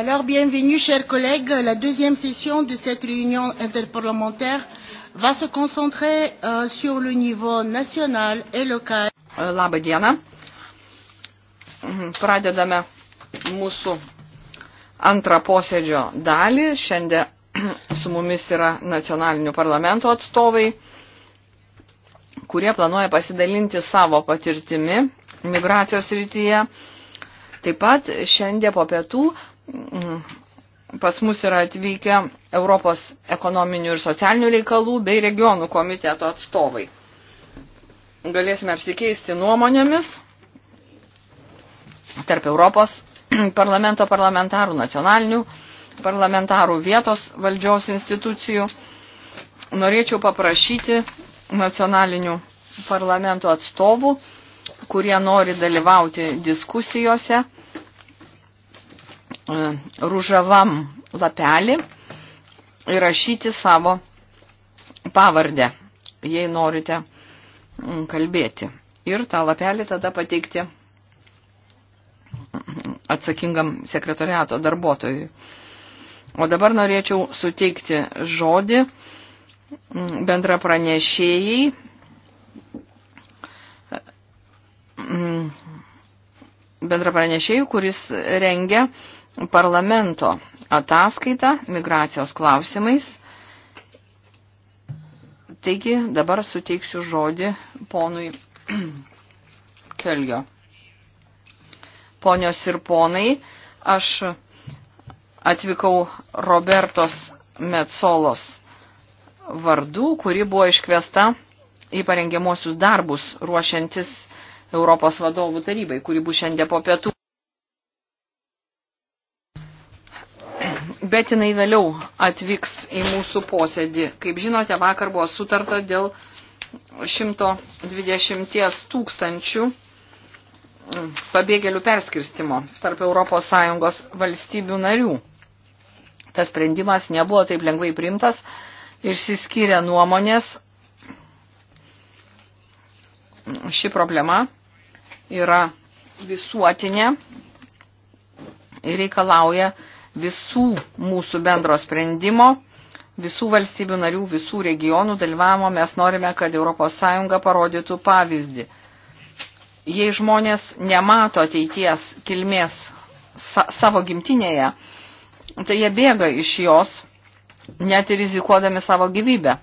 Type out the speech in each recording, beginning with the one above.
Alors, bienvenue, chers collègues. La deuxième session de cette réunion interparlementaire va se concentrer euh, sur le niveau national et local. Euh, Labą dieną. Mhm, pradedame mūsų antrą posėdžio dalį. Šiandien su mumis yra nacionalinių parlamento atstovai, kurie planuoja pasidalinti savo patirtimi migracijos rytyje. Taip pat šiandien po pietų Mm. pas mus yra atvykę Europos ekonominių ir socialinių reikalų bei regionų komiteto atstovai. Galėsime apsikeisti nuomonėmis tarp Europos parlamento parlamentarų, nacionalinių parlamentarų, vietos valdžios institucijų. Norėčiau paprašyti nacionalinių parlamento atstovų, kurie nori dalyvauti diskusijose E, ružavam lapelį įrašyti savo pavardę, jei norite mm, kalbėti. Ir tą lapelį tada pateikti mm, atsakingam sekretoriato darbuotojui. O dabar norėčiau suteikti žodį mm, bendra pranešėjai bendra pranešėjų, kuris rengia parlamento ataskaitą migracijos klausimais. Taigi dabar suteiksiu žodį ponui Kelgio. Ponios ir ponai, aš atvykau Robertos Metsolos vardu, kuri buvo iškviesta į parengiamuosius darbus ruošiantis Europos vadovų tarybai, kuri bus šiandien po pietų. bet jinai vėliau atvyks į mūsų posėdį. Kaip žinote, vakar buvo sutarta dėl 120 tūkstančių pabėgėlių perskirstimo tarp ES valstybių narių. Tas sprendimas nebuvo taip lengvai primtas, išsiskyrė nuomonės. Ši problema yra visuotinė ir reikalauja visų mūsų bendro sprendimo, visų valstybių narių, visų regionų dalyvavimo mes norime, kad ES parodytų pavyzdį. Jei žmonės nemato ateities kilmės sa savo gimtinėje, tai jie bėga iš jos, net ir rizikuodami savo gyvybę.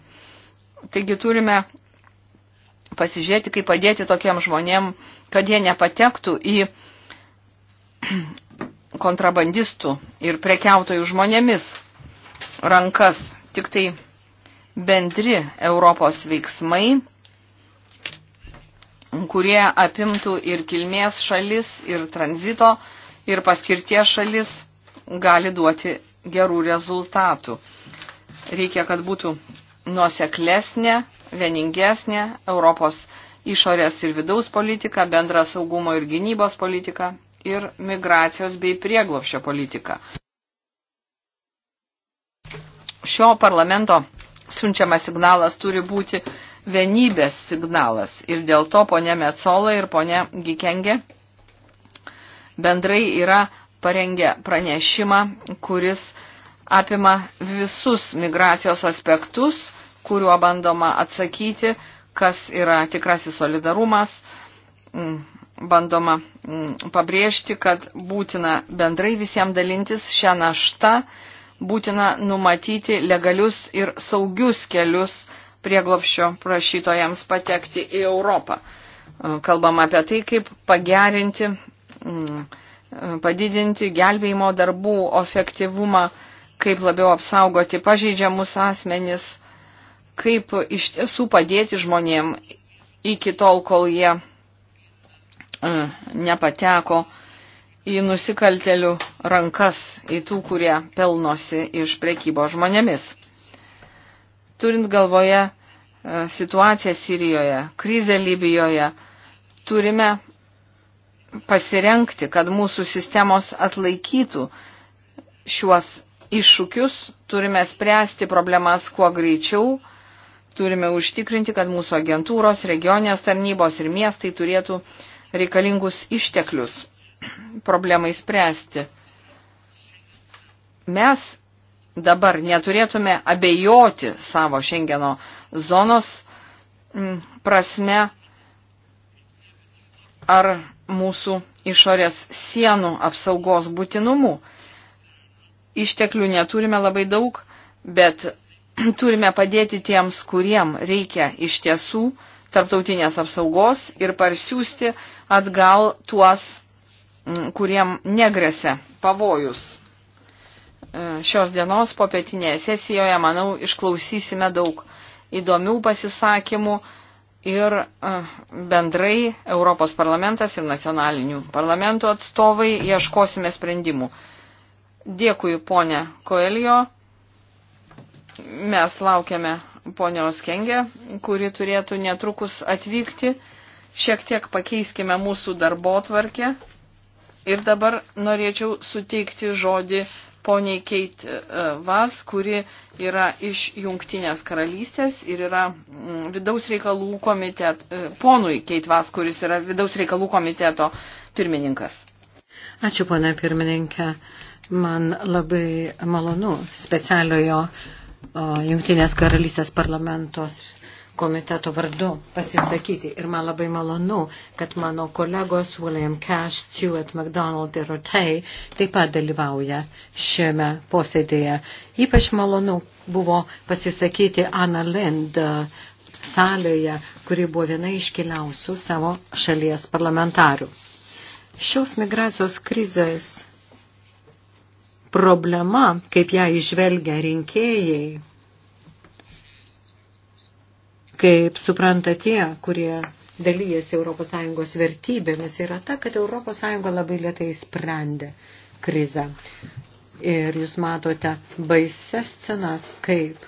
Taigi turime pasižiūrėti, kaip padėti tokiem žmonėm, kad jie nepatektų į kontrabandistų ir prekiautojų žmonėmis rankas. Tik tai bendri Europos veiksmai, kurie apimtų ir kilmės šalis, ir tranzito, ir paskirties šalis, gali duoti gerų rezultatų. Reikia, kad būtų nuoseklesnė, vieningesnė Europos išorės ir vidaus politika, bendra saugumo ir gynybos politika, ir migracijos bei prieglopščio politiką. Šio parlamento siunčiamas signalas turi būti vienybės signalas ir dėl to ponė Metsola ir ponė Gikengė bendrai yra parengę pranešimą, kuris apima visus migracijos aspektus, kuriuo bandoma atsakyti, kas yra tikrasis solidarumas, mm, bandoma mm, pabrėžti, kad būtina bendrai visiems dalintis šią naštą, būtina numatyti legalius ir saugius kelius prieglopščio prašytojams patekti į Europą. E, kalbam apie tai, kaip pagerinti, mm, e, padidinti gelbėjimo darbų efektyvumą, kaip labiau apsaugoti pažeidžiamus asmenis, kaip iš tiesų padėti žmonėm iki tol, kol jie E, nepateko į nusikaltelių rankas, į tų, kurie pelnosi iš prekybo žmonėmis. Turint galvoje e, situaciją Sirijoje, krizę Libijoje, turime pasirenkti, kad mūsų sistemos atlaikytų šiuos iššūkius, turime spręsti problemas kuo greičiau, turime užtikrinti, kad mūsų agentūros, regionės tarnybos ir miestai turėtų uh, reikalingus išteklius problemai spręsti. Mes dabar neturėtume abejoti savo Šengeno zonos mm, prasme ar mūsų išorės sienų apsaugos būtinumu. Išteklių neturime labai daug, bet turime padėti tiems, kuriem reikia iš tiesų tarptautinės apsaugos ir parsiųsti atgal tuos, mm, kuriem negrėse pavojus. E, šios dienos popietinėje sesijoje, manau, išklausysime daug įdomių pasisakymų ir e, bendrai Europos parlamentas ir nacionalinių parlamentų atstovai ieškosime sprendimų. Dėkui, ponė Koelio. Mes laukiame ponios Kengė, kuri turėtų netrukus atvykti. Šiek tiek pakeiskime mūsų darbo tvarkę. Ir dabar norėčiau suteikti žodį poniai Keit e, Vas, kuri yra iš Jungtinės karalystės ir yra mm, vidaus reikalų komitet, e, ponui Keit Vas, kuris yra vidaus reikalų komiteto pirmininkas. Ačiū, ponia pirmininkė. Man labai malonu specialiojo Jungtinės karalystės parlamentos komiteto vardu pasisakyti. Ir man labai malonu, kad mano kolegos William Cash, Stuart McDonald ir Rotei taip pat dalyvauja šiame posėdėje. Ypač malonu buvo pasisakyti Anna Lind e, salėje, kuri buvo viena iškiliausių savo šalies parlamentarių. Šios migracijos krizės problema, kaip ją išvelgia rinkėjai, kaip supranta tie, kurie dalyjasi ES vertybėmis, yra ta, kad ES labai lietai sprendė krizę. Ir jūs matote baises scenas, kaip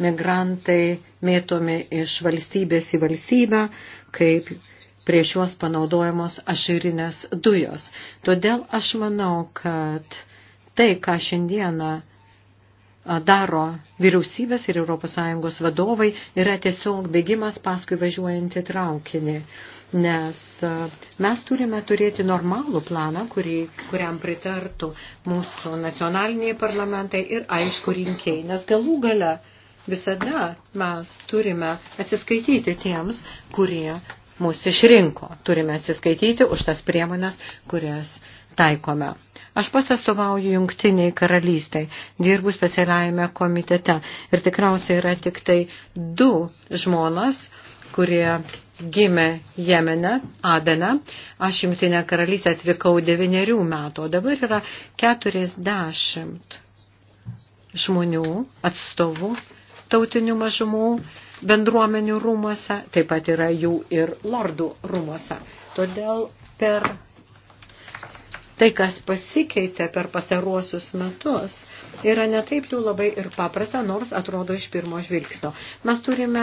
migrantai mėtomi iš valstybės į valstybę, kaip prieš juos panaudojamos ašyrinės dujos. Todėl aš manau, kad tai, ką šiandieną daro vyriausybės ir ES vadovai, yra tiesiog bėgimas paskui važiuojantį traukinį. Nes mes turime turėti normalų planą, kurį, kuriam pritartų mūsų nacionaliniai parlamentai ir aišku rinkėjai. Nes galų gale visada mes turime atsiskaityti tiems, kurie mūsų išrinko. Turime atsiskaityti už tas priemonės, kurias taikome. Aš pas atstovauju jungtiniai karalystai, dirbu specialiajame komitete ir tikriausiai yra tik tai du žmonas, kurie gimė Jemene, Adene. Aš jungtinę karalystę atvykau devyniarių metų, o dabar yra keturiasdešimt žmonių, atstovų tautinių mažumų bendruomenių rūmose, taip pat yra jų ir lordų rūmose. Todėl per tai, kas pasikeitė per pastaruosius metus, yra netaip jau labai ir paprasta, nors atrodo iš pirmo žvilgsnio. Mes turime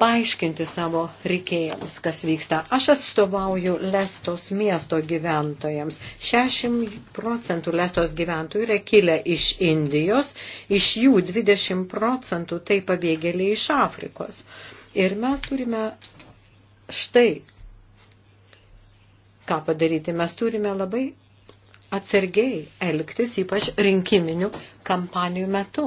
paaiškinti savo reikėjams, kas vyksta. Aš atstovauju Lestos miesto gyventojams. 60 procentų Lestos gyventojų yra kilę iš Indijos, iš jų 20 procentų tai pabėgėliai iš Afrikos. Ir mes turime štai ką padaryti. Mes turime labai atsargiai elgtis, ypač rinkiminių kampanijų metu,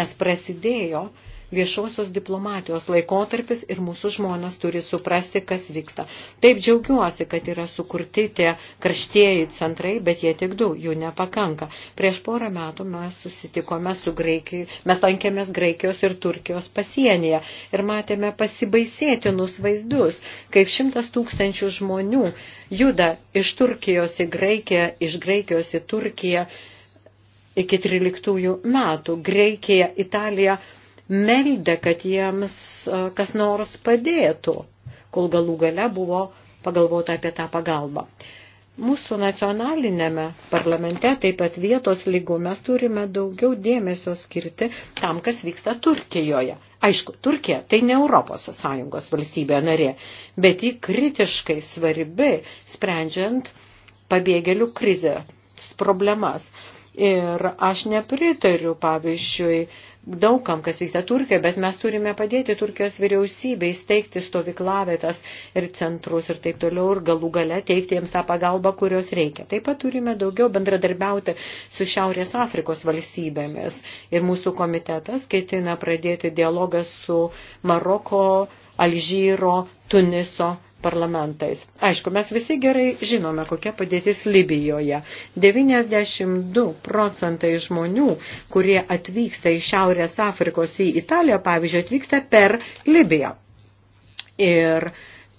nes prasidėjo uh, viešosios diplomatijos laikotarpis ir mūsų žmonės turi suprasti, kas vyksta. Taip džiaugiuosi, kad yra sukurti tie karštieji centrai, bet jie tik du, jų nepakanka. Prieš porą metų mes susitikome su Graikijai, mes lankėmės Graikijos ir Turkijos pasienyje ir matėme pasibaisėtinus vaizdus, kaip šimtas tūkstančių žmonių juda iš Turkijos į Graikiją, iš Graikijos į Turkiją iki 13 metų. Greikija, Italija meldė, kad jiems kas nors padėtų, kol galų gale buvo pagalvota apie tą pagalbą. Mūsų nacionalinėme parlamente, taip pat vietos lygų, mes turime daugiau dėmesio skirti tam, kas vyksta Turkijoje. Aišku, Turkija tai ne Europos Sąjungos valstybė narė, bet ji kritiškai svarbi, sprendžiant pabėgėlių krizės problemas. Ir aš nepritariu, pavyzdžiui, daugam, kas vyksta Turkijoje, bet mes turime padėti Turkijos vyriausybei steigti stovyklavietas ir centrus ir taip toliau ir galų gale teikti jiems tą pagalbą, kurios reikia. Taip pat turime daugiau bendradarbiauti su Šiaurės Afrikos valstybėmis ir mūsų komitetas ketina pradėti dialogą su Maroko, Alžyro, Tuniso parlamentais. Aišku, mes visi gerai žinome, kokia padėtis Libijoje. 92 procentai žmonių, kurie atvyksta iš Šiaurės Afrikos į Italiją, pavyzdžiui, atvyksta per Libiją. Ir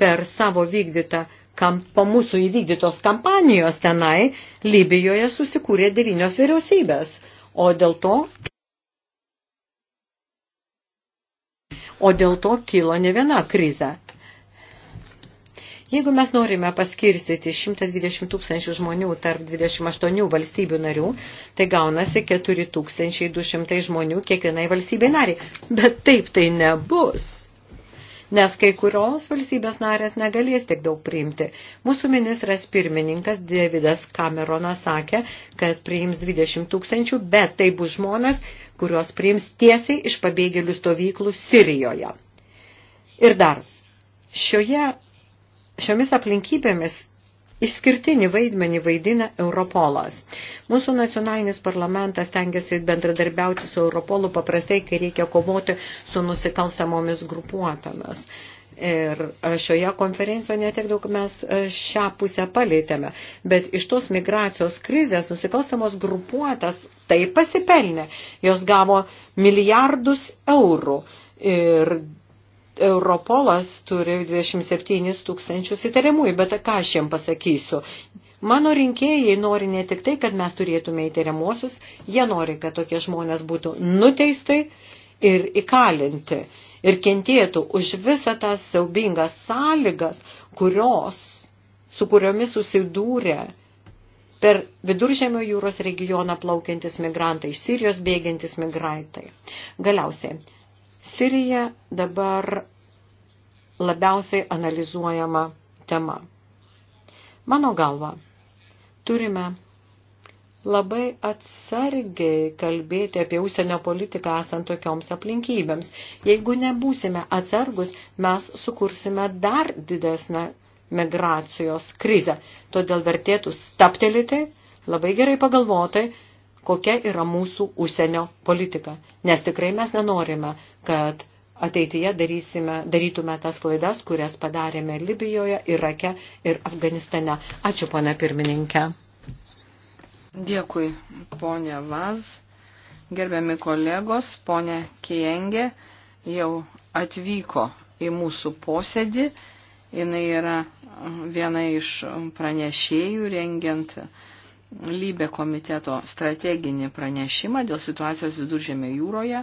per savo vykdytą kam, po mūsų įvykdytos kampanijos tenai Libijoje susikūrė devynios vyriausybės. O dėl to o dėl to kilo ne viena krize. Jeigu mes norime paskirstyti 120 tūkstančių žmonių tarp 28 valstybių narių, tai gaunasi 4200 žmonių kiekvienai valstybei nariai. Bet taip tai nebus. Nes kai kurios valstybės narės negalės tiek daug priimti. Mūsų ministras pirmininkas Davidas Cameronas sakė, kad priims 20 tūkstančių, bet tai bus žmonės, kuriuos priims tiesiai iš pabėgėlių stovyklų Sirijoje. Ir dar, šioje šiomis aplinkybėmis Išskirtinį vaidmenį vaidina Europolas. Mūsų nacionalinis parlamentas tengiasi bendradarbiauti su Europolu paprastai, kai reikia kovoti su nusikalstamomis grupuotomis. Ir šioje konferencijoje netiek daug mes e, šią pusę palėtėme, bet iš tos migracijos krizės nusikalstamos grupuotas tai pasipelnė. Jos gavo milijardus eurų ir Europolas turi 27 tūkstančius įtariamųjų, bet ką aš jiem pasakysiu? Mano rinkėjai nori ne tik tai, kad mes turėtume įtariamuosius, jie nori, kad tokie žmonės būtų nuteistai ir įkalinti ir kentėtų už visą tas siaubingas sąlygas, kurios, su kuriomis susidūrė per viduržėmio jūros regioną plaukiantis migrantai, iš Sirijos bėgiantis migrantai. Galiausiai, Sirija dabar labiausiai analizuojama tema. Mano galva, turime labai atsargiai kalbėti apie užsienio politiką esant tokioms aplinkybėms. Jeigu nebūsime atsargus, mes sukursime dar didesnę migracijos krizę. Todėl vertėtų staptelėti, labai gerai pagalvoti, kokia yra mūsų užsienio politika. Nes tikrai mes nenorime, kad ateityje darysime, darytume tas klaidas, kurias padarėme Libijoje, Irake ir Afganistane. Ačiū, pana pirmininkė. Dėkui, ponė Vaz. Gerbiami kolegos, ponė Kiengė jau atvyko į mūsų posėdį. Jis yra viena iš pranešėjų rengiant lybė komiteto strateginį pranešimą dėl situacijos viduržėmė jūroje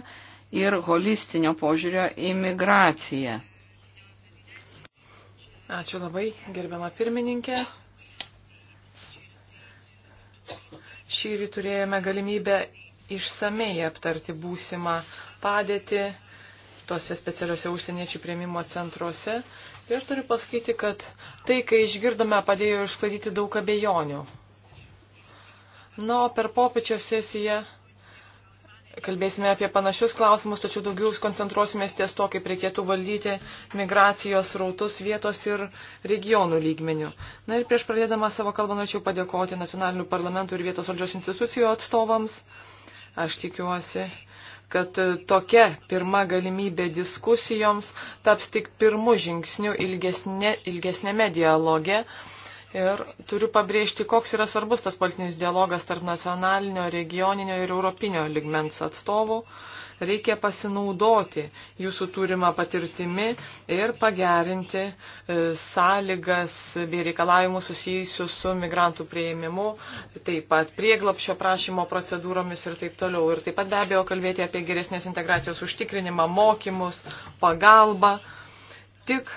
ir holistinio požiūrio imigraciją. Ačiū labai, gerbiama pirmininkė. Šįry turėjome galimybę išsamei aptarti būsimą padėtį tose specialiuose užsieniečių prieimimo centruose. Ir turiu pasakyti, kad tai, kai išgirdome, padėjo išsklaidyti daug abejonių. Na, o per popičio sesiją kalbėsime apie panašius klausimus, tačiau daugiau koncentruosimės ties to, kaip reikėtų valdyti migracijos rautus vietos ir regionų lygmenių. Na ir prieš pradėdama savo kalbą norėčiau padėkoti nacionalinių parlamentų ir vietos valdžios institucijų atstovams. Aš tikiuosi, kad tokia pirma galimybė diskusijoms taps tik pirmu žingsniu ilgesnė, ilgesnėme dialoge Ir turiu pabrėžti, koks yra svarbus tas politinis dialogas tarp nacionalinio, regioninio ir europinio ligmens atstovų. Reikia pasinaudoti jūsų turimą patirtimi ir pagerinti e, sąlygas bei reikalavimus susijusius su migrantų prieimimu, taip pat prieglapšio prašymo procedūromis ir taip toliau. Ir taip pat be abejo kalbėti apie geresnės integracijos užtikrinimą, mokymus, pagalbą. Tik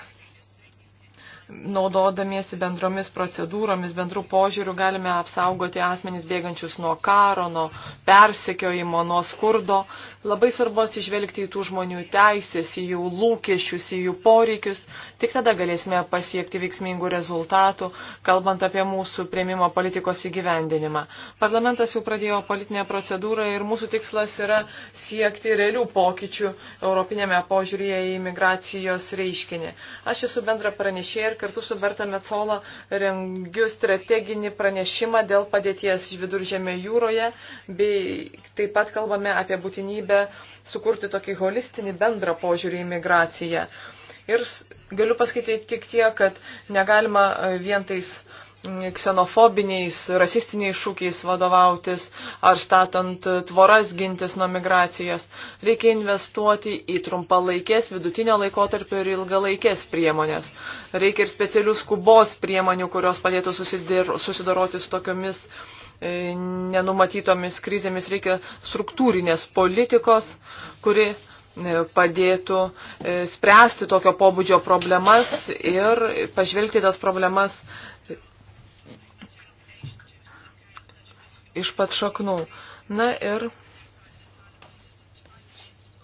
naudodamiesi bendromis procedūromis, bendrų požiūrių galime apsaugoti asmenys bėgančius nuo karo, nuo persekiojimo, nuo skurdo. Labai svarbu atsižvelgti į tų žmonių teisės, į jų lūkesčius, į jų poreikius. Tik tada galėsime pasiekti veiksmingų rezultatų, kalbant apie mūsų prieimimo politikos įgyvendinimą. Parlamentas jau pradėjo politinę procedūrą ir mūsų tikslas yra siekti realių pokyčių europinėme požiūrėje į migracijos reiškinį. Aš esu bendra pranešėja ir ir kartu su Berta Metzola rengiu strateginį pranešimą dėl padėties viduržėmė jūroje, bei taip pat kalbame apie būtinybę sukurti tokį holistinį bendrą požiūrį į migraciją. Ir galiu pasakyti tik tiek, kad negalima e, vien tais ksenofobiniais, rasistiniais šūkiais vadovautis ar statant tvoras gintis nuo migracijos. Reikia investuoti į trumpalaikės, vidutinio laikotarpio ir ilgalaikės priemonės. Reikia ir specialių skubos priemonių, kurios padėtų susidoroti su tokiomis e, nenumatytomis krizėmis. Reikia struktūrinės politikos, kuri e, padėtų e, spręsti tokio pobūdžio problemas ir pažvelgti tas problemas iš pat šaknų. Na ir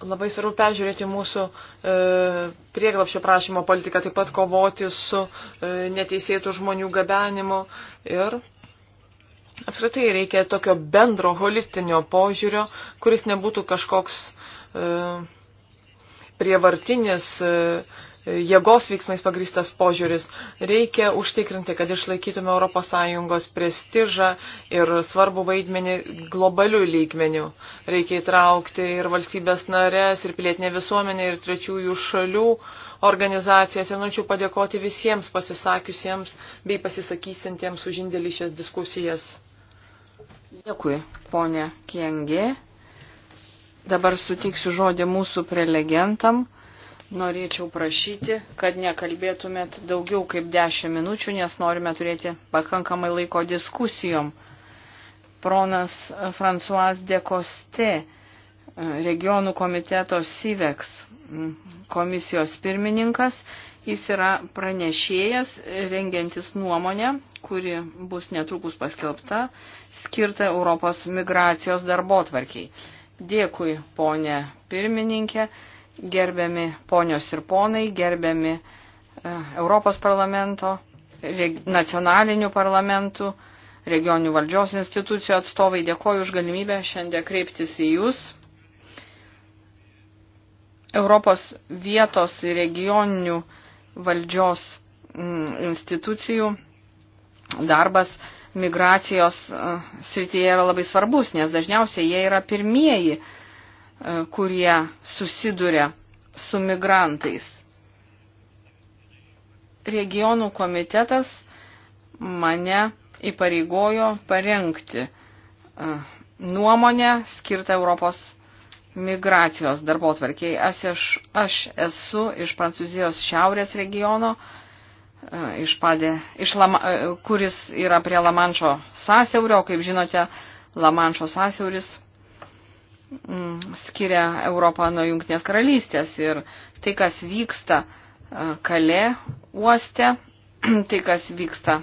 labai svarbu peržiūrėti mūsų e, prieglapšio prašymo politiką, taip pat kovoti su e, neteisėtų žmonių gabenimu ir apskritai reikia tokio bendro holistinio požiūrio, kuris nebūtų kažkoks e, prievartinis. E, jėgos veiksmais pagristas požiūris. Reikia užtikrinti, kad išlaikytume ES prestižą ir svarbu vaidmenį globalių lygmenių. Reikia įtraukti ir valstybės narės, ir pilietinę visuomenę, ir trečiųjų šalių organizacijas. Ir norėčiau padėkoti visiems pasisakiusiems bei pasisakysintiems už indėlį šias diskusijas. Dėkui, ponė Kiengė. Dabar sutiksiu žodį mūsų prelegentam. Norėčiau prašyti, kad nekalbėtumėt daugiau kaip 10 minučių, nes norime turėti pakankamai laiko diskusijom. Pronas Fransuas de Koste, regionų komiteto SIVEX komisijos pirmininkas, jis yra pranešėjas, rengiantis nuomonę, kuri bus netrukus paskelbta, skirta Europos migracijos darbotvarkiai. Dėkui, ponė pirmininkė gerbiami ponios ir ponai, gerbiami e, Europos parlamento, nacionalinių parlamentų, regionių valdžios institucijų atstovai, dėkoju už galimybę šiandien kreiptis į Jūs. Europos vietos ir regioninių valdžios institucijų darbas migracijos e, srityje yra labai svarbus, nes dažniausiai jie yra pirmieji uh, E, kurie susiduria su migrantais. Regionų komitetas mane įpareigojo parengti e, nuomonę skirtą Europos migracijos darbo tvarkiai. Aš, aš esu iš Prancūzijos šiaurės regiono, e, iš padė, iš Lama, kuris yra prie Lamanšo sąsiaurio, kaip žinote, Lamanšo sąsiauris Mm, skiria Europą nuo Junktinės karalystės ir tai, kas vyksta Kalė e, uoste, tai, kas vyksta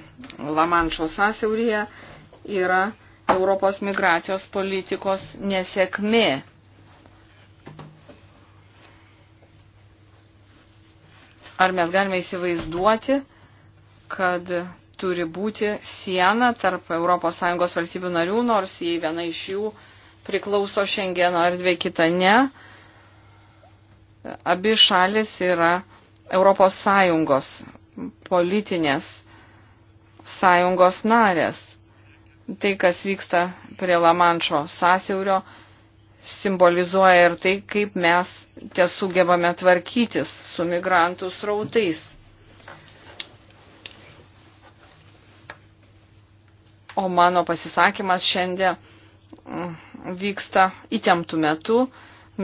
Lamanšo sąsiaurėje, yra Europos migracijos politikos nesėkmė. Ar mes galime įsivaizduoti, kad turi būti siena tarp ES valstybių narių, nors jei viena iš jų uh, priklauso Šengeno erdvė, kita ne. Abi šalis yra Europos Sąjungos politinės sąjungos narės. Tai, kas vyksta prie Lamančio sąsiaurio, simbolizuoja ir tai, kaip mes tiesugebame tvarkytis su migrantų srautais. O mano pasisakymas šiandien vyksta įtemptų metų,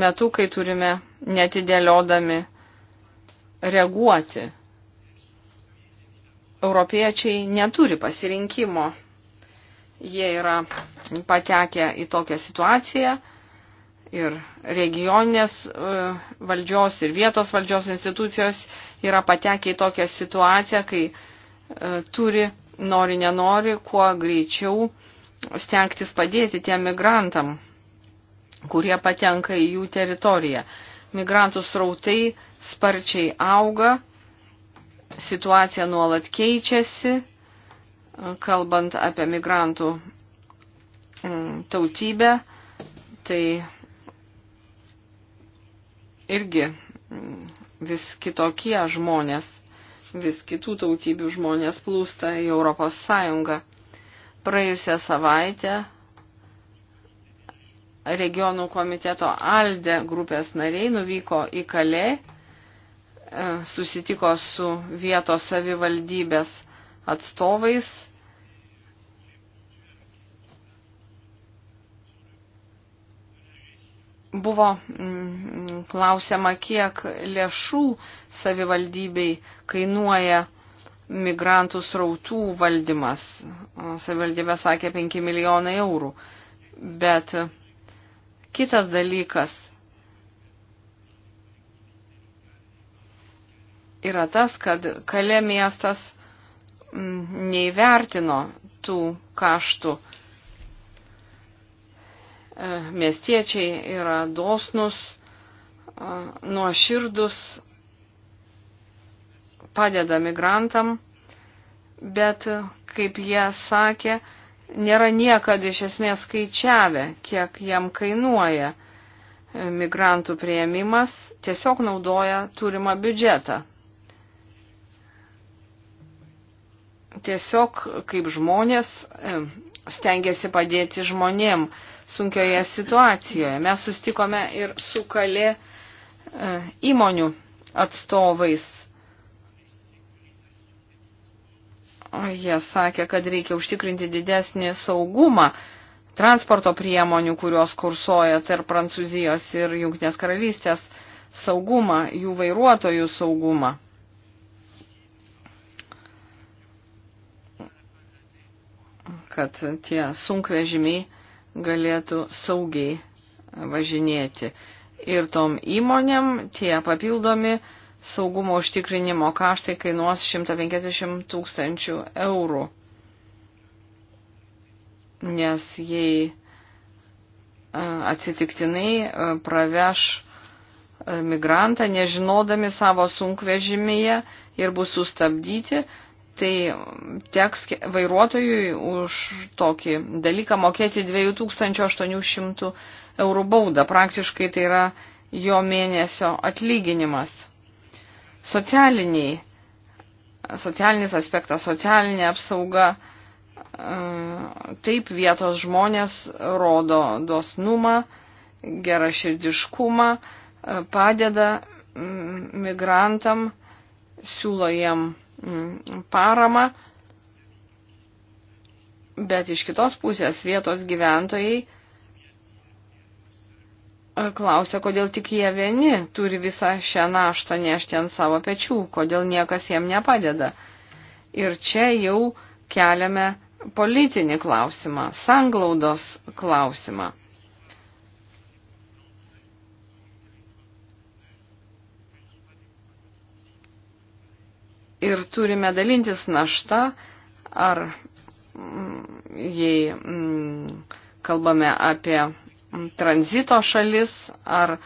metų, kai turime netidėliodami reaguoti. Europiečiai neturi pasirinkimo. Jie yra patekę į tokią situaciją ir regioninės e, valdžios ir vietos valdžios institucijos yra patekę į tokią situaciją, kai e, turi, nori, nenori, kuo greičiau uh, stengtis padėti tiem migrantam, kurie patenka į jų teritoriją. Migrantų srautai sparčiai auga, situacija nuolat keičiasi, kalbant apie migrantų mm, tautybę, tai irgi mm, vis kitokie žmonės, vis kitų tautybių žmonės plūsta į Europos Sąjungą. Praėjusią savaitę regionų komiteto Alde grupės nariai nuvyko į Kalė, e, susitiko su vietos savivaldybės atstovais. Buvo mm, mm, klausiama, kiek lėšų savivaldybei kainuoja migrantų srautų valdymas. Savivaldybė sakė 5 milijonai eurų. Bet kitas dalykas yra tas, kad kalė miestas mm, neįvertino tų kaštų. E, miestiečiai yra dosnus, e, nuoširdus, padeda migrantam, bet, kaip jie sakė, nėra niekada iš esmės skaičiavę, kiek jam kainuoja migrantų prieimimas, tiesiog naudoja turimą biudžetą. Tiesiog kaip žmonės e, stengiasi padėti žmonėm sunkioje situacijoje. Mes sustikome ir su kalė e, įmonių atstovais Jie sakė, kad reikia užtikrinti didesnį saugumą transporto priemonių, kurios kursuoja tarp Prancūzijos ir Junktinės karalystės saugumą, jų vairuotojų saugumą. kad tie sunkvežimiai galėtų saugiai važinėti. Ir tom įmonėm tie papildomi uh, saugumo užtikrinimo kaštai kainuos 150 tūkstančių eurų. Nes jei e, atsitiktinai e, praveš e, migrantą, nežinodami savo sunkvežimyje ir bus sustabdyti, tai teks vairuotojui už tokį dalyką mokėti 2800 eurų baudą. Praktiškai tai yra jo mėnesio atlyginimas socialiniai, socialinis aspektas, socialinė apsauga. E, taip vietos žmonės rodo dosnumą, geraširdiškumą, e, padeda mm, migrantam, siūlo jiem mm, paramą, bet iš kitos pusės vietos gyventojai klausia, kodėl tik jie vieni turi visą šią naštą nešti ant savo pečių, kodėl niekas jiem nepadeda. Ir čia jau keliame politinį klausimą, sanglaudos klausimą. Ir turime dalintis naštą, ar mm, jei mm, kalbame apie tranzito šalis ar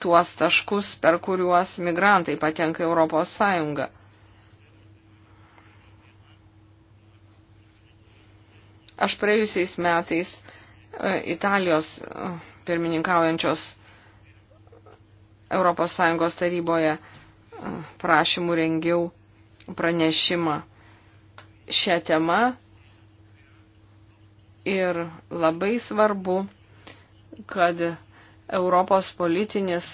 tuos taškus, per kuriuos migrantai patenka Europos Sąjungą. Aš praėjusiais metais e, Italijos e, pirmininkaujančios Europos Sąjungos taryboje e, prašymų rengiau pranešimą šią temą ir labai svarbu kad Europos politinis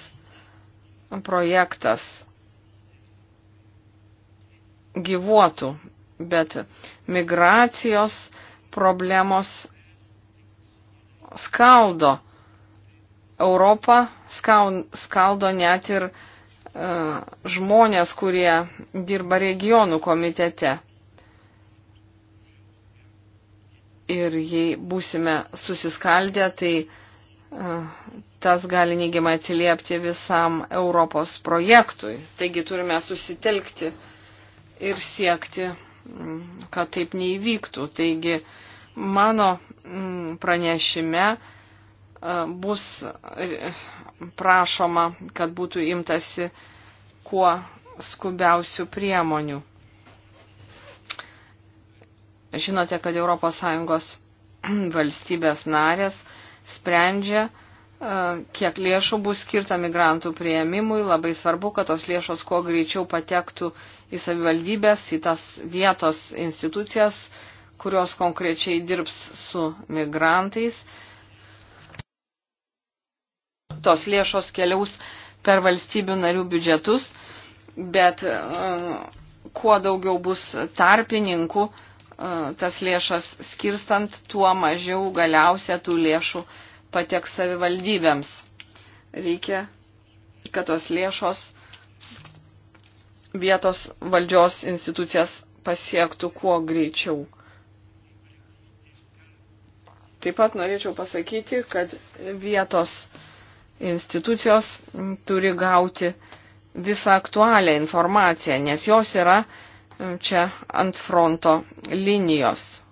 projektas gyvuotų, bet migracijos problemos skaldo Europą, skaldo net ir uh, žmonės, kurie dirba regionų komitete. Ir jei būsime susiskaldę, tai uh, tas gali neigiamai atsiliepti visam Europos projektui. Taigi turime susitelkti ir siekti, mm, kad taip neįvyktų. Taigi mano mm, pranešime e, bus e, prašoma, kad būtų imtasi kuo skubiausių priemonių. Žinote, kad ES valstybės narės sprendžia, e, kiek lėšų bus skirta migrantų prieimimui. Labai svarbu, kad tos lėšos kuo greičiau patektų į savivaldybės, į tas vietos institucijas, kurios konkrečiai dirbs su migrantais. Tos lėšos keliaus per valstybių narių biudžetus, bet e, kuo daugiau bus tarpininkų, tas lėšas skirstant, tuo mažiau galiausia tų lėšų pateks savivaldybėms. Reikia, kad tos lėšos vietos valdžios institucijas pasiektų kuo greičiau. Taip pat norėčiau pasakyti, kad vietos institucijos turi gauti visą aktualią informaciją, nes jos yra uh, čia ant fronto linijos.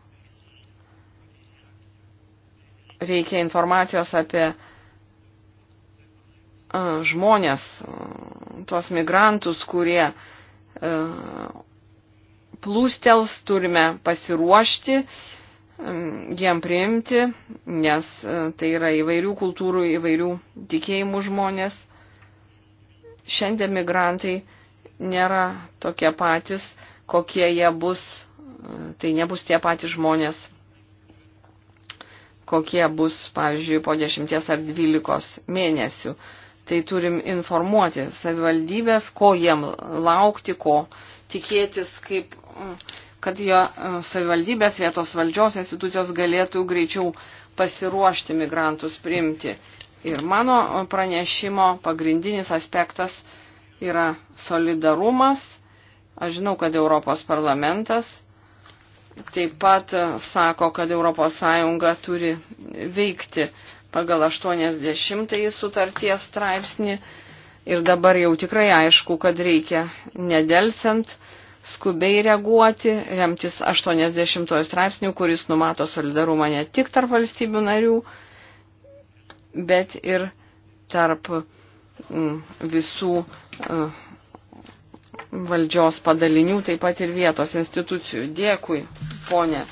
Reikia informacijos apie e, žmonės, e, tuos migrantus, kurie e, plūstels turime pasiruošti, jiem priimti, nes tai yra įvairių kultūrų, įvairių tikėjimų žmonės. Šiandien migrantai nėra tokie patys kokie jie bus, tai nebus tie patys žmonės, kokie bus, pavyzdžiui, po 10 ar 12 mėnesių. Tai turim informuoti savivaldybės, ko jiem laukti, ko tikėtis, kaip, mm, kad jo mm, savivaldybės vietos valdžios institucijos galėtų greičiau pasiruošti migrantus priimti. Ir mano pranešimo pagrindinis aspektas yra solidarumas Aš žinau, kad Europos parlamentas taip pat sako, kad ES turi veikti pagal 80 sutarties straipsnį ir dabar jau tikrai aišku, kad reikia nedelsiant skubiai reaguoti, remtis 80 straipsnių, kuris numato solidarumą ne tik tarp valstybių narių, bet ir tarp mm, visų uh, valdžios padalinių, taip pat ir vietos institucijų. Dėkui, ponė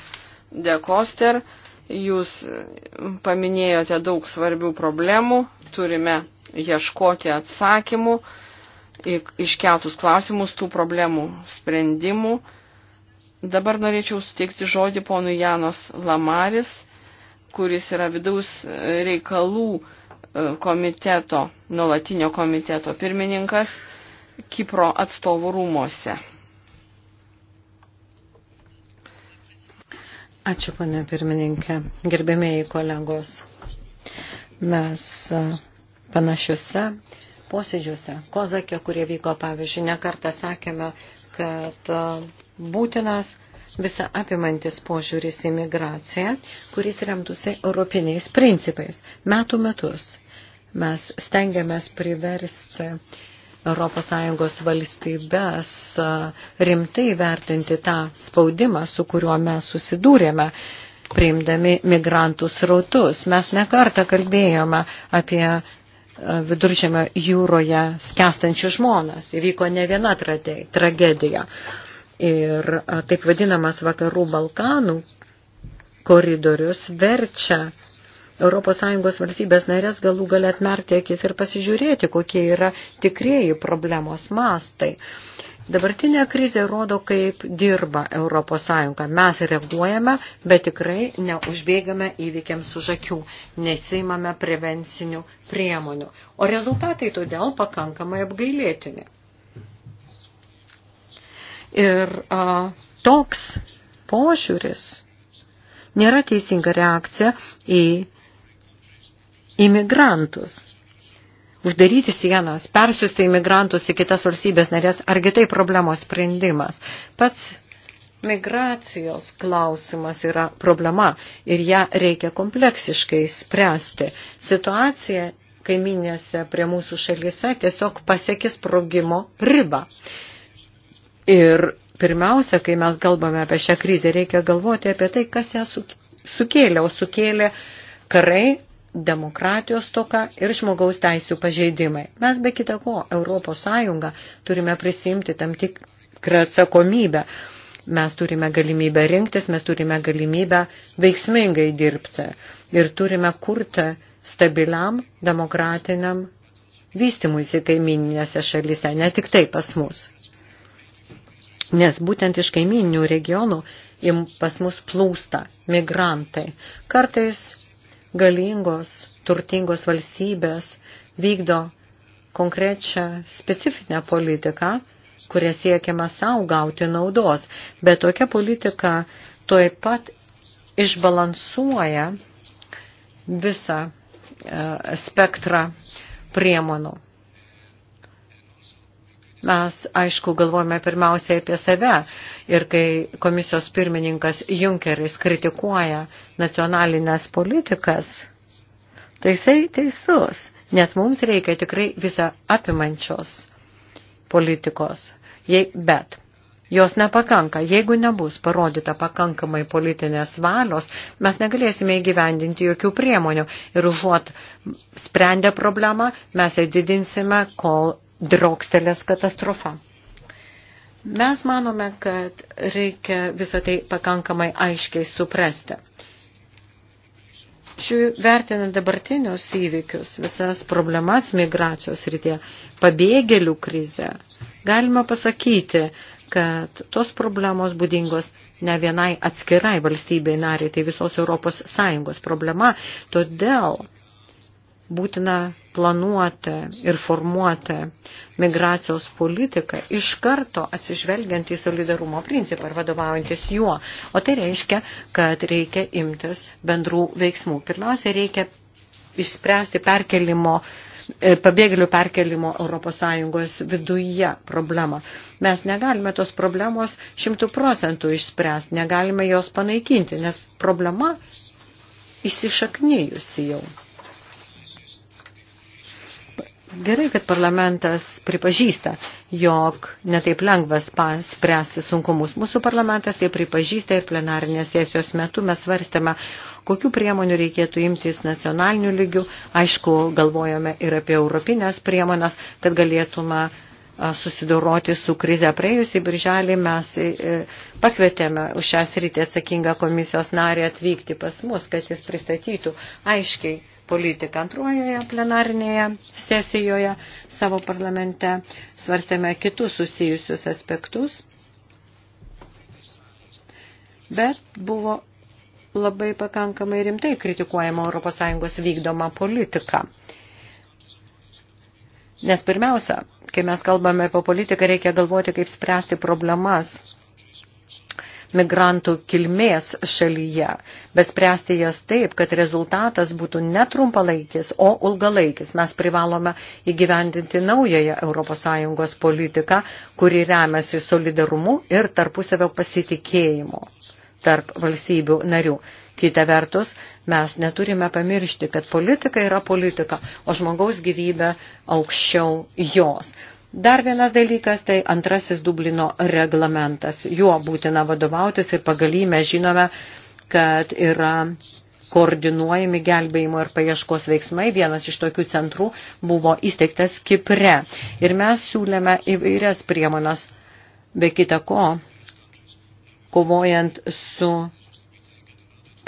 Dekoster. Jūs paminėjote daug svarbių problemų, turime ieškoti atsakymų iškeltus klausimus, tų problemų sprendimų. Dabar norėčiau suteikti žodį ponui Janos Lamaris, kuris yra vidaus reikalų e, komiteto, nuolatinio komiteto pirmininkas Kipro atstovų rūmose. Ačiū, pane pirmininkė. Gerbėmėjai kolegos, mes panašiuose posėdžiuose, kozakė, kurie vyko, pavyzdžiui, nekartą sakėme, kad būtinas visą apimantis požiūris į migraciją, kuris remtųsi europiniais principais. Metų metus mes stengiamės priversti ES valstybės rimtai vertinti tą spaudimą, su kuriuo mes susidūrėme, priimdami migrantų srautus. Mes nekartą kalbėjome apie viduržėmio jūroje skestančių žmonas. Įvyko ne viena tragedija. Ir taip vadinamas vakarų Balkanų koridorius verčia ES valstybės narės galų gali atmerkti akis ir pasižiūrėti, kokie yra tikrieji problemos mastai. Dabartinė krizė rodo, kaip dirba ES. Mes reaguojame, bet tikrai neužbėgame įvykiams už akių, nesimame prevencinių priemonių. O rezultatai todėl pakankamai apgailėtini. Ir a, toks požiūris nėra teisinga reakcija į imigrantus. Uždaryti sienas, persiusti imigrantus į kitas valstybės narės, argi tai problemos sprendimas. Pats migracijos klausimas yra problema ir ją reikia kompleksiškai spręsti. Situacija kaiminėse prie mūsų šalyse tiesiog pasiekis sprogimo ribą. Ir pirmiausia, kai mes kalbame apie šią krizę, reikia galvoti apie tai, kas ją sukėlė, o sukėlė karai, demokratijos toka ir žmogaus teisų pažeidimai. Mes be kita ko, Europos Sąjunga, turime prisimti tam tikrą atsakomybę. Mes turime galimybę rinktis, mes turime galimybę veiksmingai dirbti ir turime kurti stabiliam demokratiniam vystimuisi kaimininėse šalyse, ne tik tai pas mus. Nes būtent iš kaimininių regionų pas mus plūsta migrantai. Kartais galingos, turtingos valstybės vykdo konkrečią specifinę politiką, kuria siekiama savo gauti naudos, bet tokia politika toj pat išbalansuoja visą e, spektrą priemonų. Mes, aišku, galvojame pirmiausiai apie save ir kai komisijos pirmininkas Junkeris kritikuoja nacionalinės politikas, tai jisai teisus, nes mums reikia tikrai visą apimančios politikos. Jei, bet Jos nepakanka. Jeigu nebus parodyta pakankamai politinės valios, mes negalėsime įgyvendinti jokių priemonių. Ir užuot sprendę problemą, mes ją didinsime, kol drokstelės katastrofa. Mes manome, kad reikia visą tai pakankamai aiškiai suprasti. Šių vertinant dabartinius įvykius, visas problemas migracijos rytė, pabėgėlių krizę, galima pasakyti, kad tos problemos būdingos ne vienai atskirai valstybei nariai, tai visos Europos Sąjungos problema. Todėl būtina planuoti ir formuoti migracijos politiką iš karto atsižvelgiant į solidarumo principą ir vadovaujantis juo. O tai reiškia, kad reikia imtis bendrų veiksmų. Pirmiausia, reikia išspręsti perkelimo e, pabėgėlių perkelimo ES viduje problemą. Mes negalime tos problemos šimtų procentų išspręsti, negalime jos panaikinti, nes problema įsišaknyjusi jau. Gerai, kad parlamentas pripažįsta, jog netaip lengvas spręsti sunkumus. Mūsų parlamentas jie tai pripažįsta ir plenarinės sesijos metu mes svarstėme, kokiu priemonių reikėtų imtis nacionalinių lygių. Aišku, galvojame ir apie europinės priemonės, kad galėtume susidoroti su krize. Praėjusį birželį mes e, e, pakvietėme už šią sritį atsakingą komisijos narį atvykti pas mus, kad jis pristatytų aiškiai politiką. Antrojoje plenarinėje sesijoje savo parlamente svarstėme kitus susijusius aspektus, bet buvo labai pakankamai rimtai kritikuojama ES vykdoma politika. Nes pirmiausia, kai mes kalbame apie politiką, reikia galvoti, kaip spręsti problemas migrantų kilmės šalyje, bet spręsti jas taip, kad rezultatas būtų ne trumpalaikis, o ilgalaikis. Mes privalome įgyvendinti naująją ES politiką, kuri remiasi solidarumu ir tarpusavio pasitikėjimu tarp valstybių narių. Kita vertus, mes neturime pamiršti, kad politika yra politika, o žmogaus gyvybė aukščiau jos. Dar vienas dalykas, tai antrasis Dublino reglamentas. Juo būtina vadovautis ir pagal jį mes žinome, kad yra koordinuojami gelbėjimo ir paieškos veiksmai. Vienas iš tokių centrų buvo įsteigtas Kipre. Ir mes siūlėme įvairias priemonas, be kita ko, kovojant su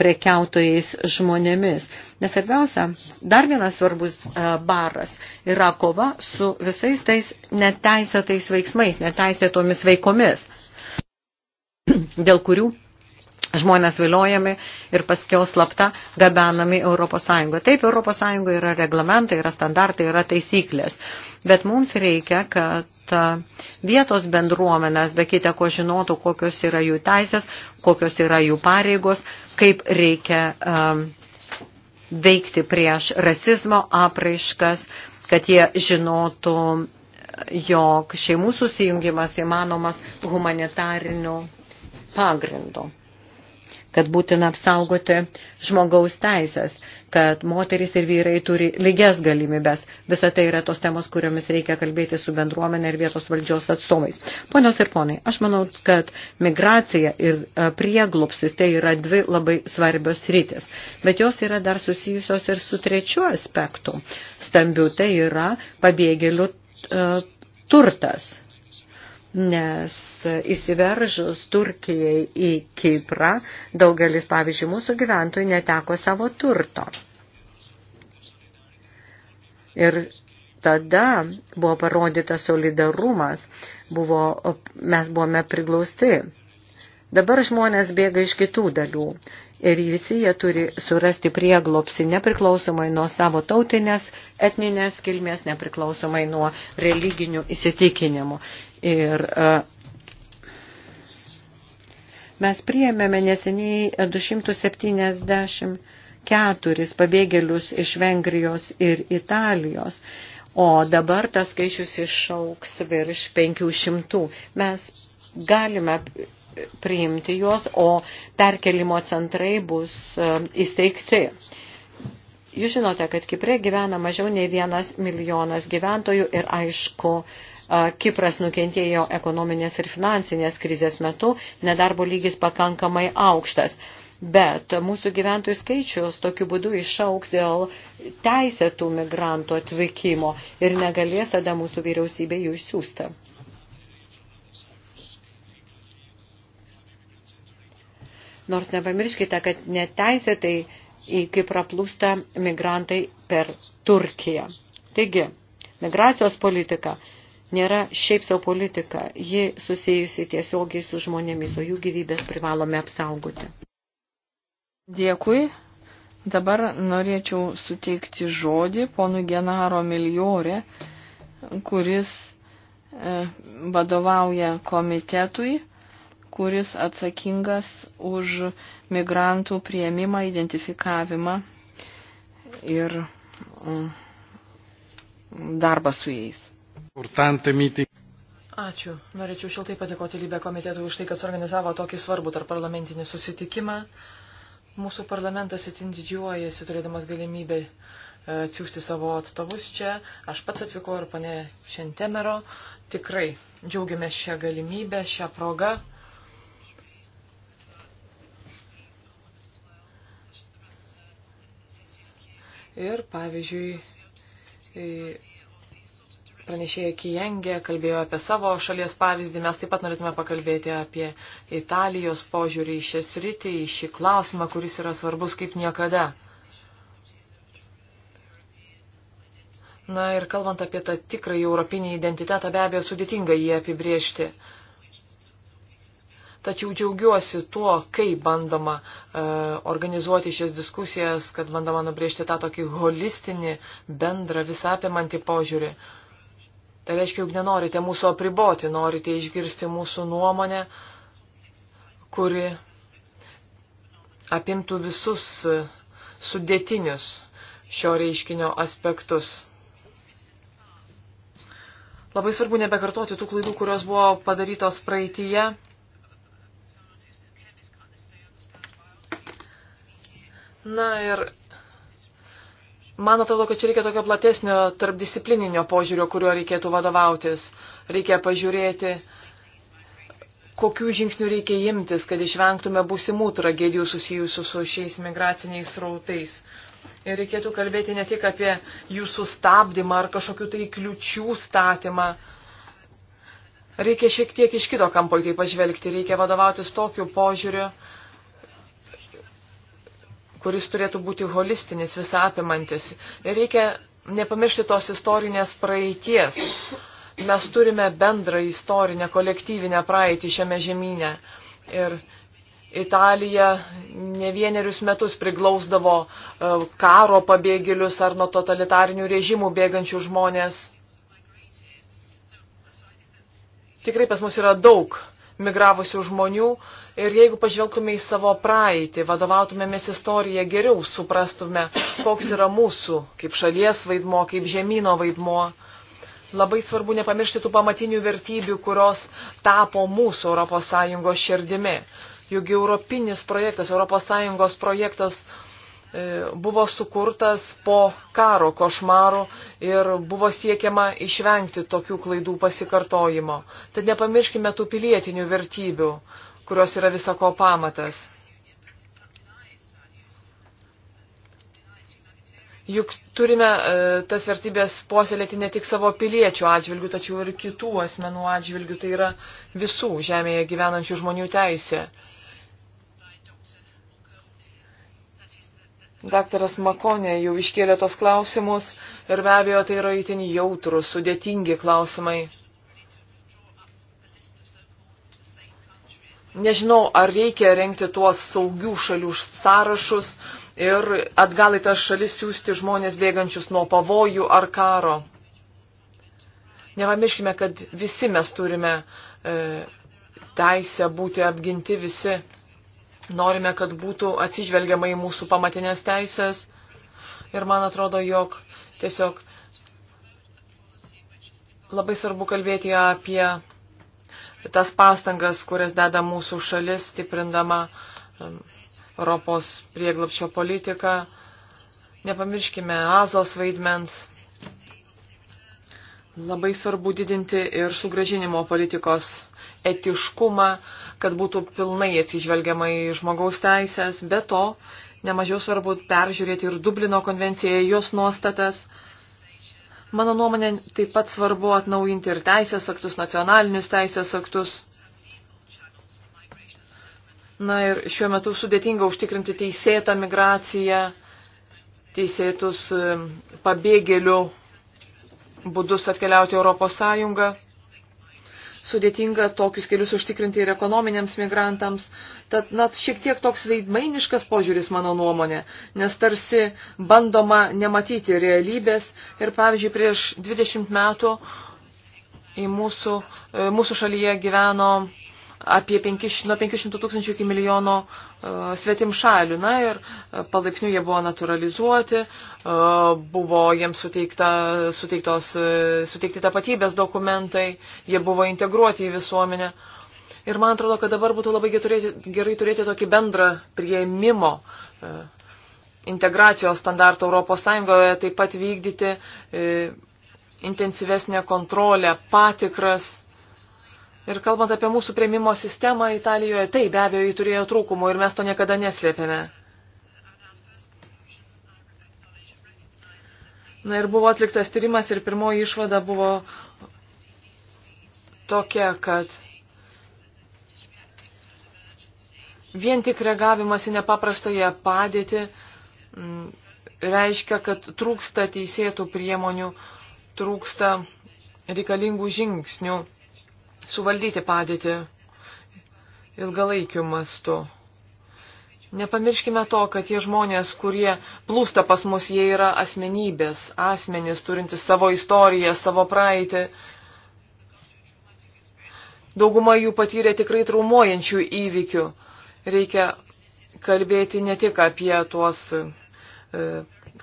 prekiautojais žmonėmis. Nes svarbiausia, dar vienas svarbus e, baras yra kova su visais tais neteisėtais veiksmais, neteisėtomis veikomis, dėl kurių žmonės viliojami ir paskiau slapta gabenami Europos Sąjungoje. Taip, Europos Sąjungoje yra reglamentai, yra standartai, yra taisyklės, bet mums reikia, kad e, vietos bendruomenės, be kita ko žinotų, kokios yra jų teisės, kokios yra jų pareigos, kaip reikia um, veikti prieš rasizmo apraiškas, kad jie žinotų, jog šeimų susijungimas įmanomas humanitariniu pagrindu kad būtina apsaugoti žmogaus teisės, kad moteris ir vyrai turi lygias galimybės. Visa tai yra tos temos, kuriomis reikia kalbėti su bendruomenė ir vietos valdžios atstovais. Ponios ir ponai, aš manau, kad migracija ir e, prieglupsis tai yra dvi labai svarbios rytis, bet jos yra dar susijusios ir su trečiu aspektu. Stambiu tai yra pabėgėlių e, turtas nes įsiveržus Turkijai į Kiprą, daugelis, pavyzdžiui, mūsų gyventojų neteko savo turto. Ir tada buvo parodytas solidarumas, buvo, mes buvome priglausti. Dabar žmonės bėga iš kitų dalių ir visi jie turi surasti prieglopsi nepriklausomai nuo savo tautinės, etninės kilmės, nepriklausomai nuo religinių įsitikinimų. Ir e, mes priėmėme neseniai 274 pabėgėlius iš Vengrijos ir Italijos. O dabar tas skaičius išauks virš 500. Mes galime priimti juos, o perkelimo centrai bus e, įsteigti. Jūs žinote, kad Kiprė gyvena mažiau nei vienas milijonas gyventojų ir aišku, Kipras nukentėjo ekonominės ir finansinės krizės metu, nedarbo lygis pakankamai aukštas. Bet mūsų gyventojų skaičius tokiu būdu išauks dėl teisėtų migrantų atvykimo ir negalės tada mūsų vyriausybė jų išsiųsti. Nors nepamirškite, kad neteisėtai į Kiprą plūsta migrantai per Turkiją. Taigi, migracijos politika nėra šiaip savo politika, ji susijusi tiesiogiai su žmonėmis, o jų gyvybės privalome apsaugoti. Dėkui. Dabar norėčiau suteikti žodį ponui Genaro Miljorė, kuris e, vadovauja komitetui, kuris atsakingas už migrantų prieimimą, identifikavimą ir mm, darbą su jais. Ačiū. Norėčiau šiltai padėkoti Lybė komitetui už tai, kad suorganizavo tokį svarbų tarp parlamentinį susitikimą. Mūsų parlamentas itin didžiuojasi, turėdamas galimybę e, atsiųsti savo atstovus čia. Aš pats atvykau ir pane Šentemero. Tikrai džiaugiamės šią galimybę, šią progą. Ir pavyzdžiui, e, pranešėja Kijengė kalbėjo apie savo šalies pavyzdį. Mes taip pat norėtume pakalbėti apie Italijos požiūrį į šią sritį, į šį klausimą, kuris yra svarbus kaip niekada. Na ir kalbant apie tą tikrąjį europinį identitetą, be abejo, sudėtinga jį apibriežti. Tačiau džiaugiuosi tuo, kaip bandoma e, organizuoti šias diskusijas, kad bandoma nubriežti tą tokį holistinį, bendrą, visapimantį požiūrį. E, Tai reiškia, jog nenorite mūsų apriboti, norite išgirsti mūsų nuomonę, kuri apimtų visus sudėtinius šio reiškinio aspektus. Labai svarbu nebekartoti tų klaidų, kurios buvo padarytos praeitįje. Na ir Man atrodo, kad čia reikia tokio platesnio tarpdisciplininio požiūrio, kuriuo reikėtų vadovautis. Reikia pažiūrėti, kokių žingsnių reikia imtis, kad išvengtume būsimų tragedijų susijusių su šiais migraciniais rautais. Ir reikėtų kalbėti ne tik apie jų sustabdymą ar kažkokių tai kliučių statymą. Reikia šiek tiek iš kito kampo į tai pažvelgti, reikia vadovautis tokiu požiūriu, kuris turėtų būti holistinis, visą apimantis. Ir reikia nepamiršti tos istorinės praeities. Mes turime bendrą istorinę, kolektyvinę praeitį šiame žemynė. Ir Italija ne vienerius metus priglausdavo e, karo pabėgėlius ar nuo totalitarinių režimų bėgančių žmonės. Tikrai pas mus yra daug migravusių žmonių ir jeigu pažvelgtume į savo praeitį, vadovautumėmės istoriją, geriau suprastume, koks yra mūsų kaip šalies vaidmo, kaip žemynų vaidmo. Labai svarbu nepamiršti tų pamatinių vertybių, kurios tapo mūsų ES širdimi. Juk europinis projektas, ES projektas E, buvo sukurtas po karo košmarų ir buvo siekiama išvengti tokių klaidų pasikartojimo. Tad nepamirškime tų pilietinių vertybių, kurios yra visako pamatas. Juk turime e, tas vertybės puoselėti ne tik savo piliečių atžvilgių, tačiau ir kitų asmenų atžvilgių, tai yra visų žemėje gyvenančių žmonių teisė. E, Daktaras Makonė jau iškėlė tos klausimus ir be abejo tai yra itin jautrus, sudėtingi klausimai. Nežinau, ar reikia renkti tuos saugių šalių sąrašus ir atgal į tas šalis siūsti žmonės bėgančius nuo pavojų ar karo. Nepamirškime, kad visi mes turime e, teisę būti apginti visi norime, kad būtų atsižvelgiama į mūsų pamatinės teisės. Ir man atrodo, jog tiesiog labai svarbu kalbėti apie tas pastangas, kurias deda mūsų šalis, stiprindama um, Europos prieglapščio politiką. Nepamirškime Azos vaidmens. Labai svarbu didinti ir sugražinimo politikos etiškumą, kad būtų pilnai atsižvelgiama į žmogaus teisės. Be to, nemažiau svarbu peržiūrėti ir Dublino konvenciją, jos nuostatas. Mano nuomonė, taip pat svarbu atnaujinti ir teisės aktus, nacionalinius teisės aktus. Na ir šiuo metu sudėtinga užtikrinti teisėtą migraciją, teisėtus e, pabėgėlių būdus atkeliauti Europos Sąjungą sudėtinga tokius kelius užtikrinti ir ekonominiams migrantams. Tad, na, šiek tiek toks veidmainiškas požiūris mano nuomonė, nes tarsi bandoma nematyti realybės ir, pavyzdžiui, prieš 20 metų į mūsų, e, mūsų šalyje gyveno apie 5, nuo 500 tūkstančių iki milijono uh, svetim šalių. Na ir e, palaipsniui jie buvo naturalizuoti, uh, e, buvo jiems suteikta, suteiktos, uh, suteikti tapatybės dokumentai, jie buvo integruoti į visuomenę. Ir man atrodo, kad dabar būtų labai turėti, gerai turėti tokį bendrą prieimimo uh, integracijos standartą Europos Sąjungoje, taip pat vykdyti uh, intensyvesnę kontrolę, patikras Ir kalbant apie mūsų prieimimo sistemą Italijoje, tai be abejo jį turėjo trūkumų ir mes to niekada neslėpėme. Na ir buvo atliktas tyrimas ir pirmoji išvada buvo tokia, kad vien tik reagavimas į nepaprastąją padėtį m, mm, reiškia, kad trūksta teisėtų priemonių, trūksta reikalingų žingsnių suvaldyti padėtį ilgalaikiu mastu. Nepamirškime to, kad tie žmonės, kurie plūsta pas mus, jie yra asmenybės, asmenys turintys savo istoriją, savo praeitį. Dauguma jų patyrė tikrai traumuojančių įvykių. Reikia kalbėti ne tik apie tuos e,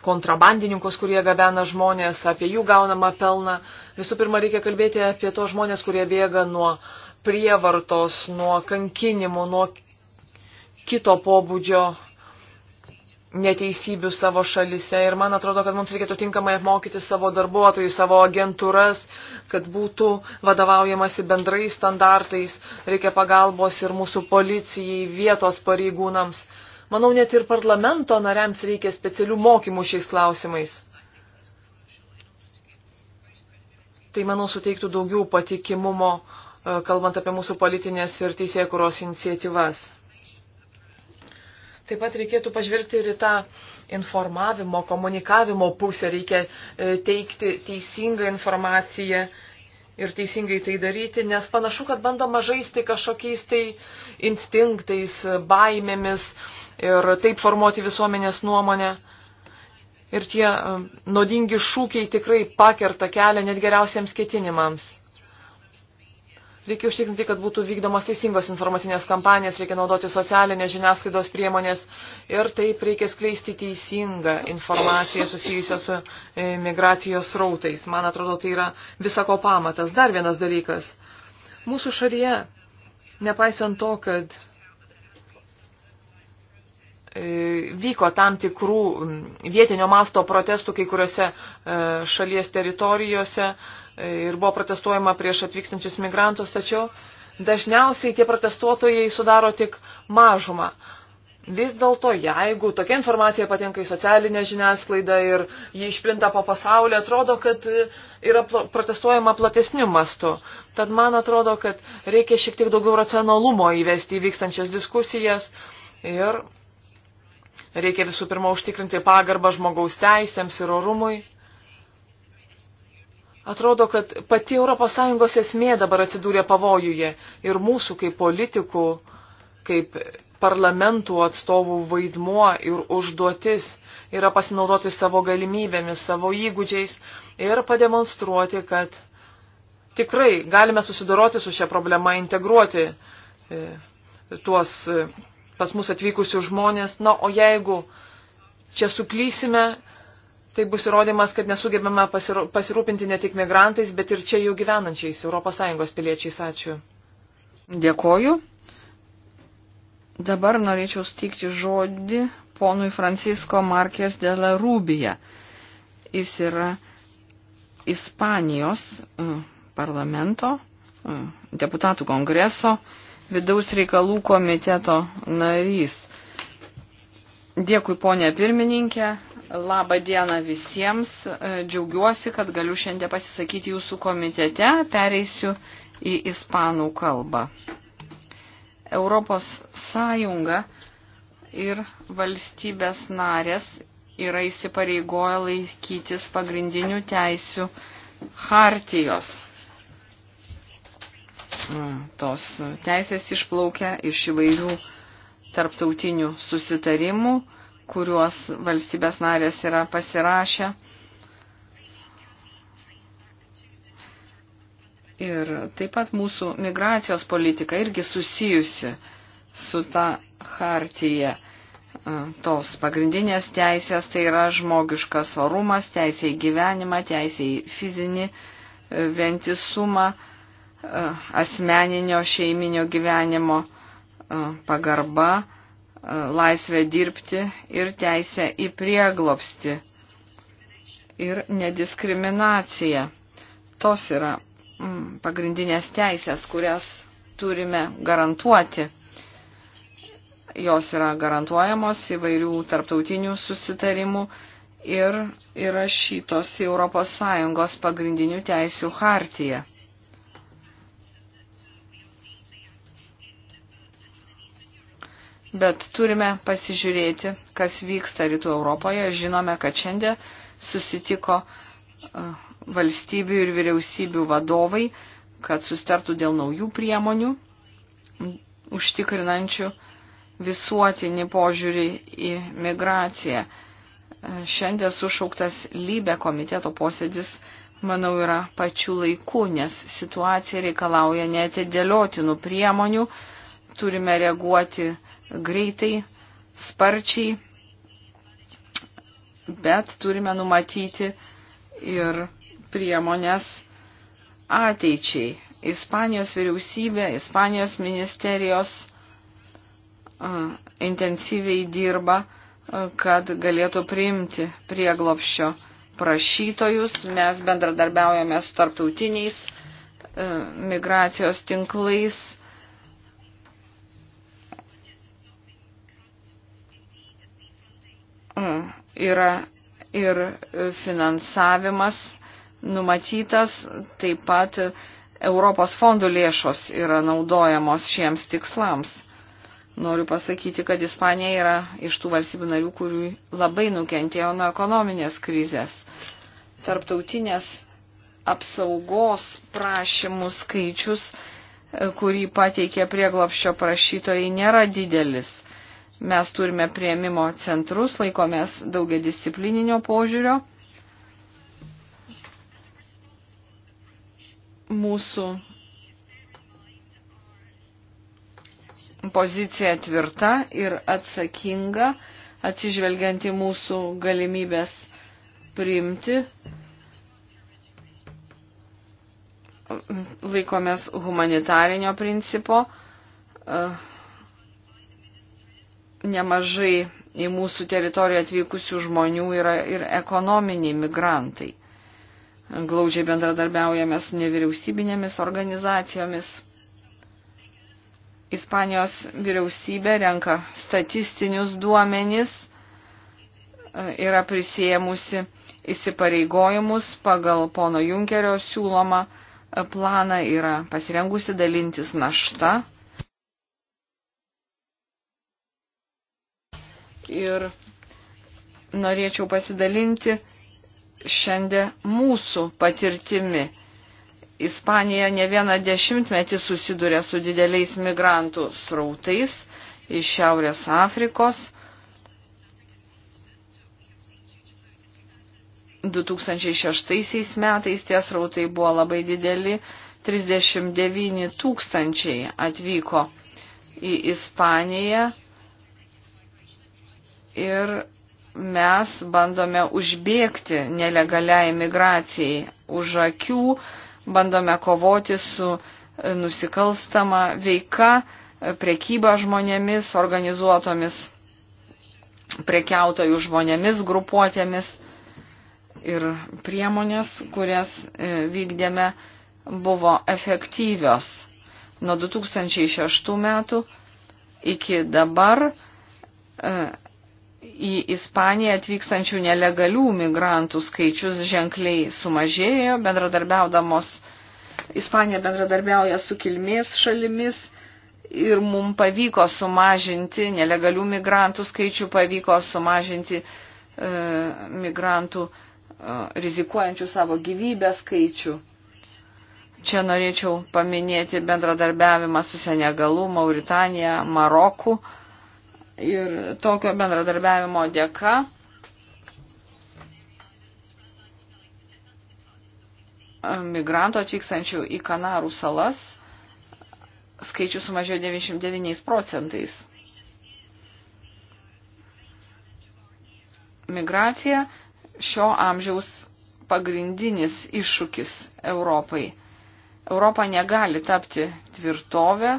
kontrabandininkus, kurie gabena žmonės, apie jų gaunamą pelną. Visų pirma, reikia kalbėti apie tos žmonės, kurie bėga nuo prievartos, nuo kankinimų, nuo kito pobūdžio neteisybių savo šalise. Ir man atrodo, kad mums reikėtų tinkamai apmokyti savo darbuotojus, savo agentūras, kad būtų vadovaujamasi bendrais standartais. Reikia pagalbos ir mūsų policijai, vietos pareigūnams. Manau, net ir parlamento nariams reikia specialių mokymų šiais klausimais. Tai, manau, suteiktų daugiau patikimumo, e, kalbant apie mūsų politinės ir teisėkuros iniciatyvas. Taip pat reikėtų pažvelgti ir į tą informavimo, komunikavimo pusę. Reikia e, teikti teisingą informaciją ir teisingai tai daryti, nes panašu, kad bandoma žaisti kažkokiais tai instinktais, baimėmis ir taip formuoti visuomenės nuomonę. Ir tie e, nuodingi šūkiai tikrai pakerta kelią net geriausiems ketinimams. Reikia užtikrinti, kad būtų vykdomas teisingos informacinės kampanijas, reikia naudoti socialinės žiniasklaidos priemonės ir taip reikia skleisti teisingą informaciją susijusią su e, migracijos rautais. Man atrodo, tai yra visako pamatas. Dar vienas dalykas. Mūsų šalyje, nepaisant to, kad E, vyko tam tikrų vietinio masto protestų kai kuriuose e, šalies teritorijose e, ir buvo protestuojama prieš atvykstančius migrantus, tačiau dažniausiai tie protestuotojai sudaro tik mažumą. Vis dėlto, jeigu tokia informacija patenka į socialinę žiniasklaidą ir ji išplinta po pasaulį, atrodo, kad yra protestuojama platesniu mastu. Tad man atrodo, kad reikia šiek tiek daugiau racionalumo įvesti į vykstančias diskusijas ir Reikia visų pirma užtikrinti pagarbą žmogaus teisėms ir orumui. Atrodo, kad pati ES esmė dabar atsidūrė pavojuje ir mūsų kaip politikų, kaip parlamentų atstovų vaidmuo ir užduotis yra pasinaudoti savo galimybėmis, savo įgūdžiais ir pademonstruoti, kad tikrai galime susidoroti su šia problema, integruoti e, tuos pas mus atvykusių žmonės. Na, o jeigu čia suklysime, tai bus įrodymas, kad nesugebame pasirūpinti ne tik migrantais, bet ir čia jau gyvenančiais ES piliečiais. Ačiū. Dėkoju. Dabar norėčiau stikti žodį ponui Francisko Markės de la Rubija. Jis yra Ispanijos uh, parlamento uh, deputatų kongreso vidaus reikalų komiteto narys. Dėkui, ponė pirmininkė. Labą dieną visiems. E, džiaugiuosi, kad galiu šiandien pasisakyti jūsų komitete. Pereisiu į ispanų kalbą. Europos Sąjunga ir valstybės narės yra įsipareigoję laikytis pagrindinių teisių hartijos tos teisės išplaukia iš įvairių tarptautinių susitarimų, kuriuos valstybės narės yra pasirašę. Ir taip pat mūsų migracijos politika irgi susijusi su ta hartyje. Tos pagrindinės teisės tai yra žmogiškas orumas, teisė į gyvenimą, teisė į fizinį e, vientisumą, E, asmeninio šeiminio gyvenimo e, pagarba, e, laisvė dirbti ir teisė į prieglopsti ir nediskriminacija. Tos yra mm, pagrindinės teisės, kurias turime garantuoti. Jos yra garantuojamos įvairių tarptautinių susitarimų ir įrašytos į ES pagrindinių teisių hartiją. Bet turime pasižiūrėti, kas vyksta Rytų Europoje. Žinome, kad šiandien susitiko e, valstybių ir vyriausybių vadovai, kad sustartų dėl naujų priemonių, užtikrinančių visuotinį požiūrį į migraciją. E, šiandien sušauktas lybė komiteto posėdis, manau, yra pačių laikų, nes situacija reikalauja netidėliotinų priemonių, turime reaguoti greitai, sparčiai, bet turime numatyti ir priemonės ateičiai. Ispanijos vyriausybė, Ispanijos ministerijos uh, intensyviai dirba, uh, kad galėtų priimti prieglopščio prašytojus. Mes bendradarbiaujame su tarptautiniais uh, migracijos tinklais yra ir finansavimas numatytas, taip pat Europos fondų lėšos yra naudojamos šiems tikslams. Noriu pasakyti, kad Ispanija yra iš tų valstybių narių, kurių labai nukentėjo nuo ekonominės krizės. Tarptautinės apsaugos prašymų skaičius, kurį pateikė prieglopščio prašytojai, nėra didelis. Mes turime prieimimo centrus, laikomės daugia disciplininio požiūrio. Mūsų pozicija tvirta ir atsakinga, atsižvelgiant į mūsų galimybės priimti laikomės humanitarinio principo, nemažai į mūsų teritoriją atvykusių žmonių yra ir ekonominiai migrantai. Glaudžiai bendradarbiaujame su nevyriausybinėmis organizacijomis. Ispanijos vyriausybė renka statistinius duomenis, e, yra prisėmusi įsipareigojimus pagal pono Junkerio siūlomą e, planą, yra pasirengusi dalintis naštą ir norėčiau pasidalinti šiandien mūsų patirtimi. Ispanija ne vieną dešimtmetį susiduria su dideliais migrantų srautais iš Šiaurės Afrikos. 2006 metais tie srautai buvo labai dideli, 39 tūkstančiai atvyko į Ispaniją ir mes bandome užbėgti nelegaliai migracijai už akių, bandome kovoti su e, nusikalstama veika, e, prekyba žmonėmis, organizuotomis prekiautojų žmonėmis, grupuotėmis ir priemonės, kurias e, vykdėme, buvo efektyvios. Nuo 2006 metų iki dabar į Ispaniją atvykstančių nelegalių migrantų skaičius ženkliai sumažėjo, bendradarbiaudamos Ispanija bendradarbiauja su kilmės šalimis ir mums pavyko sumažinti nelegalių migrantų skaičių, pavyko sumažinti e, migrantų e, rizikuojančių savo gyvybę skaičių. Čia norėčiau paminėti bendradarbiavimą su Senegalu, Mauritanija, Maroku. E, Ir tokio bendradarbiavimo dėka migrantų atvykstančių į Kanarų salas skaičius sumažėjo 99 procentais. Migracija šio amžiaus pagrindinis iššūkis Europai. Europa negali tapti tvirtovę,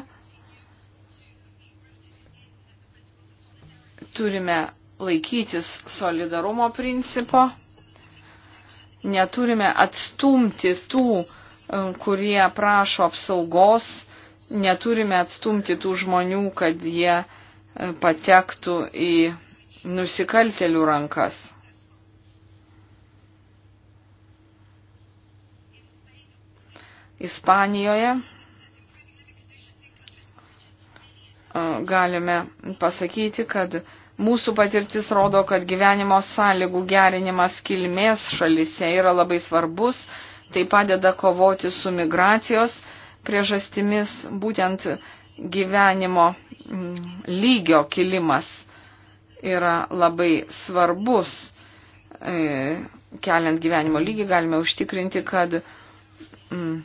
turime laikytis solidarumo principo, neturime atstumti tų, e, kurie prašo apsaugos, neturime atstumti tų žmonių, kad jie e, patektų į nusikaltelių rankas. Ispanijoje galime pasakyti, kad mūsų patirtis rodo, kad gyvenimo sąlygų gerinimas kilmės šalise yra labai svarbus, tai padeda kovoti su migracijos priežastimis, būtent gyvenimo mm, lygio kilimas yra labai svarbus. E, keliant gyvenimo lygį galime užtikrinti, kad mm,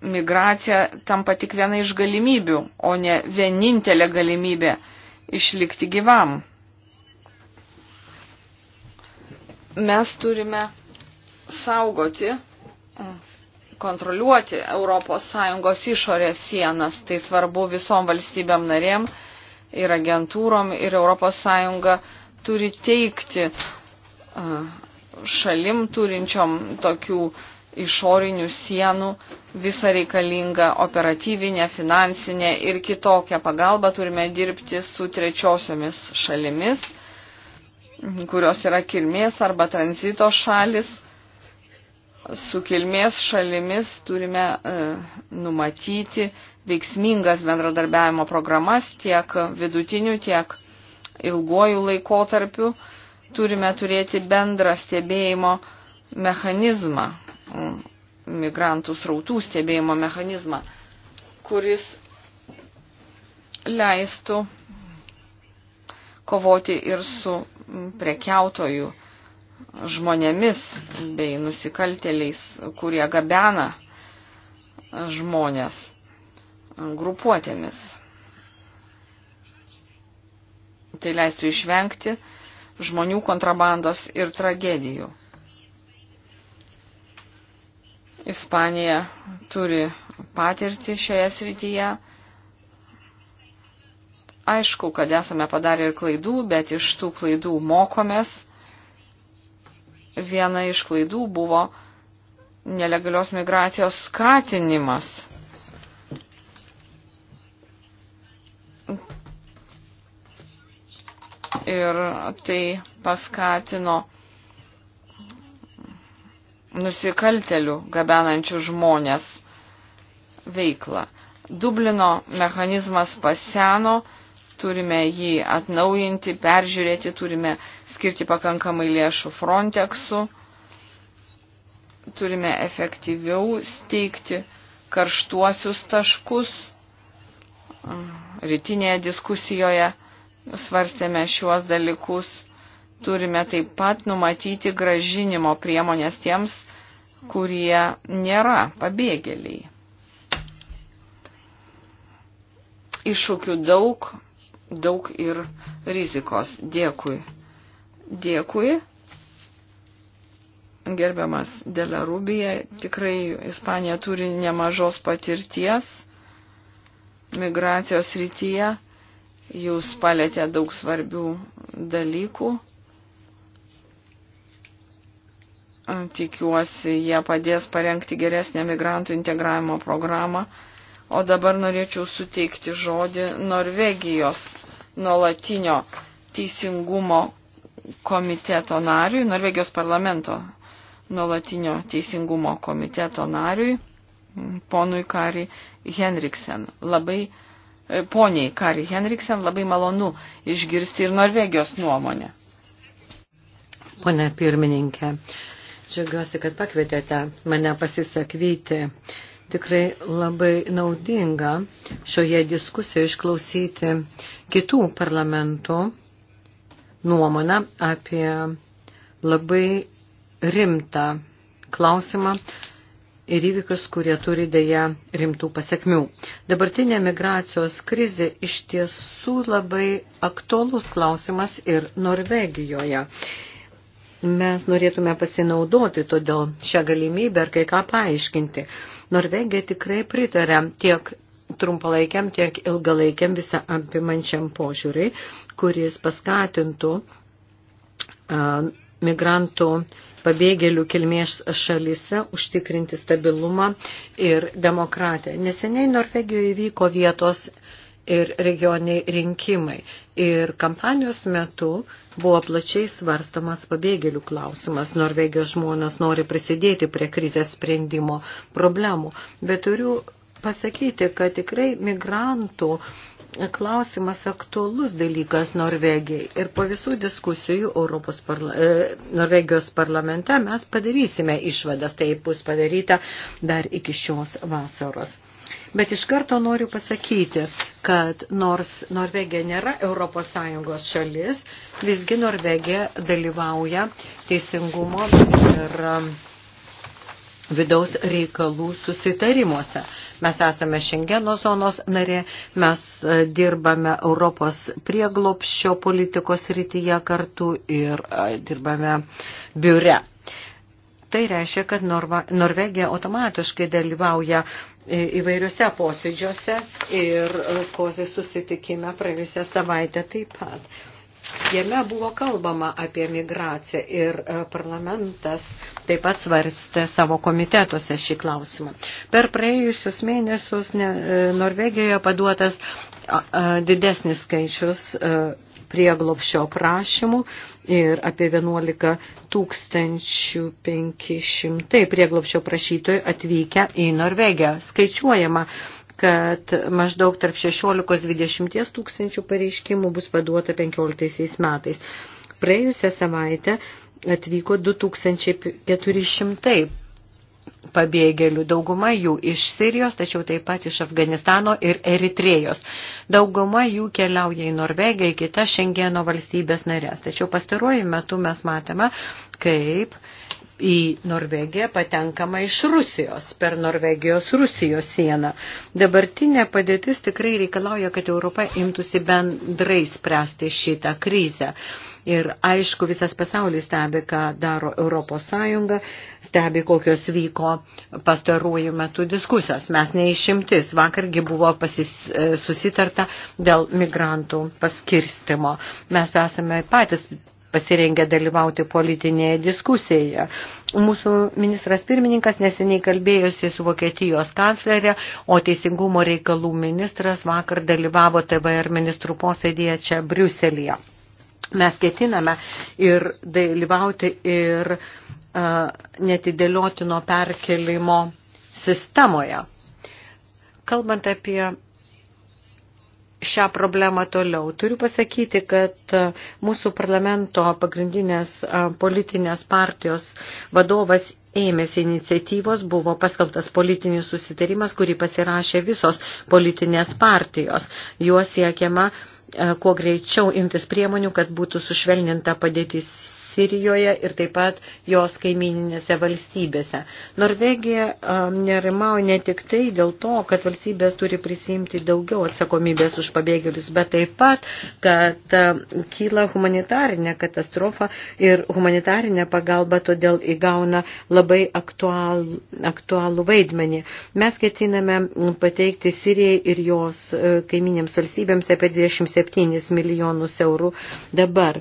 migracija tampa tik viena iš galimybių, o ne vienintelė galimybė išlikti gyvam. Mes turime saugoti, kontroliuoti ES išorės sienas. Tai svarbu visom valstybėm narėm ir agentūrom ir ES turi teikti šalim turinčiom tokių uh, išorinių sienų visą reikalingą operatyvinę, finansinę ir kitokią pagalbą. Turime dirbti su trečiosiomis šalimis, kurios yra kilmės arba tranzito šalis. Su kilmės šalimis turime e, numatyti veiksmingas bendradarbiavimo programas tiek vidutinių, tiek ilguoju laikotarpiu. Turime turėti bendrą stebėjimo mechanizmą, Mm, migrantų srautų stebėjimo mechanizmą, kuris leistų kovoti ir su prekiautojų žmonėmis bei nusikaltėliais, kurie gabena žmonės grupuotėmis. Tai leistų išvengti žmonių kontrabandos ir tragedijų. Ispanija turi patirti šioje srityje. Aišku, kad esame padarę ir klaidų, bet iš tų klaidų mokomės. Viena iš klaidų buvo nelegalios migracijos skatinimas. Ir tai paskatino nusikaltelių gabenančių žmonės veiklą. Dublino mechanizmas paseno, turime jį atnaujinti, peržiūrėti, turime skirti pakankamai lėšų Frontexų, turime efektyviau steigti karštuosius taškus. Rytinėje diskusijoje svarstėme šiuos dalykus turime taip pat numatyti gražinimo priemonės tiems kurie nėra pabėgėliai. Iššūkių daug, daug ir rizikos. Dėkui. Dėkui. Gerbiamas Dela Rubija, tikrai Ispanija turi nemažos patirties migracijos rytyje. Jūs palėtė daug svarbių dalykų. Tikiuosi, jie padės parengti geresnę migrantų integravimo programą. O dabar norėčiau suteikti žodį Norvegijos nuolatinio teisingumo komiteto nariui, Norvegijos parlamento nuolatinio teisingumo komiteto nariui, ponui Kari Henriksen. Labai, e, poniai Kari Henriksen, labai malonu išgirsti ir Norvegijos nuomonę. Pone pirmininkė, Džiaugiuosi, kad pakvietėte mane pasisakvyti. Tikrai labai naudinga šioje diskusijoje išklausyti kitų parlamentų nuomonę apie labai rimtą klausimą ir įvykius, kurie turi dėja rimtų pasiekmių. Dabartinė migracijos krizė iš tiesų labai aktuolus klausimas ir Norvegijoje mes norėtume pasinaudoti todėl šią galimybę ir kai ką paaiškinti. Norvegija tikrai pritarė tiek trumpalaikiam, tiek ilgalaikiam visą apimančiam požiūriui, kuris paskatintų uh, migrantų pabėgėlių kilmės šalyse užtikrinti stabilumą ir demokratiją. Neseniai Norvegijoje vyko vietos ir regioniai rinkimai. Ir kampanijos metu buvo plačiai svarstamas pabėgėlių klausimas. Norvegijos žmonės nori prisidėti prie krizės sprendimo problemų. Bet turiu pasakyti, kad tikrai migrantų klausimas aktuolus dalykas Norvegijai. Ir po visų diskusijų Europos parla e, Norvegijos parlamente mes padarysime išvadas. Tai bus padaryta dar iki šios vasaros. Bet iš karto noriu pasakyti, kad nors Norvegija nėra ES šalis, visgi Norvegija dalyvauja teisingumo ir um, vidaus reikalų susitarimuose. Mes esame Šengeno zonos narė, mes e, dirbame Europos prieglopščio politikos rytyje kartu ir e, dirbame biure. Tai reiškia, kad Norva, Norvegija automatiškai dalyvauja įvairiuose posėdžiuose ir e, kozai susitikime praėjusią savaitę taip pat. Jame buvo kalbama apie migraciją ir e, parlamentas taip pat svarstė savo komitetuose šį klausimą. Per praėjusius mėnesius e, Norvegijoje paduotas didesnis skaičius prieglopšio prašymų ir apie 11 500 prieglopščio prašytojų atvykę į Norvegiją. Skaičiuojama, kad maždaug tarp 16-20 tūkstančių pareiškimų bus paduota 15 metais. Praėjusią savaitę atvyko 2400 pabėgėlių, dauguma jų iš Sirijos, tačiau taip pat iš Afganistano ir Eritrėjos. Dauguma jų keliauja į Norvegiją, į kitas Šengeno valstybės narės. Tačiau pastaruoju metu mes matėme, kaip uh, į Norvegiją patenkama iš Rusijos per Norvegijos Rusijos sieną. Dabartinė padėtis tikrai reikalauja, kad Europa imtųsi bendrai spręsti šitą krizę. Ir aišku, visas pasaulis stebi, ką daro Europos Sąjunga, stebi, kokios vyko pastaruoju metu diskusijos. Mes neišimtis. Vakargi buvo pasis, e, susitarta dėl migrantų paskirstimo. Mes esame patys pasirengę dalyvauti politinėje diskusijoje. Mūsų ministras pirmininkas neseniai kalbėjosi su Vokietijos kanclerė, o Teisingumo reikalų ministras vakar dalyvavo TVR ministrų posėdėje čia Briuselėje. Mes ketiname ir dalyvauti ir uh, netidėliotino perkelimo sistemoje. Kalbant apie šią problemą toliau. Turiu pasakyti, kad e, mūsų parlamento pagrindinės e, politinės partijos vadovas ėmėsi iniciatyvos, buvo paskalbtas politinis susitarimas, kurį pasirašė visos politinės partijos. Juo siekiama E, kuo greičiau imtis priemonių, kad būtų sušvelninta padėtis Sirijoje ir taip pat jos kaimininėse valstybėse. Norvegija e, nerimauja ne tik tai dėl to, kad valstybės turi prisimti daugiau atsakomybės už pabėgėlius, bet taip pat, kad e, kyla humanitarinė katastrofa ir humanitarinė pagalba todėl įgauna labai aktualų, aktualų vaidmenį. Mes ketiname pateikti Sirijai ir jos kaiminėms valstybėms apie 27 7 milijonus eurų dabar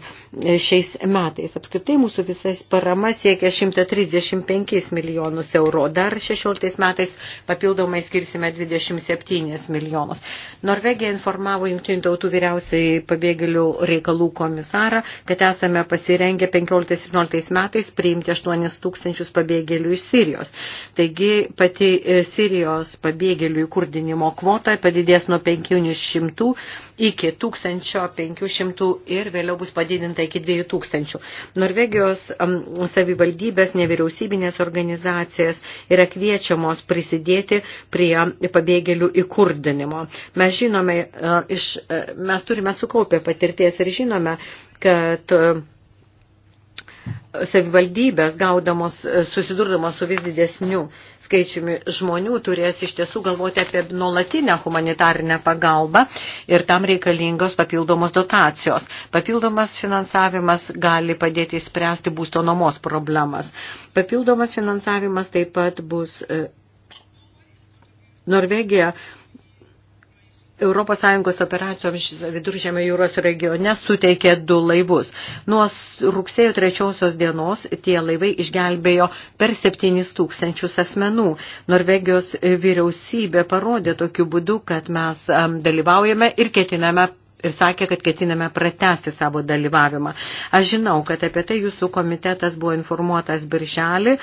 šiais metais. Apskritai mūsų visais parama siekia 135 milijonus eurų, dar 16 metais papildomai skirsime 27 milijonus. Norvegija informavo Junktinių tautų vyriausiai pabėgėlių reikalų komisarą, kad esame pasirengę 15-17 metais priimti 8 tūkstančius pabėgėlių iš Sirijos. Taigi pati e, Sirijos pabėgėlių įkurdinimo kvota padidės nuo 500 iki 1000 1500 ir vėliau bus padidinta iki 2000. Norvegijos savivaldybės nevyriausybinės organizacijas yra kviečiamos prisidėti prie pabėgėlių įkurdinimo. Mes žinome, iš, mes turime sukaupę patirties ir žinome, kad savivaldybės gaudamos, susidurdamos su vis didesniu skaičiumi žmonių turės iš tiesų galvoti apie nuolatinę humanitarinę pagalbą ir tam reikalingos papildomos dotacijos. Papildomas finansavimas gali padėti spręsti būsto nuomos problemas. Papildomas finansavimas taip pat bus. E, Norvegija ES operacijoms viduržėmio jūros regione suteikė du laivus. Nuo rugsėjo trečiosios dienos tie laivai išgelbėjo per 7 tūkstančius asmenų. Norvegijos e, vyriausybė parodė tokiu būdu, kad mes dalyvaujame ir ketiname ir sakė, kad ketiname pratesti savo dalyvavimą. Aš žinau, kad apie tai jūsų komitetas buvo informuotas birželį,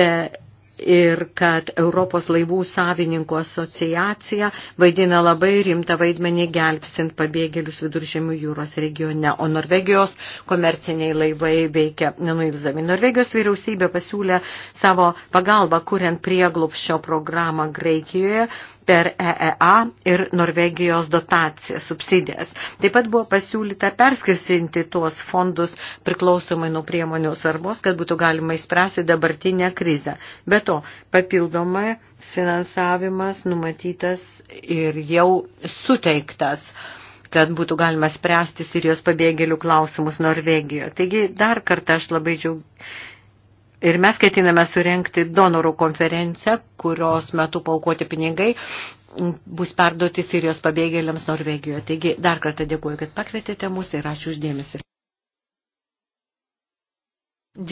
bet ir kad Europos laivų savininkų asociacija vaidina labai rimtą vaidmenį gelbsint pabėgėlius viduržėmių jūros regione, o Norvegijos komerciniai laivai veikia nenuilzami. Norvegijos vyriausybė pasiūlė savo pagalbą, kuriant prieglupščio programą Graikijoje per EEA ir Norvegijos dotacijas, subsidijas. Taip pat buvo pasiūlyta perskirsinti tuos fondus priklausomai nuo priemonių svarbos, kad būtų galima įspręsti dabartinę krizę. Be to, papildomai finansavimas numatytas ir jau suteiktas kad būtų galima spręsti Sirijos pabėgėlių klausimus Norvegijoje. Taigi dar kartą aš labai džiaugiuosi Ir mes ketiname surenkti donorų konferenciją, kurios metu paukoti pinigai bus perduoti Sirijos pabėgėliams Norvegijoje. Taigi dar kartą dėkuoju, kad pakvietėte mus ir ačiū uždėmesi.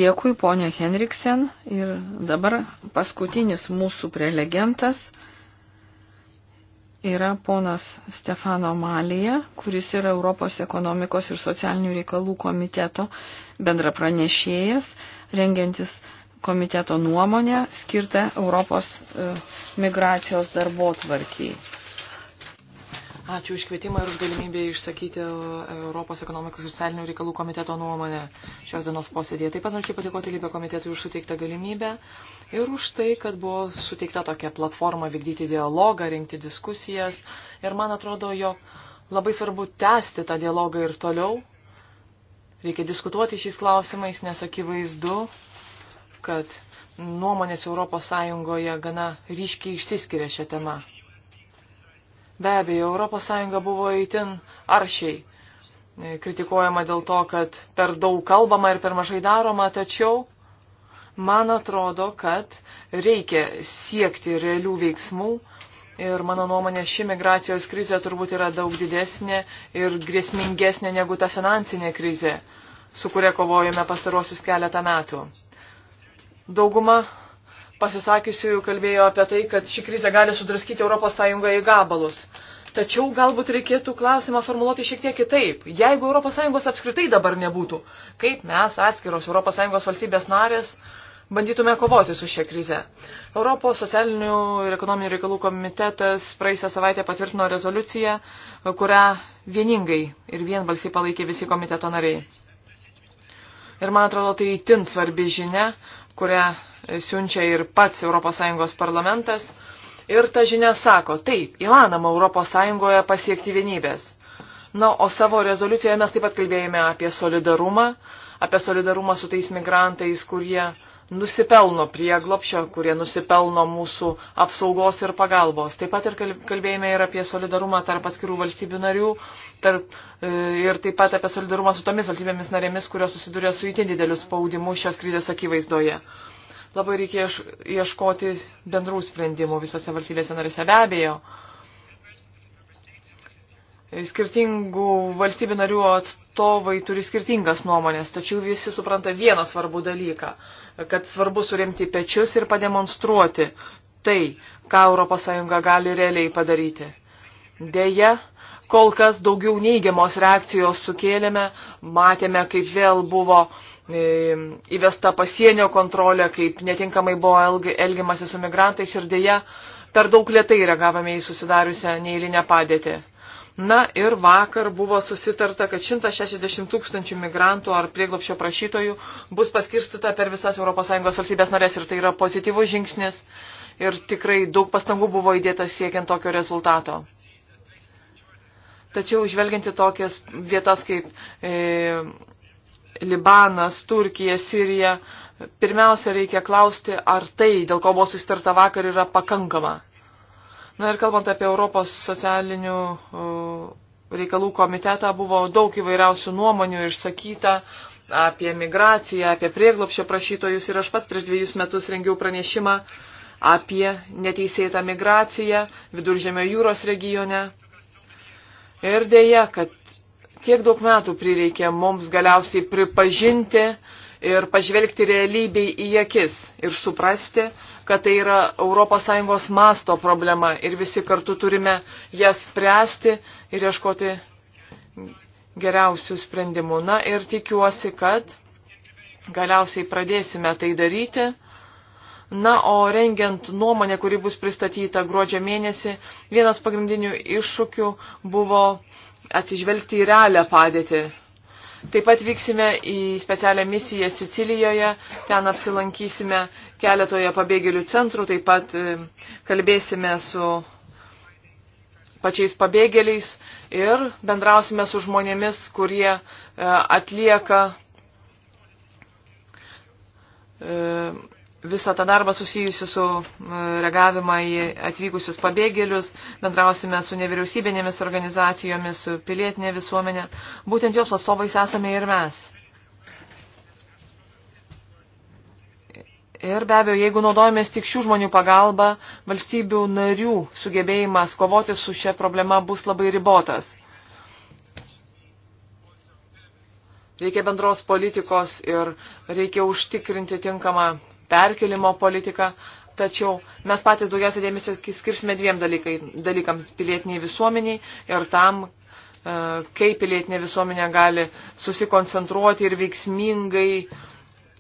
Dėkui, ponė Henriksen. Ir dabar paskutinis mūsų prelegentas yra ponas Stefano Malija, kuris yra Europos ekonomikos ir socialinių reikalų komiteto bendra pranešėjas, rengiantis komiteto nuomonę skirtą Europos e, migracijos darbo tvarkiai. Ačiū už kvietimą ir už galimybę išsakyti e, Europos ekonomikos ir socialinių reikalų komiteto nuomonę šios dienos posėdėje. Taip pat norėčiau padėkoti Lybė komitetui už suteiktą galimybę ir už tai, kad buvo suteikta tokia platforma vykdyti dialogą, rinkti diskusijas. Ir man atrodo, jo labai svarbu tęsti tą dialogą ir toliau. Reikia diskutuoti šiais klausimais, nes akivaizdu, kad nuomonės Europos Sąjungoje gana ryškiai išsiskiria šią temą. Be abejo, ES buvo įtin aršiai e, kritikuojama dėl to, kad per daug kalbama ir per mažai daroma, tačiau man atrodo, kad reikia siekti realių veiksmų ir mano nuomonė ši migracijos krizė turbūt yra daug didesnė ir grėsmingesnė negu ta finansinė krizė, su kuria kovojame pastarosius keletą metų. Dauguma pasisakysiu kalbėjo apie tai, kad ši krizė gali sudraskyti ES į gabalus. Tačiau galbūt reikėtų klausimą formuluoti šiek tiek kitaip. Jeigu ES apskritai dabar nebūtų, kaip mes atskiros ES valstybės narės bandytume kovoti su šia krize. Europos socialinių ir ekonominių reikalų komitetas praeisę savaitę patvirtino rezoliuciją, kurią vieningai ir vienbalsiai palaikė visi komiteto nariai. Ir man atrodo, tai itin svarbi žinia, kurią siunčia ir pats ES parlamentas. Ir ta žinia sako, taip, įmanoma ES pasiekti vienybės. Na, o savo rezoliucijoje mes taip pat kalbėjome apie solidarumą, apie solidarumą su tais migrantais, kurie nusipelno prieglopšio, kurie nusipelno mūsų apsaugos ir pagalbos. Taip pat ir kalbėjome ir apie solidarumą tarp atskirų valstybių narių tarp, e, ir taip pat apie solidarumą su tomis valstybėmis narėmis, kurios susidūrė su įtin dideliu spaudimu šios krizės akivaizdoje labai reikia ieškoti bendrų sprendimų visose valstybėse narėse. Be abejo, skirtingų valstybių narių atstovai turi skirtingas nuomonės, tačiau visi supranta vieną svarbų dalyką, kad svarbu suremti pečius ir pademonstruoti tai, ką ES gali realiai padaryti. Deja, kol kas daugiau neigiamos reakcijos sukėlėme, matėme, kaip vėl buvo uh, įvesta pasienio kontrolė, kaip netinkamai buvo elgiamasi su migrantais ir dėja per daug lietai reagavome į susidariusią neįlinę padėtį. Na ir vakar buvo susitarta, kad 160 tūkstančių migrantų ar prieglopšio prašytojų bus paskirstyta per visas ES valstybės narės ir tai yra pozityvus žingsnis ir tikrai daug pastangų buvo įdėta siekiant tokio rezultato. Tačiau žvelgiant į tokias vietas kaip e, Libanas, Turkija, Sirija, pirmiausia reikia klausti, ar tai, dėl ko buvo sustarta vakar, yra pakankama. Na ir kalbant apie Europos socialinių reikalų komitetą, buvo daug įvairiausių nuomonių išsakyta apie migraciją, apie prieglopšio prašytojus ir aš pats prieš dviejus metus rengiau pranešimą apie neteisėtą migraciją Viduržėmio jūros regione. Ir dėja, kad Tiek daug metų prireikė mums galiausiai pripažinti ir pažvelgti realybei į akis ir suprasti, kad tai yra ES masto problema ir visi kartu turime ją spręsti ir ieškoti geriausių sprendimų. Na ir tikiuosi, kad galiausiai pradėsime tai daryti. Na, o rengiant nuomonę, kuri bus pristatyta gruodžio mėnesį, vienas pagrindinių iššūkių buvo atsižvelgti į realią padėtį. Taip pat vyksime į specialią misiją Sicilijoje, ten apsilankysime keletoje pabėgėlių centrų, taip pat e, kalbėsime su pačiais pabėgėliais ir bendrausime su žmonėmis, kurie e, atlieka e, visą tą darbą susijusi su e, reagavimą į atvykusius pabėgėlius, bendrausime su nevyriausybinėmis organizacijomis, su pilietinė visuomenė. Būtent jos atstovais esame ir mes. Ir be abejo, jeigu naudojamės tik šių žmonių pagalba, valstybių narių sugebėjimas kovoti su šia problema bus labai ribotas. Reikia bendros politikos ir reikia užtikrinti tinkamą perkelimo politiką, tačiau mes patys daugiausia dėmesio skirsime dviem dalykai, dalykams - pilietiniai visuomeniai ir tam, e, kaip pilietinė visuomenė gali susikoncentruoti ir veiksmingai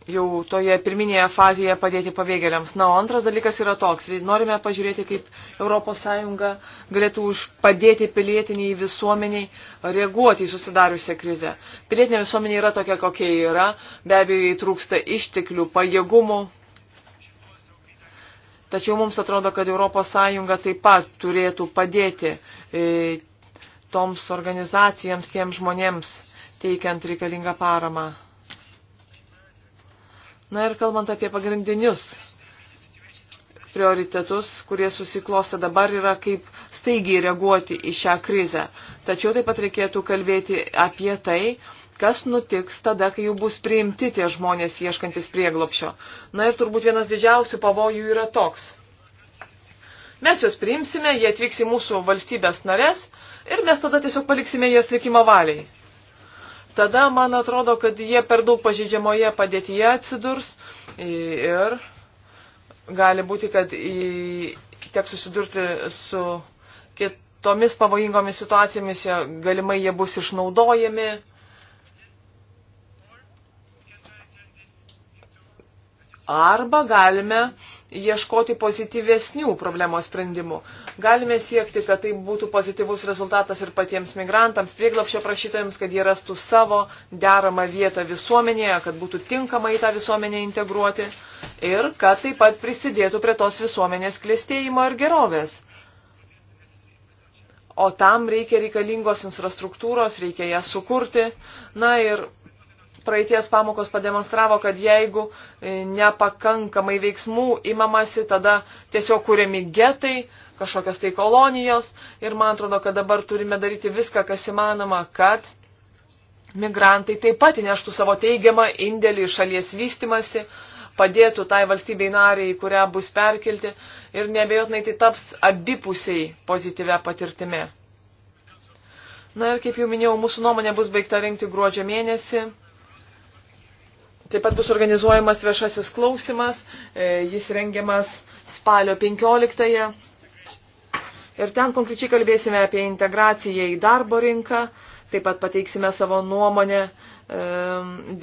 jau toje pirminėje fazėje padėti pabėgėliams. Na, o antras dalykas yra toks. Norime pažiūrėti, kaip ES galėtų padėti pilietiniai visuomeniai reaguoti į susidariusią krizę. Pilietinė visuomenė yra tokia, kokia yra. Be abejo, jai trūksta išteklių, pajėgumų, Tačiau mums atrodo, kad ES taip pat turėtų padėti e, toms organizacijams, tiems žmonėms, teikiant reikalingą paramą. Na ir kalbant apie pagrindinius prioritetus, kurie susiklosta dabar, yra kaip staigiai reaguoti į šią krizę. Tačiau taip pat reikėtų kalbėti apie tai, kas nutiks tada, kai jau bus priimti tie žmonės ieškantis prieglopšio. Na ir turbūt vienas didžiausių pavojų yra toks. Mes juos priimsime, jie atvyks į mūsų valstybės narės ir mes tada tiesiog paliksime juos likimo valiai. Tada man atrodo, kad jie per daug pažydžiamoje padėtyje atsidurs ir gali būti, kad į, teks susidurti su kitomis pavojingomis situacijomis, jie, galimai jie bus išnaudojami. Arba galime ieškoti pozityvesnių problemos sprendimų. Galime siekti, kad tai būtų pozityvus rezultatas ir patiems migrantams, prieglapšio prašytojams, kad jie rastų savo deramą vietą visuomenėje, kad būtų tinkamai tą visuomenę integruoti ir kad taip pat prisidėtų prie tos visuomenės klėstėjimo ir gerovės. O tam reikia reikalingos infrastruktūros, reikia ją sukurti. Na ir praeities pamokos pademonstravo, kad jeigu e, nepakankamai veiksmų imamasi, tada tiesiog kūrėmi getai, kažkokios tai kolonijos ir man atrodo, kad dabar turime daryti viską, kas įmanoma, kad migrantai taip pat įneštų savo teigiamą indėlį į šalies vystimasi, padėtų tai valstybei nariai, kurią bus perkelti ir nebejotinai tai taps abipusiai pozityvę patirtimi. Na ir kaip jau minėjau, mūsų nuomonė bus baigta rinkti gruodžio mėnesį. Taip pat bus organizuojamas viešasis klausimas, e, jis rengiamas spalio 15-ąją. Ir ten konkrečiai kalbėsime apie integraciją į darbo rinką, taip pat pateiksime savo nuomonę e,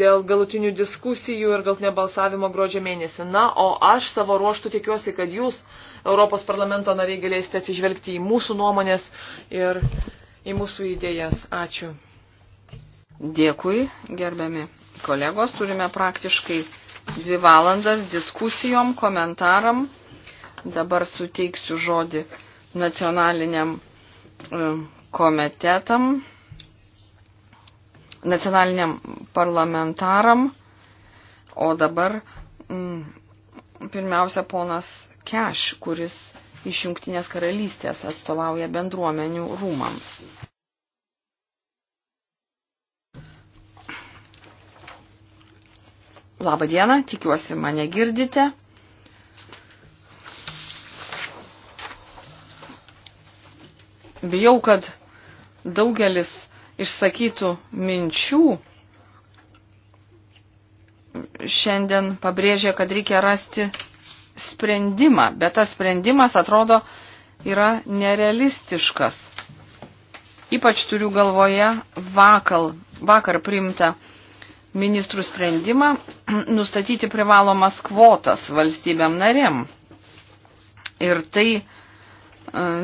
dėl galutinių diskusijų ir galtinio balsavimo gruodžio mėnesį. Na, o aš savo ruoštų tikiuosi, kad jūs, Europos parlamento nariai, galėsite atsižvelgti į mūsų nuomonės ir į mūsų idėjas. Ačiū. Dėkui, gerbiami kolegos, turime praktiškai dvi valandas diskusijom, komentaram. Dabar suteiksiu žodį nacionaliniam e, komitetam, nacionaliniam parlamentaram. O dabar mm, pirmiausia ponas Keš, kuris iš Junktinės karalystės atstovauja bendruomenių rūmams. Labą dieną, tikiuosi mane girdite. Bijau, kad daugelis išsakytų minčių šiandien pabrėžė, kad reikia rasti sprendimą, bet tas sprendimas atrodo yra nerealistiškas. Ypač turiu galvoje vakar, vakar priimtą ministrų sprendimą nustatyti privalomas kvotas valstybėm narėm. Ir tai e,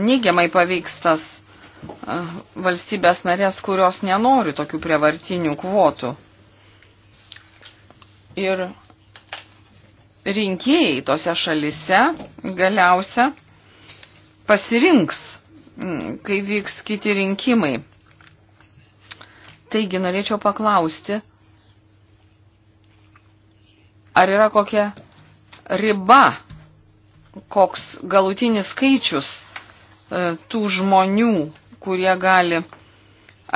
neigiamai paveiks tas e, valstybės narės, kurios nenori tokių prievartinių kvotų. Ir rinkėjai tose šalise galiausia pasirinks, kai vyks kiti rinkimai. Taigi norėčiau paklausti, Ar yra kokia riba, koks galutinis skaičius e, tų žmonių, kurie gali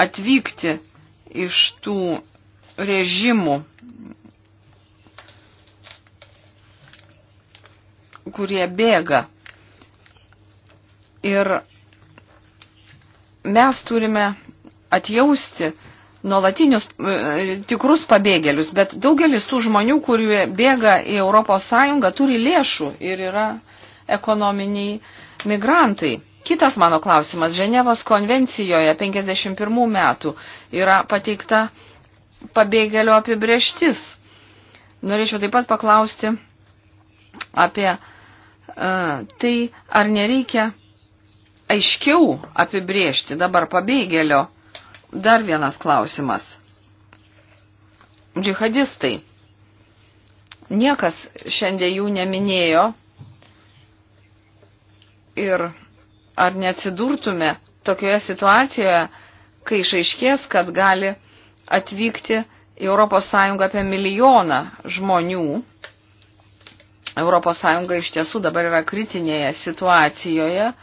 atvykti iš tų režimų, kurie bėga. Ir mes turime atjausti, nuolatinius e, tikrus pabėgėlius, bet daugelis tų žmonių, kurie bėga į Europos Sąjungą, turi lėšų ir yra ekonominiai migrantai. Kitas mano klausimas. Ženevos konvencijoje 51 metų yra pateikta pabėgėlio apibrieštis. Norėčiau taip pat paklausti apie uh, tai, ar nereikia aiškiau apibriežti dabar pabėgėlio Dar vienas klausimas. Džihadistai. Niekas šiandien jų neminėjo ir ar neatsidurtume tokioje situacijoje, kai išaiškės, kad gali atvykti į ES apie milijoną žmonių. ES iš tiesų dabar yra kritinėje situacijoje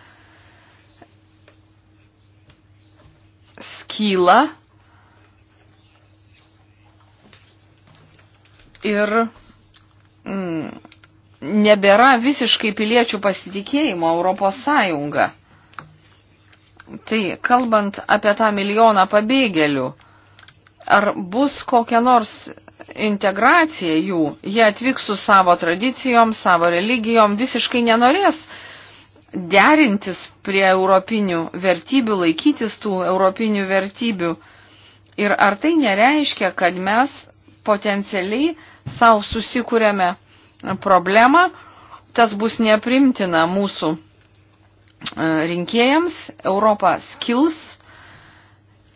skyla ir mm, nebėra visiškai piliečių pasitikėjimo Europos Sąjunga. Tai kalbant apie tą milijoną pabėgėlių, ar bus kokia nors integracija jų, jie atvyks su savo tradicijom, savo religijom, visiškai nenorės derintis prie europinių vertybių, laikytis tų europinių vertybių. Ir ar tai nereiškia, kad mes potencialiai savo susikūrėme problemą, tas bus neprimtina mūsų e, rinkėjams, Europa skils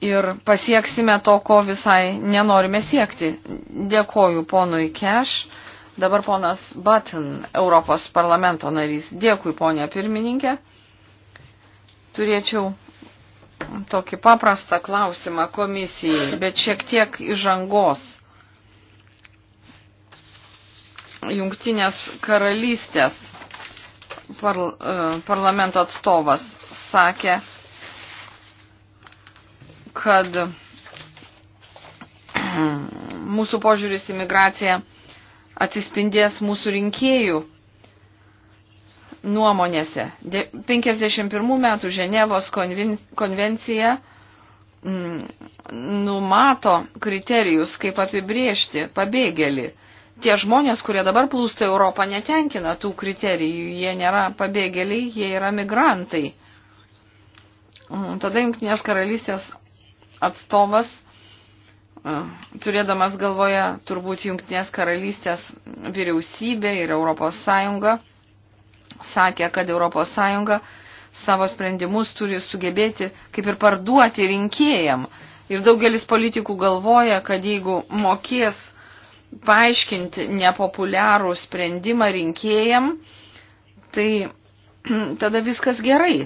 ir pasieksime to, ko visai nenorime siekti. Dėkoju ponui Keš Dabar ponas Button, Europos parlamento narys. Dėkui, ponė pirmininkė. Turėčiau tokį paprastą klausimą komisijai, bet šiek tiek įžangos. Jungtinės karalystės parl e, parlamento atstovas sakė, kad mūsų požiūris į migraciją atsispindės mūsų rinkėjų nuomonėse. 51 metų Ženevos konvencija mm, numato kriterijus, kaip apibriežti pabėgėlį. Tie žmonės, kurie dabar plūsta Europą, netenkina tų kriterijų. Jie nėra pabėgėliai, jie yra migrantai. Mm, tada Junktinės karalystės atstovas E, turėdamas galvoje turbūt Junktinės karalystės vyriausybė ir Europos Sąjunga, sakė, kad Europos Sąjunga savo sprendimus turi sugebėti kaip ir parduoti rinkėjam. Ir daugelis politikų galvoja, kad jeigu mokės paaiškinti nepopuliarų sprendimą rinkėjam, tai tada viskas gerai.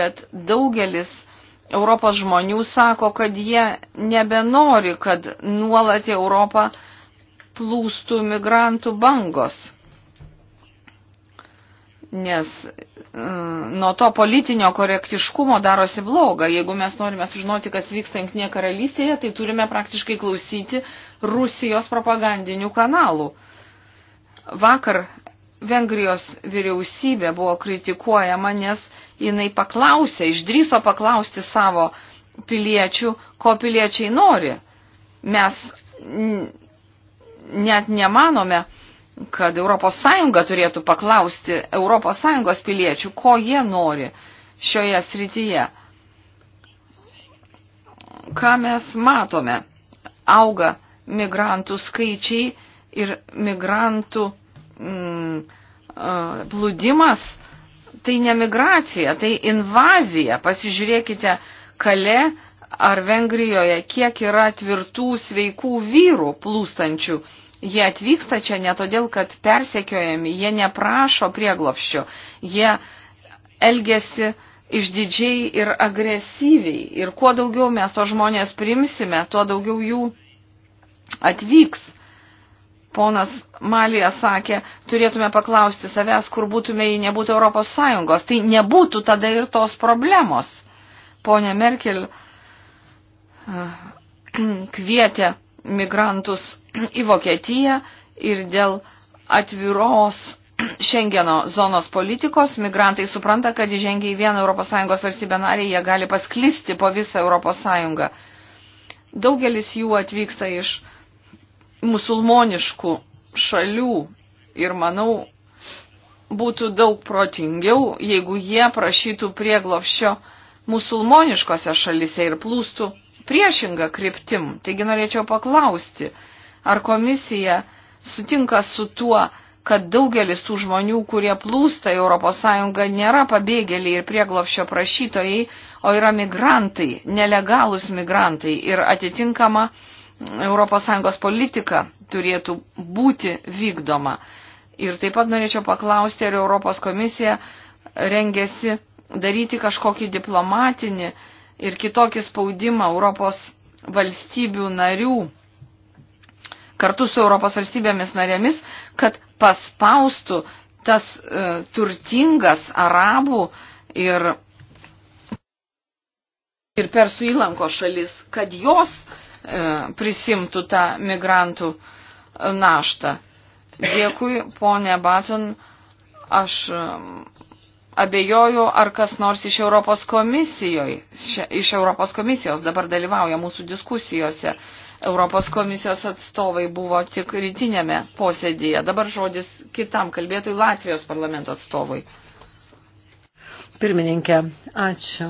Bet daugelis Europos žmonių sako, kad jie nebenori, kad nuolat į Europą plūstų migrantų bangos. Nes mm, nuo to politinio korektiškumo darosi bloga. Jeigu mes norime sužinoti, kas vyksta Junktinėje karalystėje, tai turime praktiškai klausyti Rusijos propagandinių kanalų. Vakar Vengrijos vyriausybė buvo kritikuojama, nes uh, jinai paklausė, išdryso paklausti savo piliečių, ko piliečiai nori. Mes net nemanome, kad ES turėtų paklausti ES piliečių, ko jie nori šioje srityje. Ką mes matome? Auga migrantų skaičiai ir migrantų mm, plūdimas tai ne migracija, tai invazija. Pasižiūrėkite, kale ar Vengrijoje, kiek yra tvirtų, sveikų vyrų plūstančių. Jie atvyksta čia ne todėl, kad persekiojami, jie neprašo prieglopščio, jie elgesi išdidžiai ir agresyviai. Ir kuo daugiau mes to žmonės primsime, tuo daugiau jų atvyks ponas Malija sakė, turėtume paklausti savęs, kur būtume, jei nebūtų Europos Sąjungos. Tai nebūtų tada ir tos problemos. Pone Merkel eh, kvietė migrantus į Vokietiją ir dėl atviros Šengeno zonos politikos migrantai supranta, kad įžengia į vieną ES valstybę narį, jie gali pasklisti po visą ES. Daugelis jų atvyksta iš musulmoniškų šalių ir manau, būtų daug protingiau, jeigu jie prašytų prieglopščio musulmoniškose šalise ir plūstų priešingą kryptim. Taigi norėčiau paklausti, ar komisija sutinka su tuo, kad daugelis tų žmonių, kurie plūsta į ES, nėra pabėgėliai ir prieglopščio prašytojai, o yra migrantai, nelegalūs migrantai ir atitinkama ES politika turėtų būti vykdoma. Ir taip pat norėčiau paklausti, ar Europos komisija rengėsi daryti kažkokį diplomatinį ir kitokį spaudimą Europos valstybių narių kartu su Europos valstybėmis narėmis, kad paspaustų tas e, turtingas arabų ir, ir persų įlanko šalis, kad jos e, E, prisimtų tą migrantų naštą. Dėkui, ponė Baton. Aš e, abejoju, ar kas nors iš Europos, iš Europos komisijos dabar dalyvauja mūsų diskusijose. Europos komisijos atstovai buvo tik rytinėme posėdėje. Dabar žodis kitam kalbėtui Latvijos parlamento atstovui. Pirmininkė, ačiū.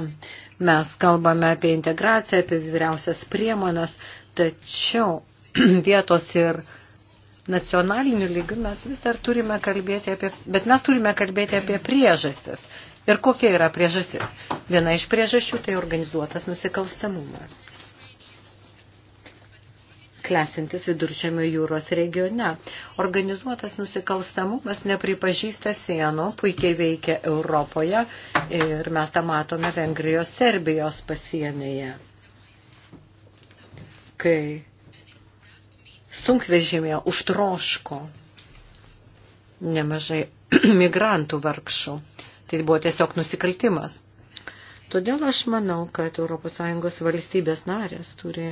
Mes kalbame apie integraciją, apie vyriausias priemonės, tačiau vietos ir nacionaliniu lygiu mes vis dar turime kalbėti apie, bet mes turime kalbėti apie priežastis. Ir kokia yra priežastis? Viena iš priežasčių tai organizuotas nusikalstamumas klesintis vidurčiamio jūros regione. Organizuotas nusikalstamumas nepripažįsta sienų, puikiai veikia Europoje ir mes tą matome Vengrijos Serbijos pasienyje. Kai sunkvežimė užtroško nemažai migrantų vargšų. Tai buvo tiesiog nusikaltimas. Todėl aš manau, kad ES valstybės narės turi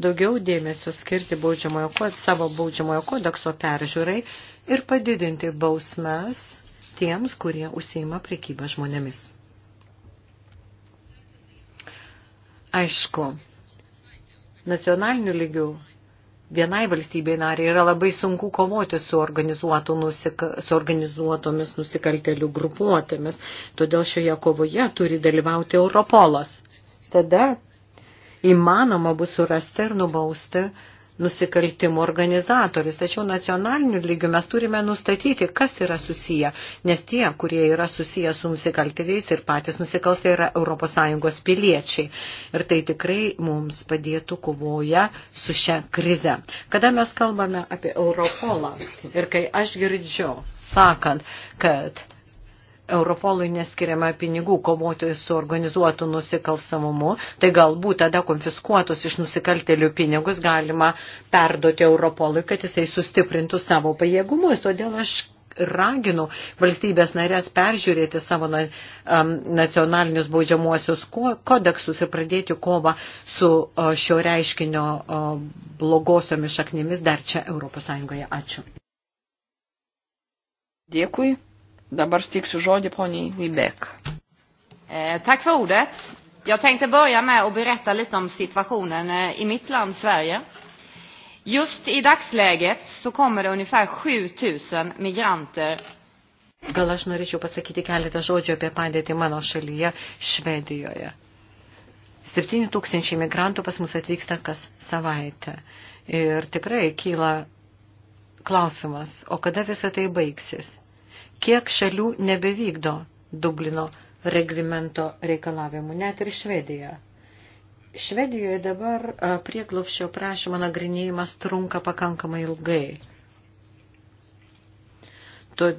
daugiau dėmesio skirti baudžiamojo, savo baudžiamojo kodekso peržiūrai ir padidinti bausmes tiems, kurie užsieima prekybą žmonėmis. Aišku, nacionaliniu lygiu vienai valstybei nariai yra labai sunku kovoti su, nusika, su organizuotomis nusikaltelių grupuotėmis, todėl šioje kovoje turi dalyvauti Europolas. Tada įmanoma bus surasti ir nubausti nusikaltimų organizatorius. Tačiau nacionaliniu lygiu mes turime nustatyti, kas yra susiję, nes tie, kurie yra susiję su nusikaltėliais ir patys nusikalsai yra ES piliečiai. Ir tai tikrai mums padėtų kovoja su šia krize. Kada mes kalbame apie Europolą ir kai aš girdžiu, sakant, kad Europolui neskiriama pinigų kovoti su organizuotu nusikalstamumu, tai galbūt tada konfiskuotus iš nusikaltelių pinigus galima perduoti Europolui, kad jisai sustiprintų savo pajėgumus. Todėl aš raginu valstybės narės peržiūrėti savo nacionalinius baudžiamuosius kodeksus ir pradėti kovą su šio reiškinio blogosiomis šaknimis dar čia ES. Ačiū. Dėkui. Dabar stiksiu žodį poniai Vibek. E, eh, tak för ordet. Jag tänkte börja med att berätta lite om situationen eh, i mitt land, Sverige. Just i dagsläget så kommer det ungefär 7000 migranter. Gal aš norėčiau pasakyti keletą žodžių apie padėtį mano šalyje, Švedijoje. 7000 migrantų pas mus atvyksta kas savaitę. Ir tikrai kyla klausimas, o kada visa tai baigsis? kiek šalių nebevykdo Dublino reglamento reikalavimų, net ir Švedija. Švedijoje dabar prieglopščio prašymo nagrinėjimas trunka pakankamai ilgai. To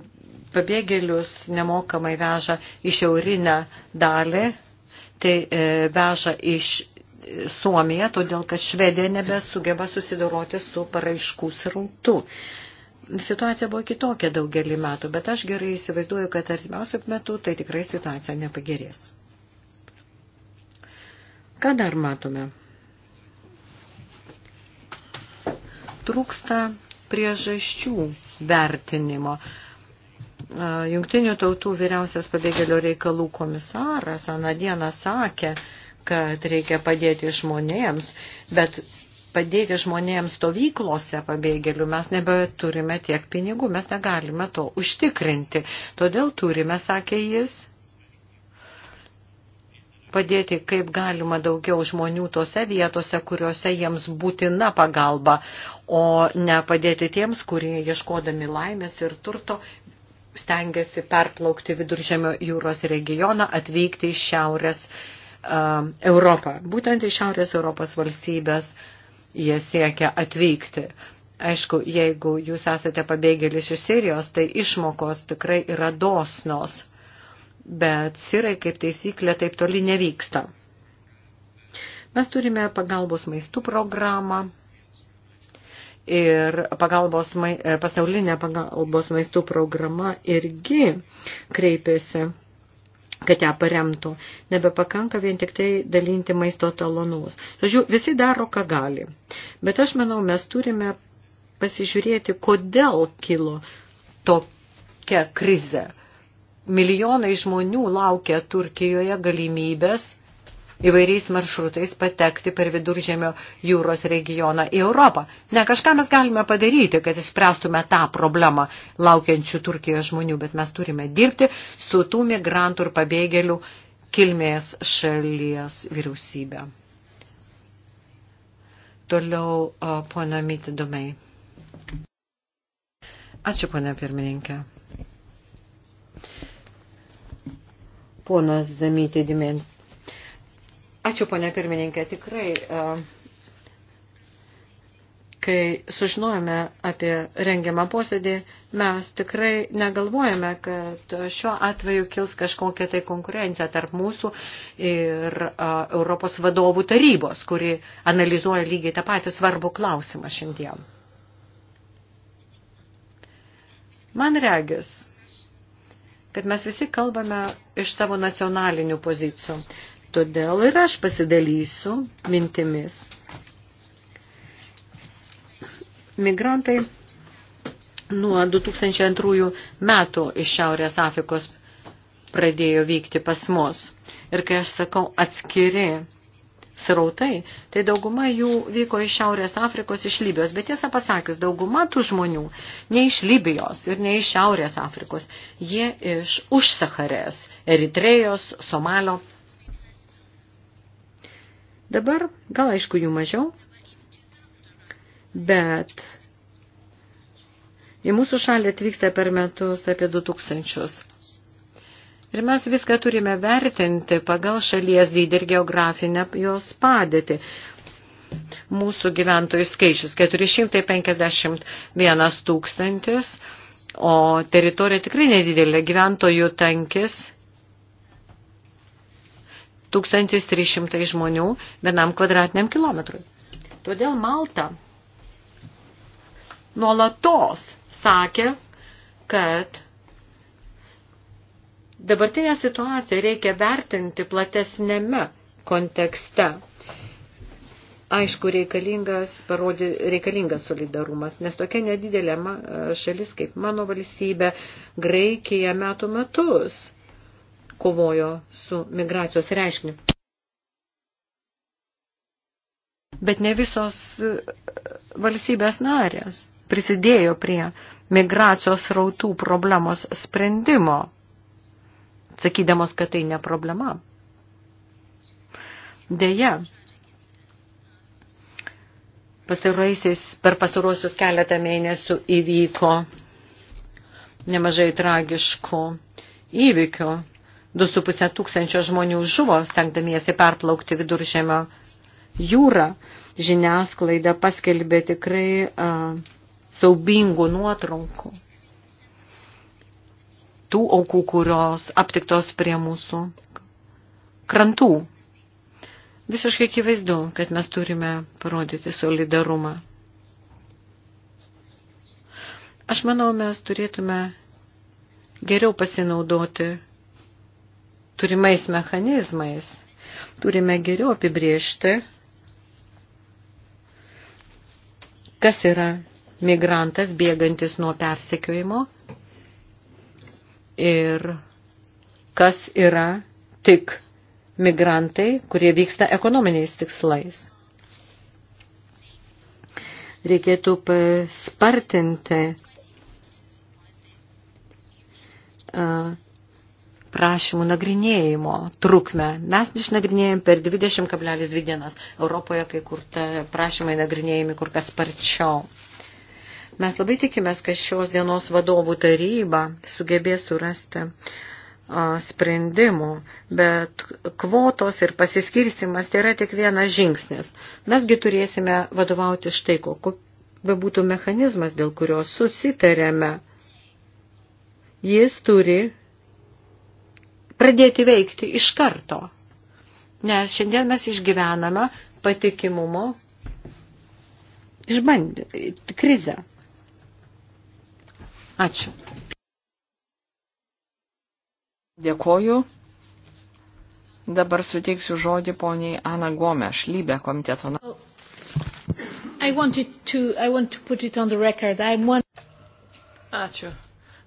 pabėgėlius nemokamai veža į šiaurinę dalį, tai e, veža iš e, Suomija, todėl kad Švedija nebesugeba susidoroti su paraiškų srautu situacija buvo kitokia daugelį metų, bet aš gerai įsivaizduoju, kad artimiausių metų tai tikrai situacija nepagerės. Ką dar matome? Trūksta priežasčių vertinimo. Jungtinių tautų vyriausias pabėgėlio reikalų komisaras aną dieną sakė, kad reikia padėti žmonėms, bet padėti žmonėms stovyklose pabėgėlių, mes nebeturime tiek pinigų, mes negalime to užtikrinti. Todėl turime, sakė jis, padėti kaip galima daugiau žmonių tose vietose, kuriuose jiems būtina pagalba, o ne padėti tiems, kurie ieškodami laimės ir turto stengiasi perplaukti viduržėmio jūros regioną, atvykti iš šiaurės uh, Europą, būtent iš šiaurės Europos valstybės jie siekia atvykti. Aišku, jeigu jūs esate pabėgėlis iš Sirijos, tai išmokos tikrai yra dosnos, bet sirai kaip taisyklė taip toli nevyksta. Mes turime pagalbos maistų programą ir pagalbos, e, pasaulinė pagalbos maistų programa irgi kreipėsi kad ją paremtų. Nebepakanka vien tik tai dalinti maisto talonus. Žodžiu, visi daro, ką gali. Bet aš manau, mes turime pasižiūrėti, kodėl kilo tokia krize. Milijonai žmonių laukia Turkijoje galimybės įvairiais maršrutais patekti per viduržėmio jūros regioną į Europą. Ne, kažką mes galime padaryti, kad išspręstume tą problemą laukiančių Turkijos žmonių, bet mes turime dirbti su tų migrantų ir pabėgėlių kilmės šalies vyriausybė. Toliau pona Myti Domei. Ačiū, ponia pirmininkė. Ponas Zamytė Dimen. Ačiū, ponia pirmininkė. Tikrai. Uh, kai sužinojome apie rengiamą posėdį, mes tikrai negalvojame, kad šiuo atveju kils kažkokia tai konkurencija tarp mūsų ir a, Europos vadovų tarybos, kuri analizuoja lygiai tą patį svarbų klausimą šiandien. Man regis, kad mes visi kalbame iš savo nacionalinių pozicijų. Todėl ir aš pasidalysiu mintimis Migrantai nuo 2002 metų iš Šiaurės Afrikos pradėjo vykti pas mus. Ir kai aš sakau atskiri srautai, tai dauguma jų vyko iš Šiaurės Afrikos, iš Libijos. Bet tiesą pasakius, dauguma tų žmonių ne iš Libijos ir ne iš Šiaurės Afrikos. Jie iš Užsaharės, Eritrejos, Somalio. Dabar, gal aišku, jų mažiau, bet į mūsų šalį atvyksta per metus apie 2000. Ir mes viską turime vertinti pagal šalies dydį ir geografinę jos padėtį. Mūsų gyventojų skaičius 451 tūkstantis, o teritorija tikrai nedidelė, gyventojų tankis 1300 žmonių vienam kvadratiniam kilometrui. Todėl Malta nuolatos sakė, kad dabartinę situaciją reikia vertinti platesnėme kontekste. Aišku, reikalingas, parodė, reikalingas solidarumas, nes tokia nedidelė šalis kaip mano valstybė, Graikija metų metus kovojo su migracijos reiškiniu. Bet ne visos valstybės narės prisidėjo prie migracijos rautų problemos sprendimo, sakydamos, kad tai ne problema. Deja, per pastaruosius keletą mėnesių įvyko nemažai tragiškų įvykių. 2,5 tūkstančio žmonių žuvo, stengdamiesi perplaukti viduržėmio jūrą. Žiniasklaida paskelbė tikrai uh, saubingų nuotraukų, tų aukų, kurios aptiktos prie mūsų krantų. Visiškai akivaizdu, kad mes turime parodyti solidarumą. Aš manau, mes turėtume geriau pasinaudoti turimais mechanizmais. Turime geriau apibriežti, kas yra migrantas bėgantis nuo persekiojimo ir kas yra tik migrantai, kurie vyksta ekonominiais tikslais. Reikėtų spartinti prašymų nagrinėjimo trukmę. Mes išnagrinėjom per 20,2 dienas. Europoje kai kur ta prašymai nagrinėjami kur kas sparčiau. Mes labai tikimės, kad šios dienos vadovų taryba sugebės surasti sprendimų, bet kvotos ir pasiskirsimas tai yra tik vienas žingsnis. Mesgi turėsime vadovauti štai kokiu bebūtų mechanizmas, dėl kurio susitarėme. Jis turi pradėti veikti iš karto, nes šiandien mes išgyvename patikimumo išbandymą, krizę. Ačiū. Dėkoju. Dabar suteiksiu žodį poniai Ana Gomeš, lybė komiteto. Ačiū.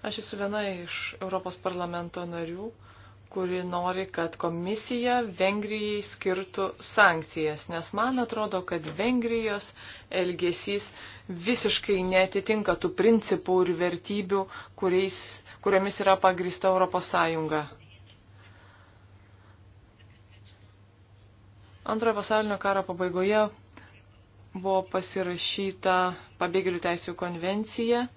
Aš esu viena iš Europos parlamento narių, kuri nori, kad komisija Vengrijai skirtų sankcijas, nes man atrodo, kad Vengrijos elgesys visiškai netitinka tų principų ir vertybių, kuriais, kuriamis yra pagrįsta Europos Sąjunga. Antrojo pasaulinio karo pabaigoje buvo pasirašyta pabėgėlių teisų konvencija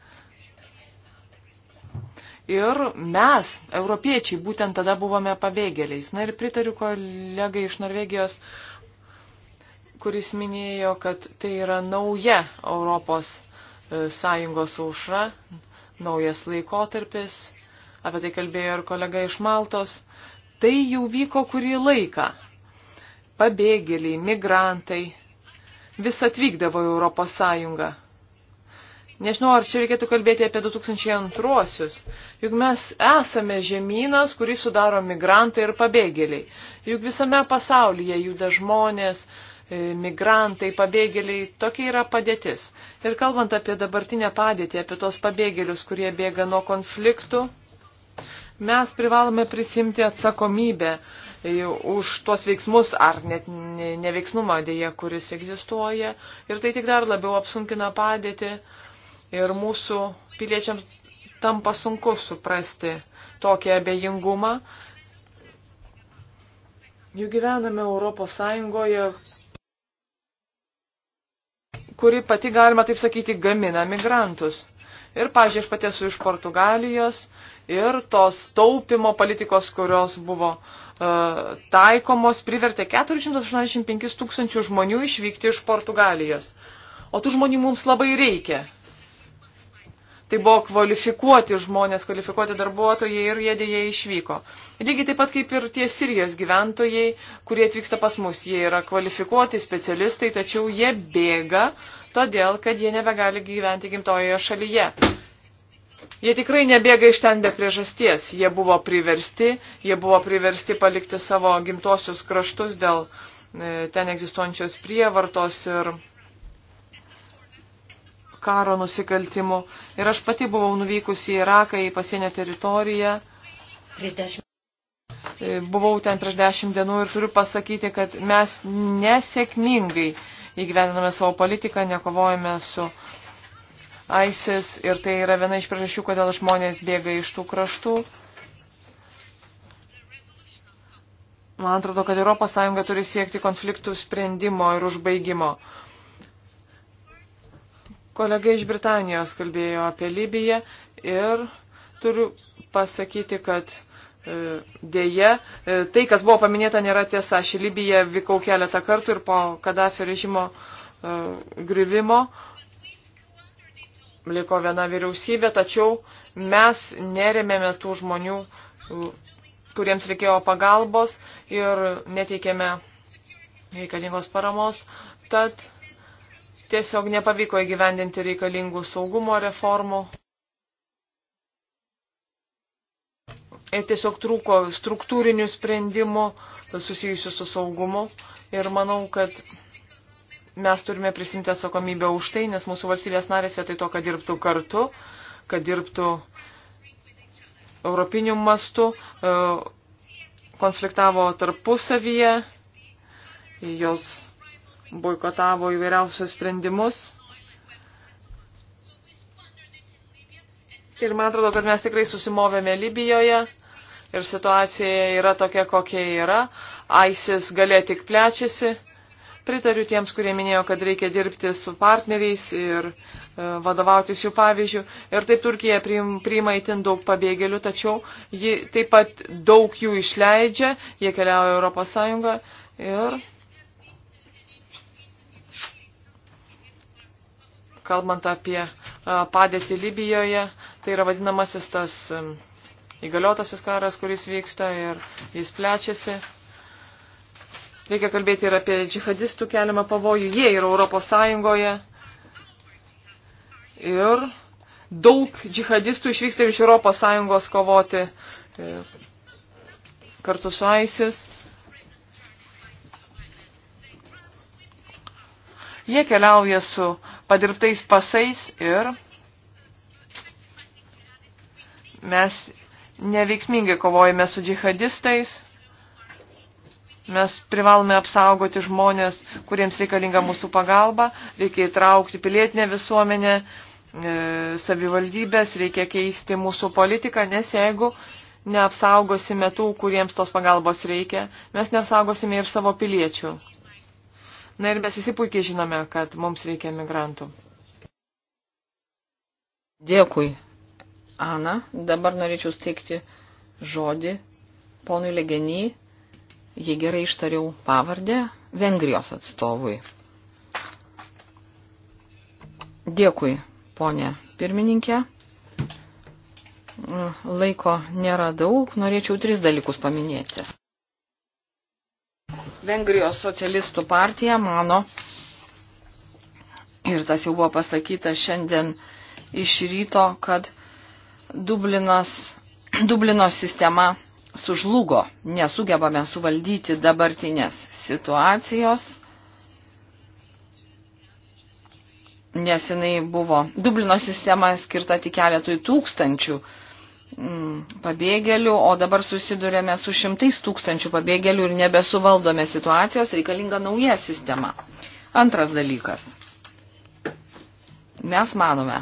ir mes, europiečiai, būtent tada buvome pabėgėliais. Na ir pritariu kolegai iš Norvegijos, kuris minėjo, kad tai yra nauja Europos e, sąjungos aušra, naujas laikotarpis, apie tai kalbėjo ir kolega iš Maltos. Tai jau vyko kurį laiką. Pabėgėliai, migrantai vis atvykdavo į Europos sąjungą. Nežinau, ar čia reikėtų kalbėti apie 2002-osius. Juk mes esame žemynas, kurį sudaro migrantai ir pabėgėliai. Juk visame pasaulyje juda žmonės, e, migrantai, pabėgėliai, tokia yra padėtis. Ir kalbant apie dabartinę padėtį, apie tos pabėgėlius, kurie bėga nuo konfliktų, mes privalome prisimti atsakomybę e, už tuos veiksmus ar net neveiksnumą dėje, kuris egzistuoja. Ir tai tik dar labiau apsunkina padėtį Ir mūsų piliečiams tampa sunku suprasti tokį abejingumą. Juk gyvename Europos Sąjungoje, kuri pati, galima taip sakyti, gamina migrantus. Ir, pažiūrėjau, aš pati esu iš Portugalijos ir tos taupimo politikos, kurios buvo uh, taikomos, privertė 485 tūkstančių žmonių išvykti iš Portugalijos. O tų žmonių mums labai reikia. Tai buvo kvalifikuoti žmonės, kvalifikuoti darbuotojai ir jie dėja išvyko. Lygiai taip pat kaip ir tie Sirijos gyventojai, kurie atvyksta pas mus. Jie yra kvalifikuoti specialistai, tačiau jie bėga, todėl kad jie nebegali gyventi gimtojoje šalyje. Jie tikrai nebėga iš ten be priežasties. Jie buvo priversti, jie buvo priversti palikti savo gimtosius kraštus dėl e, ten egzistuojančios prievartos ir karo nusikaltimų. Ir aš pati buvau nuvykusi į Iraką, į pasienio teritoriją. Prieš dešimt. E, buvau ten prieš dešimt dienų ir turiu pasakyti, kad mes nesėkmingai įgyvendiname savo politiką, nekovojame su ISIS ir tai yra viena iš priežasčių, kodėl žmonės bėga iš tų kraštų. Man atrodo, kad ES turi siekti konfliktų sprendimo ir užbaigimo. Kolega iš Britanijos kalbėjo apie Libiją ir turiu pasakyti, kad e, dėje e, tai, kas buvo paminėta, nėra tiesa. Aš į Libiją vykau keletą kartų ir po Kadafio režimo e, grįvimo liko viena vyriausybė, tačiau mes neremėme tų žmonių, kuriems reikėjo pagalbos ir neteikėme reikalingos paramos. Tad tiesiog nepavyko įgyvendinti reikalingų saugumo reformų. Ir tiesiog trūko struktūrinių sprendimų susijusių su saugumu. Ir manau, kad mes turime prisimti atsakomybę už tai, nes mūsų valstybės narės vietoj to, kad dirbtų kartu, kad dirbtų europiniu mastu, e, konfliktavo tarpusavyje, jos boikotavo įvairiausius sprendimus. Ir man atrodo, kad mes tikrai susimovėme Libijoje ir situacija yra tokia, kokia yra. ISIS galė tik plečiasi. Pritariu tiems, kurie minėjo, kad reikia dirbti su partneriais ir e, vadovautis jų pavyzdžių. Ir taip Turkija priima įtin daug pabėgėlių, tačiau ji taip pat daug jų išleidžia, jie keliauja Europos Sąjungą ir kalbant apie padėtį Libijoje, tai yra vadinamasis tas įgaliotasis karas, kuris vyksta ir jis plečiasi. Reikia kalbėti ir apie džihadistų keliamą pavojų. Jie yra Europos Sąjungoje ir daug džihadistų išvyksta iš Europos Sąjungos kovoti e, kartu su ISIS. Jie keliauja su padirbtais pasais ir mes neveiksmingai kovojame su džihadistais. Mes privalome apsaugoti žmonės, kuriems reikalinga mūsų pagalba, reikia įtraukti pilietinę visuomenę, e, savivaldybės, reikia keisti mūsų politiką, nes jeigu neapsaugosime tų, kuriems tos pagalbos reikia, mes neapsaugosime ir savo piliečių. Na ir mes visi puikiai žinome, kad mums reikia migrantų. Dėkui, Ana. Dabar norėčiau steigti žodį ponui Legenį, jei gerai ištariau pavardę, Vengrijos atstovui. Dėkui, ponė pirmininkė. Laiko nėra daug, norėčiau tris dalykus paminėti. Vengrijos socialistų partija mano, ir tas jau buvo pasakyta šiandien iš ryto, kad Dublinas, Dublino sistema sužlugo, nesugebame suvaldyti dabartinės situacijos, nes jinai buvo, Dublino sistema skirta tik keletui tūkstančių Mm, pabėgėlių, o dabar susidurėme su šimtais tūkstančių pabėgėlių ir nebesuvaldome situacijos, reikalinga nauja sistema. Antras dalykas. Mes manome,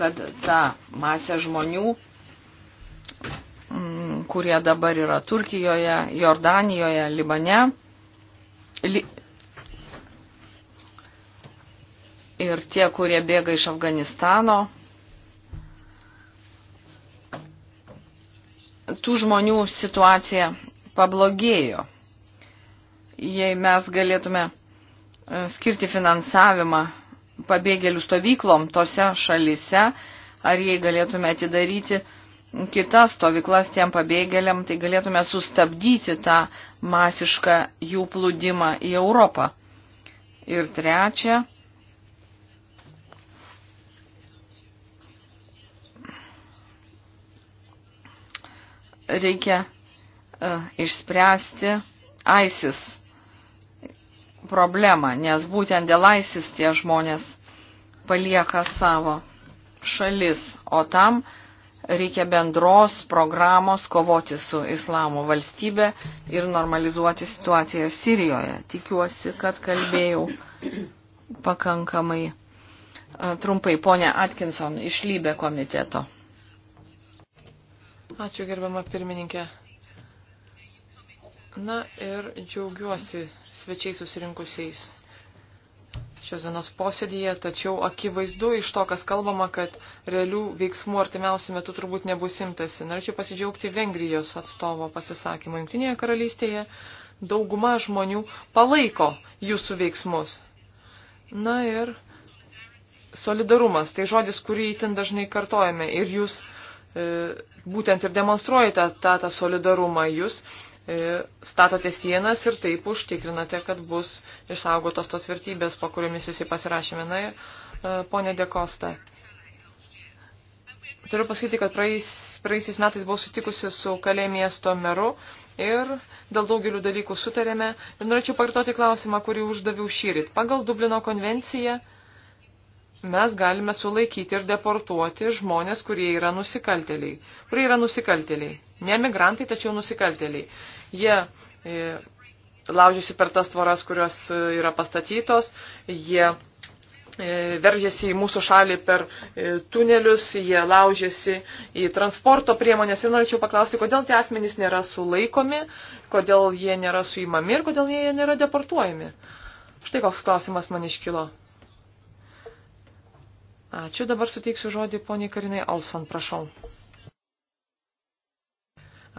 kad ta masė žmonių, mm, kurie dabar yra Turkijoje, Jordanijoje, Libane, li, ir tie, kurie bėga iš Afganistano. Tų žmonių situacija pablogėjo. Jei mes galėtume e, skirti finansavimą pabėgėlių stovyklom tose šalise, ar jei galėtume atidaryti kitas stovyklas tiem pabėgėliam, tai galėtume sustabdyti tą masišką jų plūdimą į Europą. Ir trečia, reikia uh, išspręsti ISIS problemą, nes būtent dėl ISIS tie žmonės palieka savo šalis, o tam reikia bendros programos kovoti su islamo valstybe ir normalizuoti situaciją Sirijoje. Tikiuosi, kad kalbėjau pakankamai e, trumpai. Pone Atkinson iš Lybė komiteto. Ačiū gerbiama pirmininkė. Na ir džiaugiuosi svečiai susirinkusiais šios dienos posėdėje, tačiau akivaizdu iš to, kas kalbama, kad realių veiksmų artimiausių metų turbūt nebus imtasi. Norėčiau pasidžiaugti Vengrijos atstovo pasisakymą Junktinėje karalystėje. Dauguma žmonių palaiko jūsų veiksmus. Na ir solidarumas, tai žodis, kurį itin dažnai kartojame. Ir jūs e, būtent ir demonstruojate tą, tą solidarumą. Jūs e, statote sienas ir taip užtikrinate, kad bus išsaugotos tos vertybės, po kuriomis visi pasirašėme. Na ir e, ponė Dekosta. Turiu pasakyti, kad praeis, praeisiais metais buvau sutikusi su Kalė miesto meru ir dėl daugelių dalykų sutarėme. Ir norėčiau pakartoti klausimą, kurį uždaviau šyrit. Pagal Dublino konvenciją mes galime sulaikyti ir deportuoti žmonės, kurie yra nusikalteliai. Kurie yra nusikalteliai. Ne migrantai, tačiau nusikalteliai. Jie e, laužiasi per tas tvoras, kurios e, yra pastatytos, jie e, veržiasi į mūsų šalį per e, tunelius, jie laužiasi į transporto priemonės ir norėčiau paklausti, kodėl tie asmenys nėra sulaikomi, kodėl jie nėra suimami ir kodėl jie nėra deportuojami. Štai koks klausimas man iškilo. Ačiū, dabar suteiksiu žodį poniai Karinai Alsan, prašau.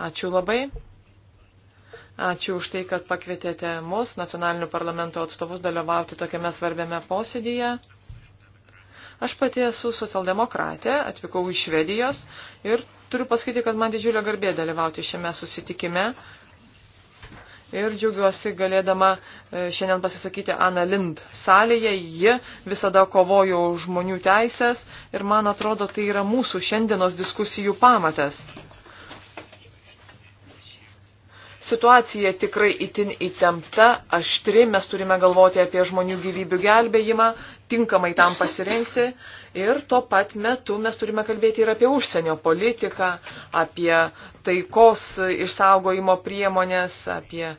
Ačiū labai. Ačiū už tai, kad pakvietėte mus, nacionalinių parlamento atstovus, dalyvauti tokiame svarbiame posėdyje. Aš pati esu socialdemokratė, atvykau iš Švedijos ir turiu pasakyti, kad man didžiulė garbė dalyvauti šiame susitikime, ir džiaugiuosi galėdama e, šiandien pasisakyti Ana Lind salėje. Ji visada kovojo už žmonių teisės ir man atrodo tai yra mūsų šiandienos diskusijų pamatas. Situacija tikrai itin įtempta, aštri, mes turime galvoti apie žmonių gyvybių gelbėjimą, tinkamai tam pasirenkti Ir tuo pat metu mes turime kalbėti ir apie užsienio politiką, apie taikos išsaugojimo priemonės, apie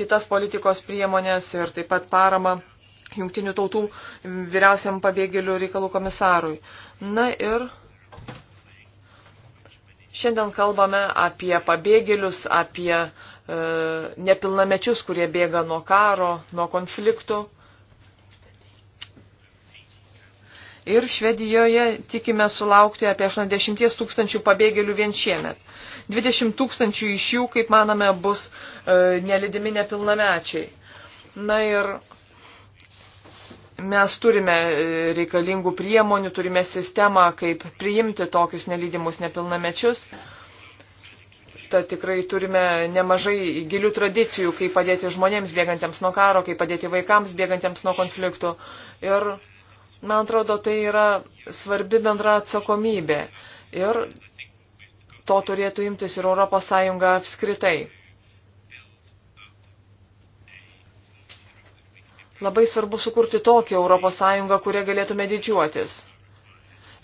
kitas politikos priemonės ir taip pat paramą jungtinių tautų vyriausiam pabėgėlių reikalų komisarui. Na ir šiandien kalbame apie pabėgėlius, apie e, nepilnamečius, kurie bėga nuo karo, nuo konfliktų. ir Švedijoje tikime sulaukti apie 80 tūkstančių pabėgėlių vien šiemet. 20 tūkstančių iš jų, kaip manome, bus e, nelidimi nepilnamečiai. Na ir mes turime e, reikalingų priemonių, turime sistemą, kaip priimti tokius nelydimus nepilnamečius. Tad tikrai turime nemažai gilių tradicijų, kaip padėti žmonėms bėgantiems nuo karo, kaip padėti vaikams bėgantiems nuo konfliktų. Ir Man atrodo, tai yra svarbi bendra atsakomybė ir to turėtų imtis ir ES apskritai. Labai svarbu sukurti tokią ES, kurią galėtume didžiuotis.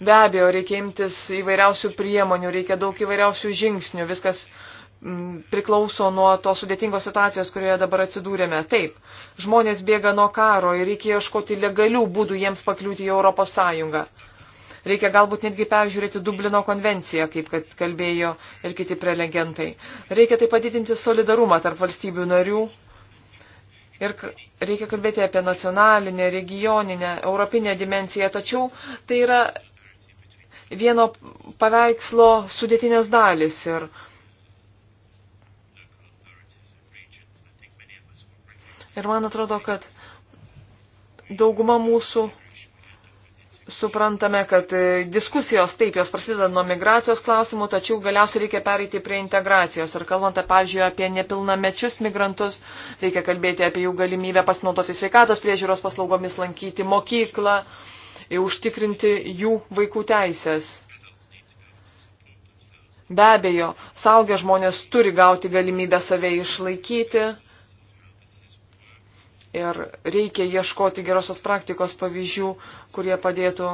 Be abejo, reikia imtis įvairiausių priemonių, reikia daug įvairiausių žingsnių, viskas priklauso nuo tos sudėtingos situacijos, kurioje dabar atsidūrėme. Taip, žmonės bėga nuo karo ir reikia ieškoti legalių būdų jiems pakliūti į Europos Sąjungą. Reikia galbūt netgi peržiūrėti Dublino konvenciją, kaip kad kalbėjo ir kiti prelegentai. Reikia taip padidinti solidarumą tarp valstybių narių. Ir reikia kalbėti apie nacionalinę, regioninę, europinę dimenciją, tačiau tai yra vieno paveikslo sudėtinės dalis. Ir Ir man atrodo, kad dauguma mūsų suprantame, kad e, diskusijos taip, jos prasideda nuo migracijos klausimų, tačiau galiausiai reikia pereiti prie integracijos. Ir kalbant, pavyzdžiui, apie nepilnamečius migrantus, reikia kalbėti apie jų galimybę pasinaudoti sveikatos priežiūros paslaugomis, lankyti mokyklą, užtikrinti jų vaikų teisės. Be abejo, saugę žmonės turi gauti galimybę save išlaikyti ir reikia ieškoti gerosios praktikos pavyzdžių, kurie padėtų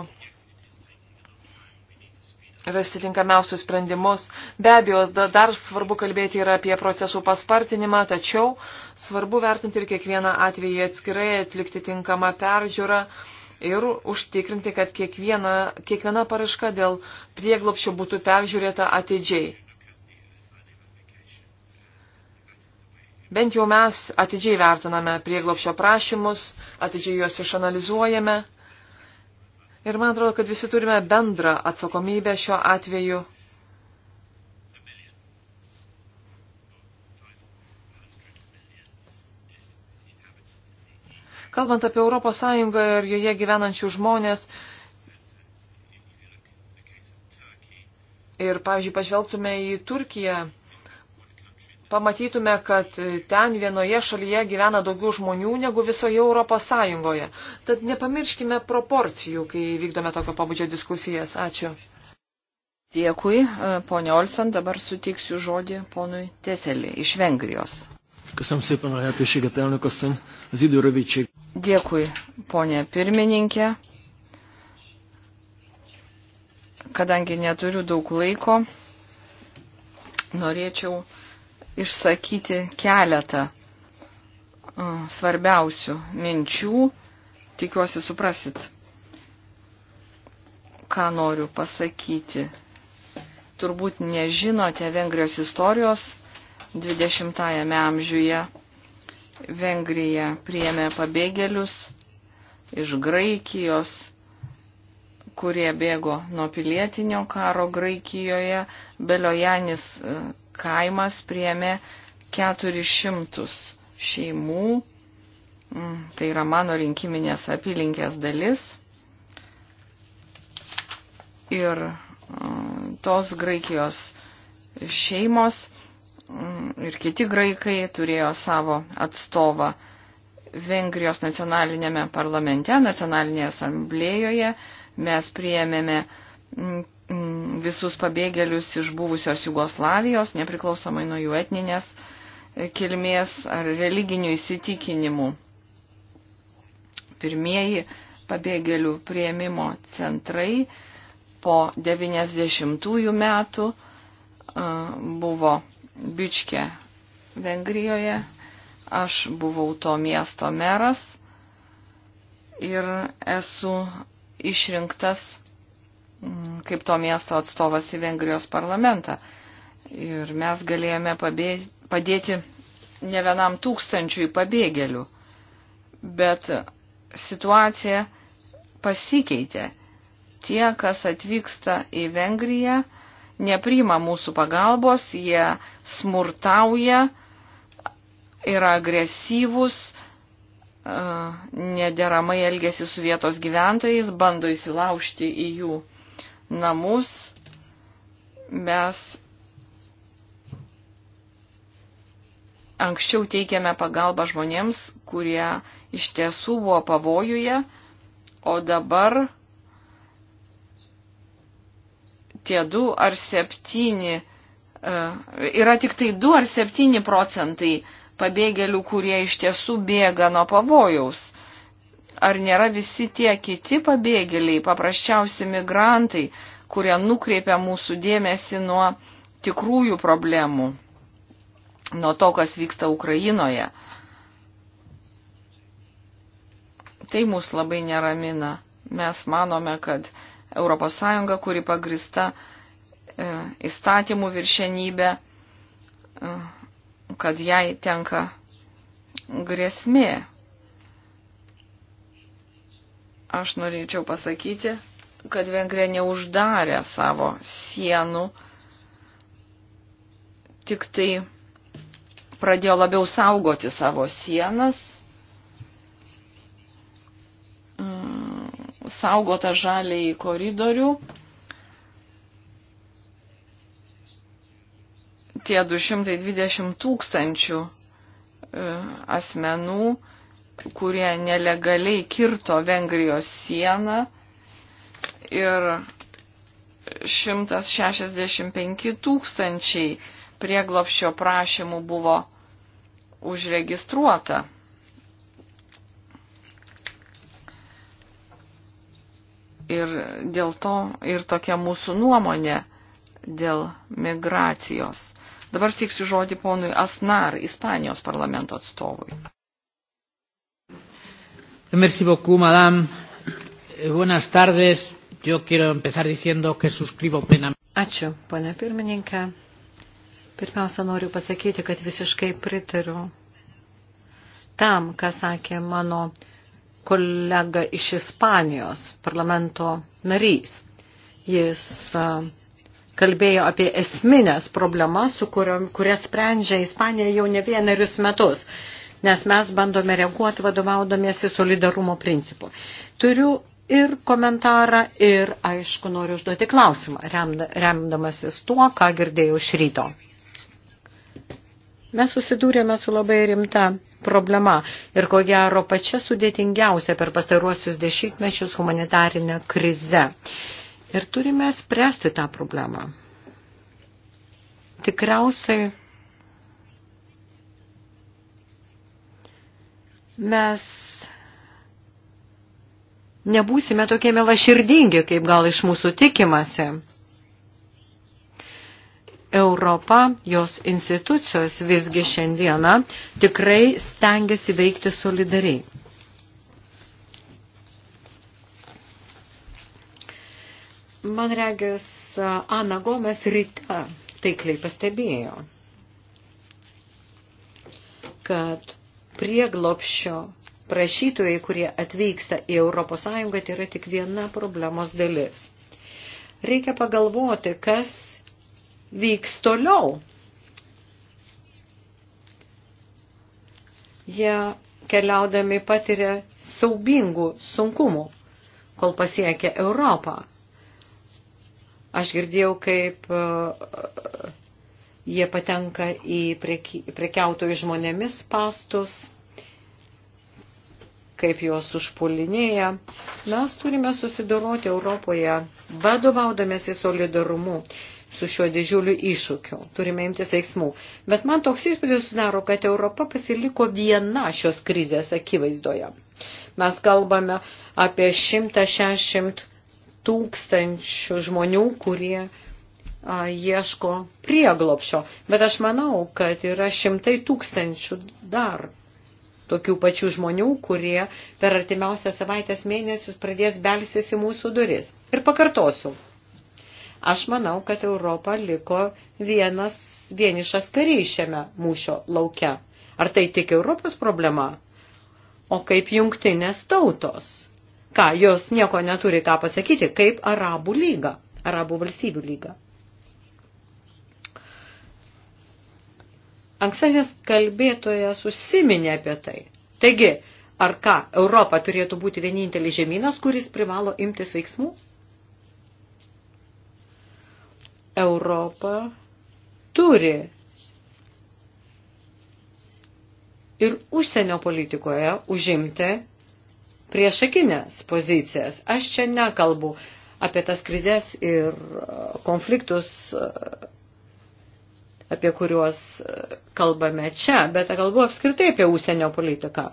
rasti tinkamiausius sprendimus. Be abejo, dar svarbu kalbėti ir apie procesų paspartinimą, tačiau svarbu vertinti ir kiekvieną atvejį atskirai, atlikti tinkamą peržiūrą ir užtikrinti, kad kiekviena, kiekviena paraška dėl prieglopščio būtų peržiūrėta atidžiai. Bent jau mes atidžiai vertiname prieglopšio prašymus, atidžiai juos išanalizuojame. Ir man atrodo, kad visi turime bendrą atsakomybę šiuo atveju. Kalbant apie Europos Sąjungą ir joje gyvenančių žmonės, ir, pavyzdžiui, pažvelgtume į Turkiją, pamatytume, kad ten vienoje šalyje gyvena daugiau žmonių negu visoje Europos Sąjungoje. Tad nepamirškime proporcijų, kai vykdome tokio pabudžio diskusijas. Ačiū. Dėkui, e, ponia Olsen, dabar sutiksiu žodį ponui Teselį iš Vengrijos. Köszönöm szépen a lehetőséget, elnök asszony. Az idő rövidség. Dėkui, ponė pirmininkė. Kadangi neturiu daug laiko, norėčiau išsakyti keletą svarbiausių minčių. Tikiuosi suprasit, ką noriu pasakyti. Turbūt nežinote Vengrijos istorijos 20-ame amžiuje. Vengrija priėmė pabėgėlius iš Graikijos, kurie bėgo nuo pilietinio karo Graikijoje. Beliojanis kaimas priemė 400 šeimų, mm, tai yra mano rinkiminės apylinkės dalis. Ir mm, tos Graikijos šeimos mm, ir kiti graikai turėjo savo atstovą Vengrijos nacionalinėme parlamente, nacionalinėje asamblėjoje. Mes priėmėme visus pabėgėlius iš buvusios Jugoslavijos, nepriklausomai nuo jų etninės e, kilmės ar religinių įsitikinimų. Pirmieji pabėgėlių prieimimo centrai po 90-ųjų metų e, buvo Bičke Vengrijoje. Aš buvau to miesto meras ir esu išrinktas Mm, kaip to miesto atstovas į Vengrijos parlamentą. Ir mes galėjome padėti ne vienam tūkstančiui pabėgėlių. Bet situacija pasikeitė. Tie, kas atvyksta į Vengriją, neprima mūsų pagalbos, jie smurtauja, yra agresyvus, e, nederamai elgesi su vietos gyventojais, bando įsilaužti į jų namus, mes anksčiau teikėme pagalbą žmonėms, kurie iš tiesų buvo pavojuje, o dabar tie du ar septyni, e, yra tik tai du ar septyni procentai pabėgėlių, kurie iš tiesų bėga nuo pavojaus ar nėra visi tie kiti pabėgėliai, paprasčiausi migrantai, kurie nukreipia mūsų dėmesį nuo tikrųjų problemų, nuo to, kas vyksta Ukrainoje. Tai mus labai neramina. Mes manome, kad ES, kuri pagrista e, įstatymų viršenybė, e, kad jai tenka grėsmė. Aš norėčiau pasakyti, kad Vengrija neuždarė savo sienų, tik tai pradėjo labiau saugoti savo sienas, mm, saugota žaliai koridorių. Tie 220 tūkstančių e, asmenų kurie nelegaliai kirto Vengrijos sieną ir 165 tūkstančiai prieglopščio prašymų buvo užregistruota. Ir dėl to ir tokia mūsų nuomonė dėl migracijos. Dabar steiksiu žodį ponui Asnar, Ispanijos parlamento atstovui. Merci beaucoup, madame. Eh, buenas tardes. Yo quiero empezar diciendo que suscribo plenamente. Ačiū, ponia pirmininkė. Pirmiausia, noriu pasakyti, kad visiškai pritariu tam, ką sakė mano kolega iš Ispanijos, parlamento narys. Jis kalbėjo apie esminės problemas, su kurias sprendžia Ispanija jau ne vienerius metus nes mes bandome reaguoti vadovaudomėsi solidarumo principu. Turiu ir komentarą, ir aišku noriu užduoti klausimą, remdamasis tuo, ką girdėjau iš ryto. Mes susidūrėme su labai rimta problema ir ko gero pačia sudėtingiausia per pastaruosius dešimtmečius humanitarinę krizę. Ir turime spręsti tą problemą. Tikriausiai mes nebūsime tokie melaširdingi, kaip gal iš mūsų tikimasi. Europa, jos institucijos visgi šiandieną tikrai stengiasi veikti solidariai. Man regis, Ana Gomes ryte taikliai pastebėjo, kad prieglopščio prašytojai, kurie atvyksta į ES, tai yra tik viena problemos dalis. Reikia pagalvoti, kas vyks toliau. Jie keliaudami patiria saubingų sunkumų, kol pasiekia Europą. Aš girdėjau, kaip Jie patenka į prekiautojų žmonėmis pastus, kaip juos užpulinėja. Mes turime susidoroti Europoje, vadovaudamėsi solidarumu su šiuo didžiuliu iššūkiu. Turime imtis veiksmų. Bet man toks įspūdis susidaro, kad Europa pasiliko viena šios krizės akivaizdoje. Mes kalbame apie 160 tūkstančių žmonių, kurie ieško prieglopšio. Bet aš manau, kad yra šimtai tūkstančių dar tokių pačių žmonių, kurie per artimiausią savaitės mėnesius pradės belsis į mūsų duris. Ir pakartosiu. Aš manau, kad Europa liko vienas vienišas kariai šiame mūšio lauke. Ar tai tik Europos problema? O kaip jungtinės tautos? Ką, jos nieko neturi ką pasakyti, kaip Arabų lyga, Arabų valstybių lyga. Ankstesnis kalbėtojas užsiminė apie tai. Taigi, ar ką, Europa turėtų būti vienintelis žemynas, kuris privalo imtis veiksmų? Europa turi ir užsienio politikoje užimti priešakinės pozicijas. Aš čia nekalbu apie tas krizės ir konfliktus apie kuriuos e, kalbame čia, bet kalbu apskritai apie užsienio politiką.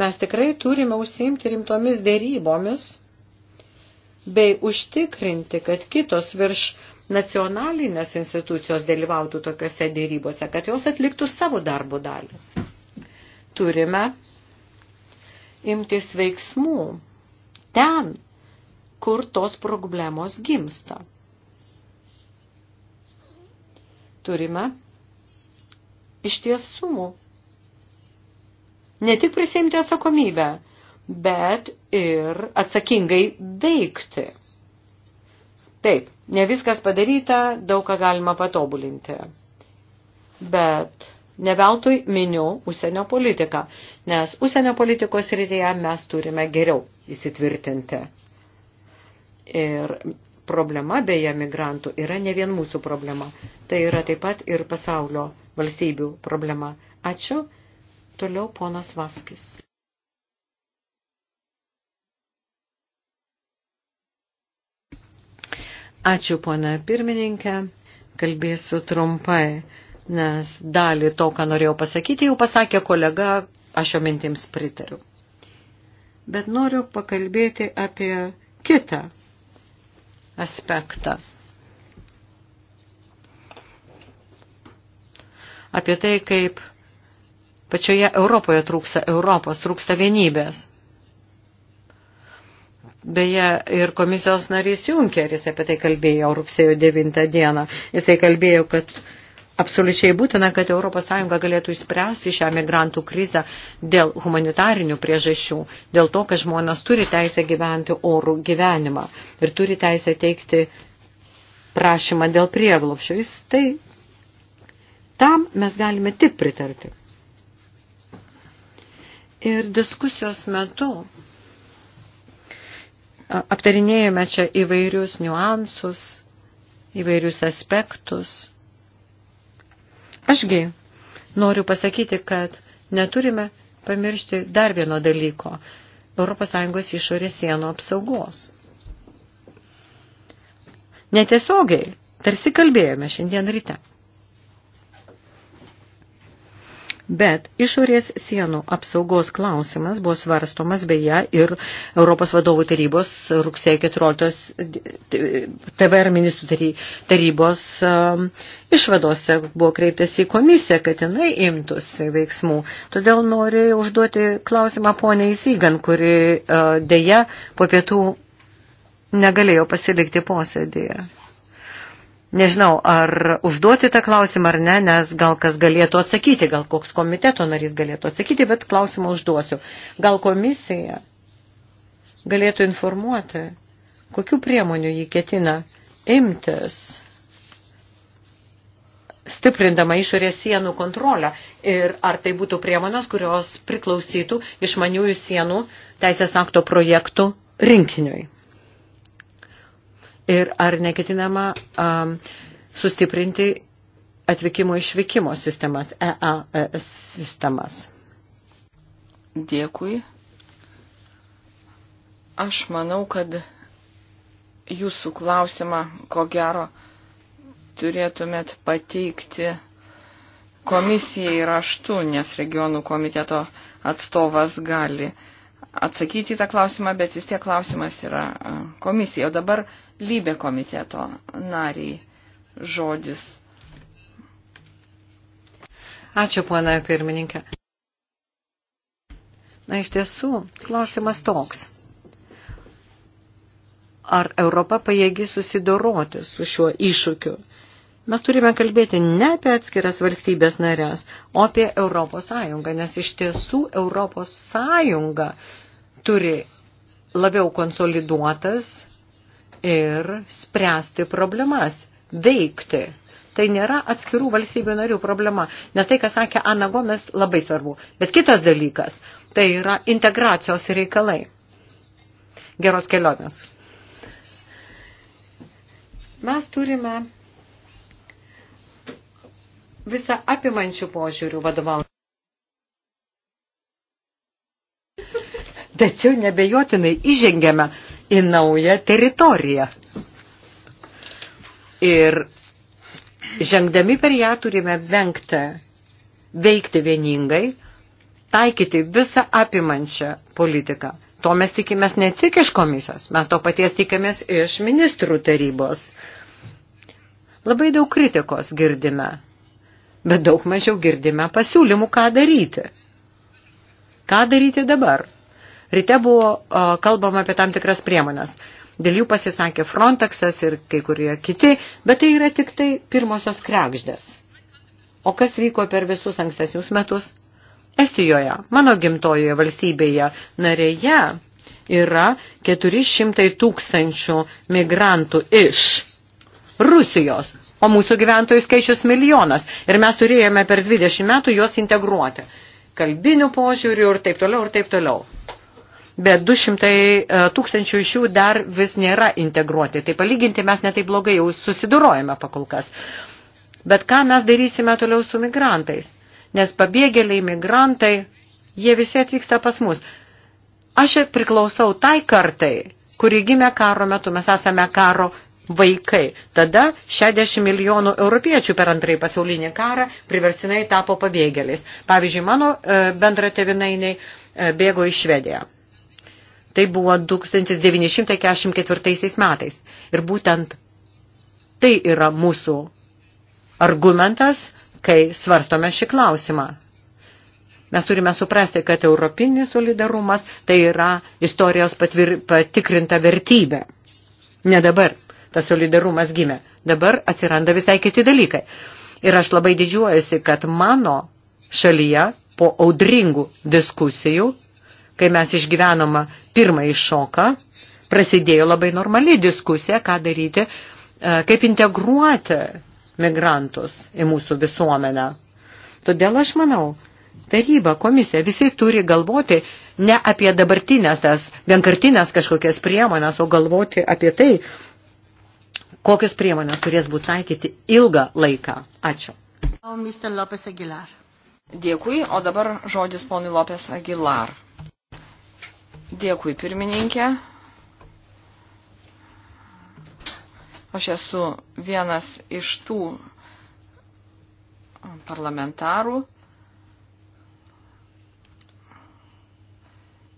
Mes tikrai turime užsiimti rimtomis dėrybomis bei užtikrinti, kad kitos virš nacionalinės institucijos dalyvautų tokiuose dėrybose, kad jos atliktų savo darbo dalį. Turime imtis veiksmų ten, kur tos problemos gimsta. turime iš tiesų ne tik prisimti atsakomybę, bet ir atsakingai veikti. Taip, ne viskas padaryta, daug ką galima patobulinti. Bet ne veltui miniu užsienio politiką, nes užsienio politikos rytyje mes turime geriau įsitvirtinti. Ir problema beje migrantų yra ne vien mūsų problema, tai yra taip pat ir pasaulio valstybių problema. Ačiū. Toliau ponas Vaskis. Ačiū, pona pirmininkė. Kalbėsiu trumpai, nes dalį to, ką norėjau pasakyti, jau pasakė kolega, aš jo mintims pritariu. Bet noriu pakalbėti apie kitą aspektą. Apie tai, kaip pačioje Europoje trūksta Europos, trūksta vienybės. Beje, ir komisijos narys Junkeris apie tai kalbėjo rugsėjo 9 dieną. Jisai kalbėjo, kad absoliučiai būtina, kad ES galėtų išspręsti šią migrantų krizę dėl humanitarinių priežasčių, dėl to, kad žmonės turi teisę gyventi orų gyvenimą ir turi teisę teikti prašymą dėl prieglopščio. Jis tai tam mes galime tik pritarti. Ir diskusijos metu aptarinėjome čia įvairius niuansus, įvairius aspektus Ašgi noriu pasakyti, kad neturime pamiršti dar vieno dalyko – ES išorės sienų apsaugos. Netiesiogiai, tarsi kalbėjome šiandien ryte. Bet išorės sienų apsaugos klausimas buvo svarstomas beje ir Europos vadovų tarybos rugsėjo 14 TVR ministrų tarybos um, išvadose buvo kreiptas į komisiją, kad jinai imtųsi veiksmų. Todėl noriu užduoti klausimą poniai Zygan, kuri uh, dėja po pietų negalėjo pasilikti posėdėje. Nežinau, ar užduoti tą klausimą ar ne, nes gal kas galėtų atsakyti, gal koks komiteto narys galėtų atsakyti, bet klausimą užduosiu. Gal komisija galėtų informuoti, kokiu priemonių jį ketina imtis, stiprindama išorės sienų kontrolę ir ar tai būtų priemonės, kurios priklausytų išmaniųjų sienų teisės akto projektų rinkiniui ir ar neketinama um, sustiprinti atvykimo išvykimo sistemas, EAS e sistemas. Dėkui. Aš manau, kad jūsų klausimą, ko gero, turėtumėt pateikti komisijai raštu, nes regionų komiteto atstovas gali uh, atsakyti į tą klausimą, bet vis tiek klausimas yra e, komisija. O dabar lybė komiteto nariai žodis. Ačiū, pana pirmininkė. Na, iš tiesų, klausimas toks. Ar Europa pajėgi susidoroti su šiuo iššūkiu? Mes turime kalbėti ne apie atskiras valstybės narės, o apie Europos Sąjungą, nes iš tiesų Europos Sąjunga turi labiau konsoliduotas ir spręsti problemas, veikti. Tai nėra atskirų valstybių narių problema, nes tai, kas sakė Ana Gomes, labai svarbu. Bet kitas dalykas, tai yra integracijos reikalai. Geros kelionės. Mes turime visą apimančių požiūrių vadovauti. Tačiau nebejotinai įžengėme į naują teritoriją. Ir žengdami per ją turime vengti, veikti vieningai, taikyti visą apimančią politiką. To mes tikimės ne tik iš komisijos, mes to paties tikimės iš ministrų tarybos. Labai daug kritikos girdime, bet daug mažiau girdime pasiūlymų, ką daryti. Ką daryti dabar? Ryte buvo kalbama apie tam tikras priemonės. Dėl jų pasisakė Frontexas ir kai kurie kiti, bet tai yra tik tai pirmosios krekždės. O kas vyko per visus ankstesnius metus? Estijoje, mano gimtojoje valstybėje narėje, yra 400 tūkstančių migrantų iš Rusijos, o mūsų gyventojų skaičius milijonas. Ir mes turėjome per 20 metų juos integruoti. Kalbinių požiūrių ir taip toliau, ir taip toliau bet 200 e, tūkstančių iš jų dar vis nėra integruoti. Tai palyginti mes netai blogai jau susidurojame pakolkas. Bet ką mes darysime toliau su migrantais? Nes pabėgėliai, migrantai, jie visi atvyksta pas mus. Aš priklausau tai kartai, kuri gimė karo metu, mes esame karo vaikai. Tada 60 milijonų europiečių per antrąjį pasaulinį karą priversinai tapo pabėgėliais. Pavyzdžiui, mano e, bendra tevinainiai e, bėgo į Švediją Tai buvo 1944 metais. Ir būtent tai yra mūsų argumentas, kai svarstome šį klausimą. Mes turime suprasti, kad europinis solidarumas tai yra istorijos patvir, patikrinta vertybė. Ne dabar tas solidarumas gimė. Dabar atsiranda visai kiti dalykai. Ir aš labai didžiuojuosi, kad mano šalyje po audringų diskusijų kai mes išgyvenome pirmąjį šoką, prasidėjo labai normali diskusija, ką daryti, e, kaip integruoti migrantus į mūsų visuomenę. Todėl aš manau, taryba, komisija, visi turi galvoti ne apie dabartinės tas vienkartinės kažkokias priemonės, o galvoti apie tai, kokios priemonės turės būti taikyti ilgą laiką. Ačiū. Dėkui, o dabar žodis ponui Lopes Aguilar. Dėkui pirmininkė. Aš esu vienas iš tų parlamentarų,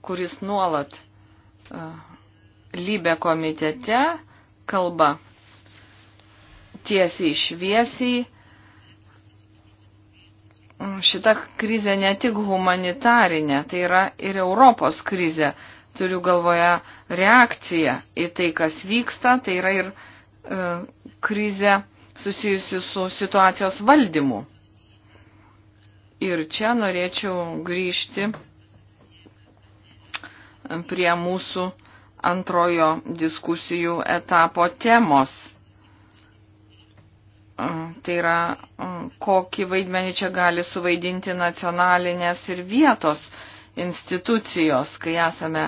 kuris nuolat e, lybė komitete kalba tiesiai išviesiai šita krizė ne tik humanitarinė, tai yra ir Europos krizė. Turiu galvoje reakciją į tai, kas vyksta, tai yra ir e, krizė susijusi su situacijos valdymu. Ir čia norėčiau grįžti e, prie mūsų antrojo diskusijų etapo temos Tai yra, kokį vaidmenį čia gali suvaidinti nacionalinės ir vietos institucijos, kai esame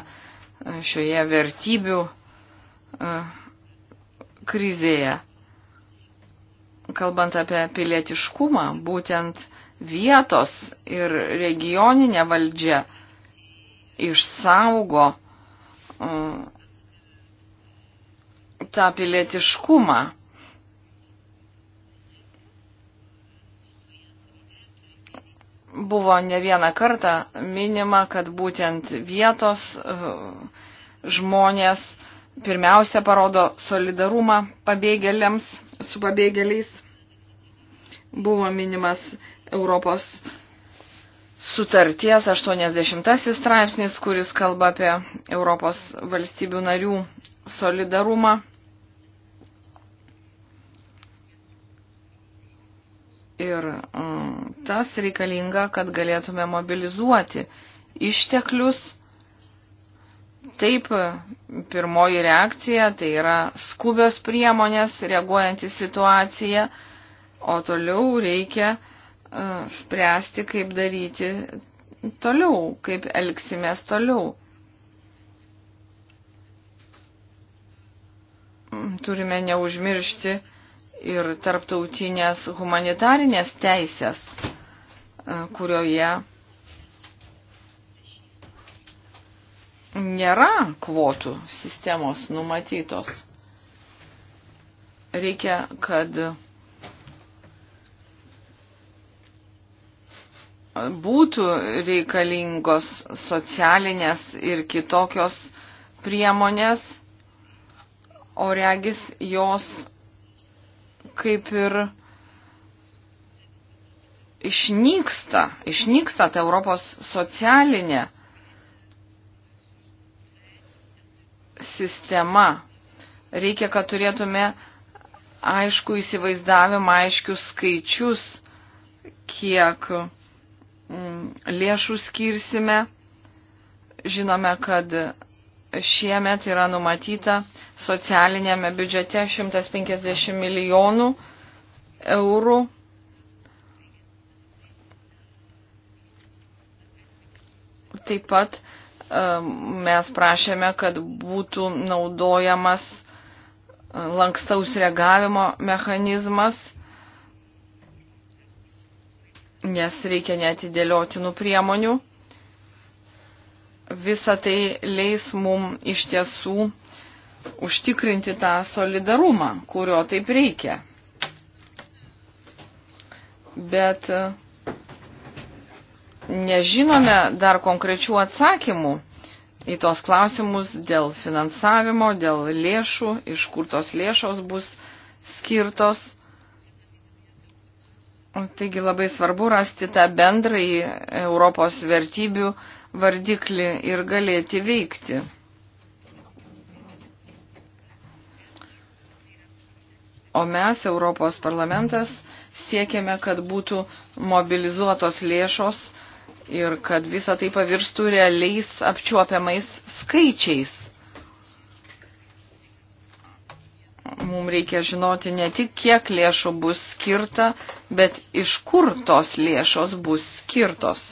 šioje vertybių krizėje. Kalbant apie pilietiškumą, būtent vietos ir regioninė valdžia išsaugo tą pilietiškumą buvo ne vieną kartą minima, kad būtent vietos e, žmonės pirmiausia parodo solidarumą pabėgėliams su pabėgėliais. Buvo minimas Europos sutarties 80 straipsnis, kuris kalba apie Europos valstybių narių solidarumą. Ir mm, tas reikalinga, kad galėtume mobilizuoti išteklius. Taip, pirmoji reakcija tai yra skubios priemonės reaguojant į situaciją, o toliau reikia uh, spręsti, kaip daryti toliau, kaip elgsimės toliau. Mm, turime neužmiršti ir tarptautinės humanitarinės teisės, e, kurioje nėra kvotų sistemos numatytos. Reikia, kad būtų reikalingos socialinės ir kitokios priemonės, o regis jos kaip ir išnyksta, išnyksta ta Europos socialinė sistema. Reikia, kad turėtume aišku įsivaizdavimą, aiškius skaičius, kiek mm, lėšų skirsime. Žinome, kad šiemet yra numatyta socialinėme biudžete 150 milijonų eurų. Taip pat e, mes prašėme, kad būtų naudojamas e, lankstaus reagavimo mechanizmas, nes reikia netidėliotinų priemonių visa tai leis mum iš tiesų užtikrinti tą solidarumą, kurio taip reikia. Bet e, nežinome dar konkrečių atsakymų į tos klausimus dėl finansavimo, dėl lėšų, iš kur tos lėšos bus skirtos. Taigi labai svarbu rasti tą bendrąjį Europos vertybių vardiklį ir galėti veikti. O mes, Europos parlamentas, siekiame, kad būtų mobilizuotos lėšos ir kad visa tai pavirstų realiais apčiuopiamais skaičiais. Mums reikia žinoti ne tik, kiek lėšų bus skirta, bet iš kur tos lėšos bus skirtos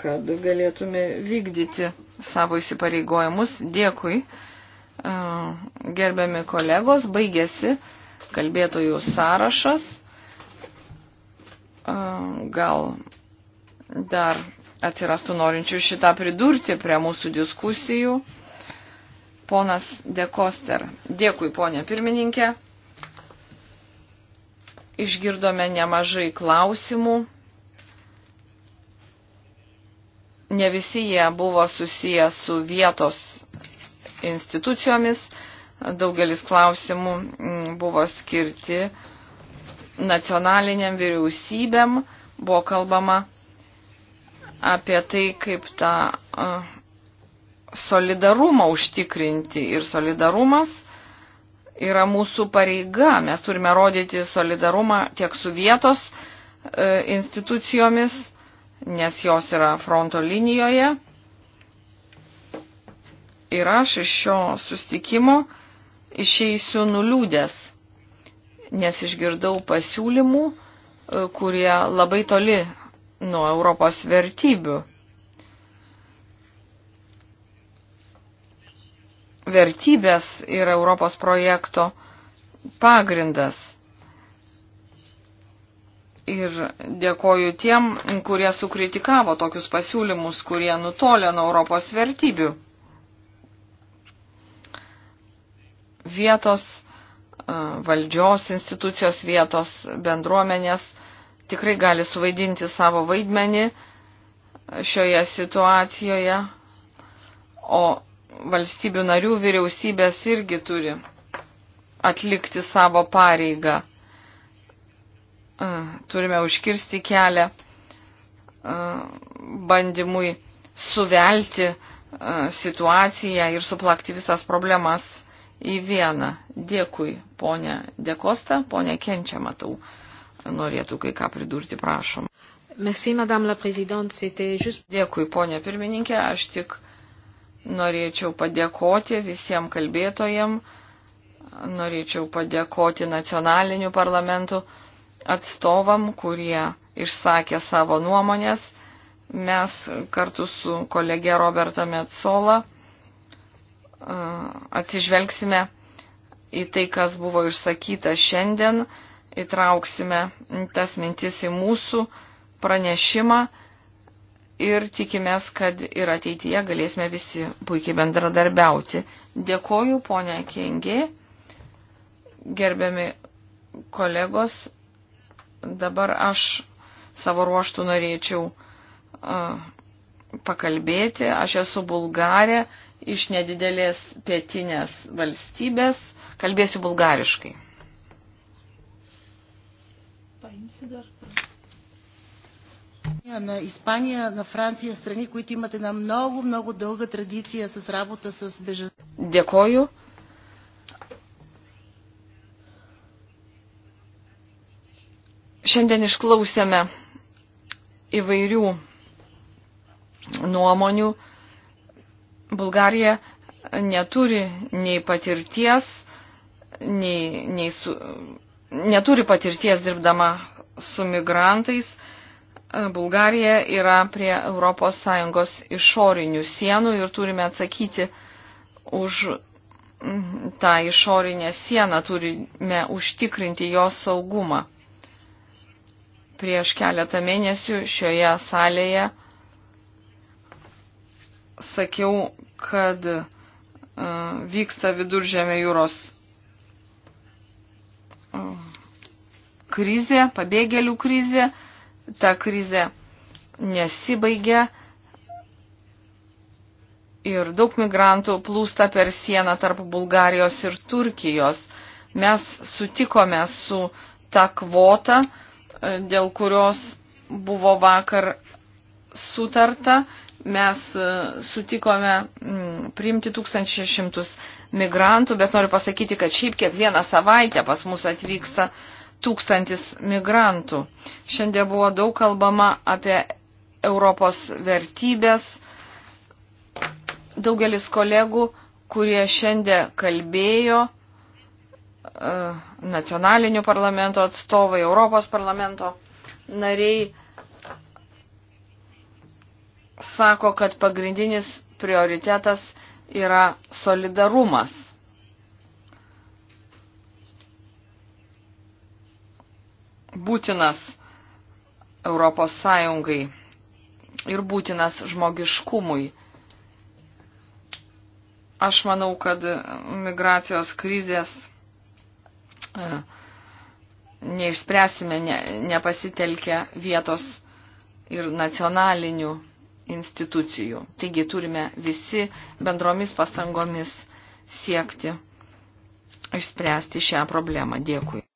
kad galėtume vykdyti savo įsipareigojimus. Dėkui, gerbiami kolegos, baigėsi kalbėtojų sąrašas. Gal dar atsirastų norinčių šitą pridurti prie mūsų diskusijų. Ponas Dekoster. Dėkui, ponė pirmininkė. Išgirdome nemažai klausimų. ne visi jie buvo susiję su vietos institucijomis, daugelis klausimų mm, buvo skirti nacionaliniam vyriausybėm, buvo kalbama apie tai, kaip tą solidarumą užtikrinti ir solidarumas yra mūsų pareiga. Mes turime rodyti solidarumą tiek su vietos e, institucijomis, nes jos yra fronto linijoje. Ir aš iš šio sustikimo išeisiu nuliūdęs, nes išgirdau pasiūlymų, e, kurie labai toli nuo Europos vertybių. Vertybės yra Europos projekto pagrindas. Ir dėkoju tiem, kurie sukritikavo tokius pasiūlymus, kurie nutolė nuo Europos vertybių. Vietos e, valdžios institucijos, vietos bendruomenės tikrai gali suvaidinti savo vaidmenį šioje situacijoje, o valstybių narių vyriausybės irgi turi atlikti savo pareigą. Uh turime užkirsti kelią e, bandymui suvelti e, situaciją ir suplakti visas problemas į vieną. Dėkui, ponė Dekosta, ponė Kenčia, matau, norėtų kai ką pridurti, prašom. Merci, madame la présidente, c'était juste... Dėkui, ponė pirmininkė, aš tik norėčiau padėkoti visiems kalbėtojams, norėčiau padėkoti nacionalinių parlamentų atstovam, kurie išsakė savo nuomonės. Mes kartu su kolegė Roberta Metsola atsižvelgsime į tai, kas buvo išsakyta šiandien, įtrauksime tas mintis į mūsų pranešimą ir tikimės, kad ir ateityje galėsime visi puikiai bendradarbiauti. Dėkoju, ponia Kengė, gerbiami kolegos, Dabar aš savo ruoštų norėčiau uh, pakalbėti. Aš esu bulgarė iš nedidelės pietinės valstybės. Kalbėsiu bulgariškai. Paimsi dar. На Испания, на Франция, страни, които имат една много, много дълга традиция с работа с бежанци. Дякую. Šiandien išklausėme įvairių nuomonių. Bulgarija neturi nei patirties, nei, nei su, neturi patirties dirbdama su migrantais. Bulgarija yra prie ES išorinių sienų ir turime atsakyti už tą išorinę sieną, turime užtikrinti jos saugumą. Prieš keletą mėnesių šioje salėje sakiau, kad e, vyksta viduržėmė jūros e, krizė, pabėgėlių krizė. Ta krizė nesibaigia ir daug migrantų plūsta per sieną tarp Bulgarijos ir Turkijos. Mes sutikome su ta kvota dėl kurios buvo vakar sutarta. Mes e, sutikome mm, priimti 1600 migrantų, bet noriu pasakyti, kad šiaip kiekvieną savaitę pas mus atvyksta tūkstantis migrantų. Šiandien buvo daug kalbama apie Europos vertybės. Daugelis kolegų, kurie šiandien kalbėjo, uh, nacionalinių parlamento atstovai, Europos parlamento nariai sako, kad pagrindinis prioritetas yra solidarumas. Būtinas Europos Sąjungai ir būtinas žmogiškumui. Aš manau, kad migracijos krizės E, neišspręsime ne, nepasitelkę vietos ir nacionalinių institucijų. Taigi turime visi bendromis pastangomis siekti išspręsti šią problemą. Dėkui.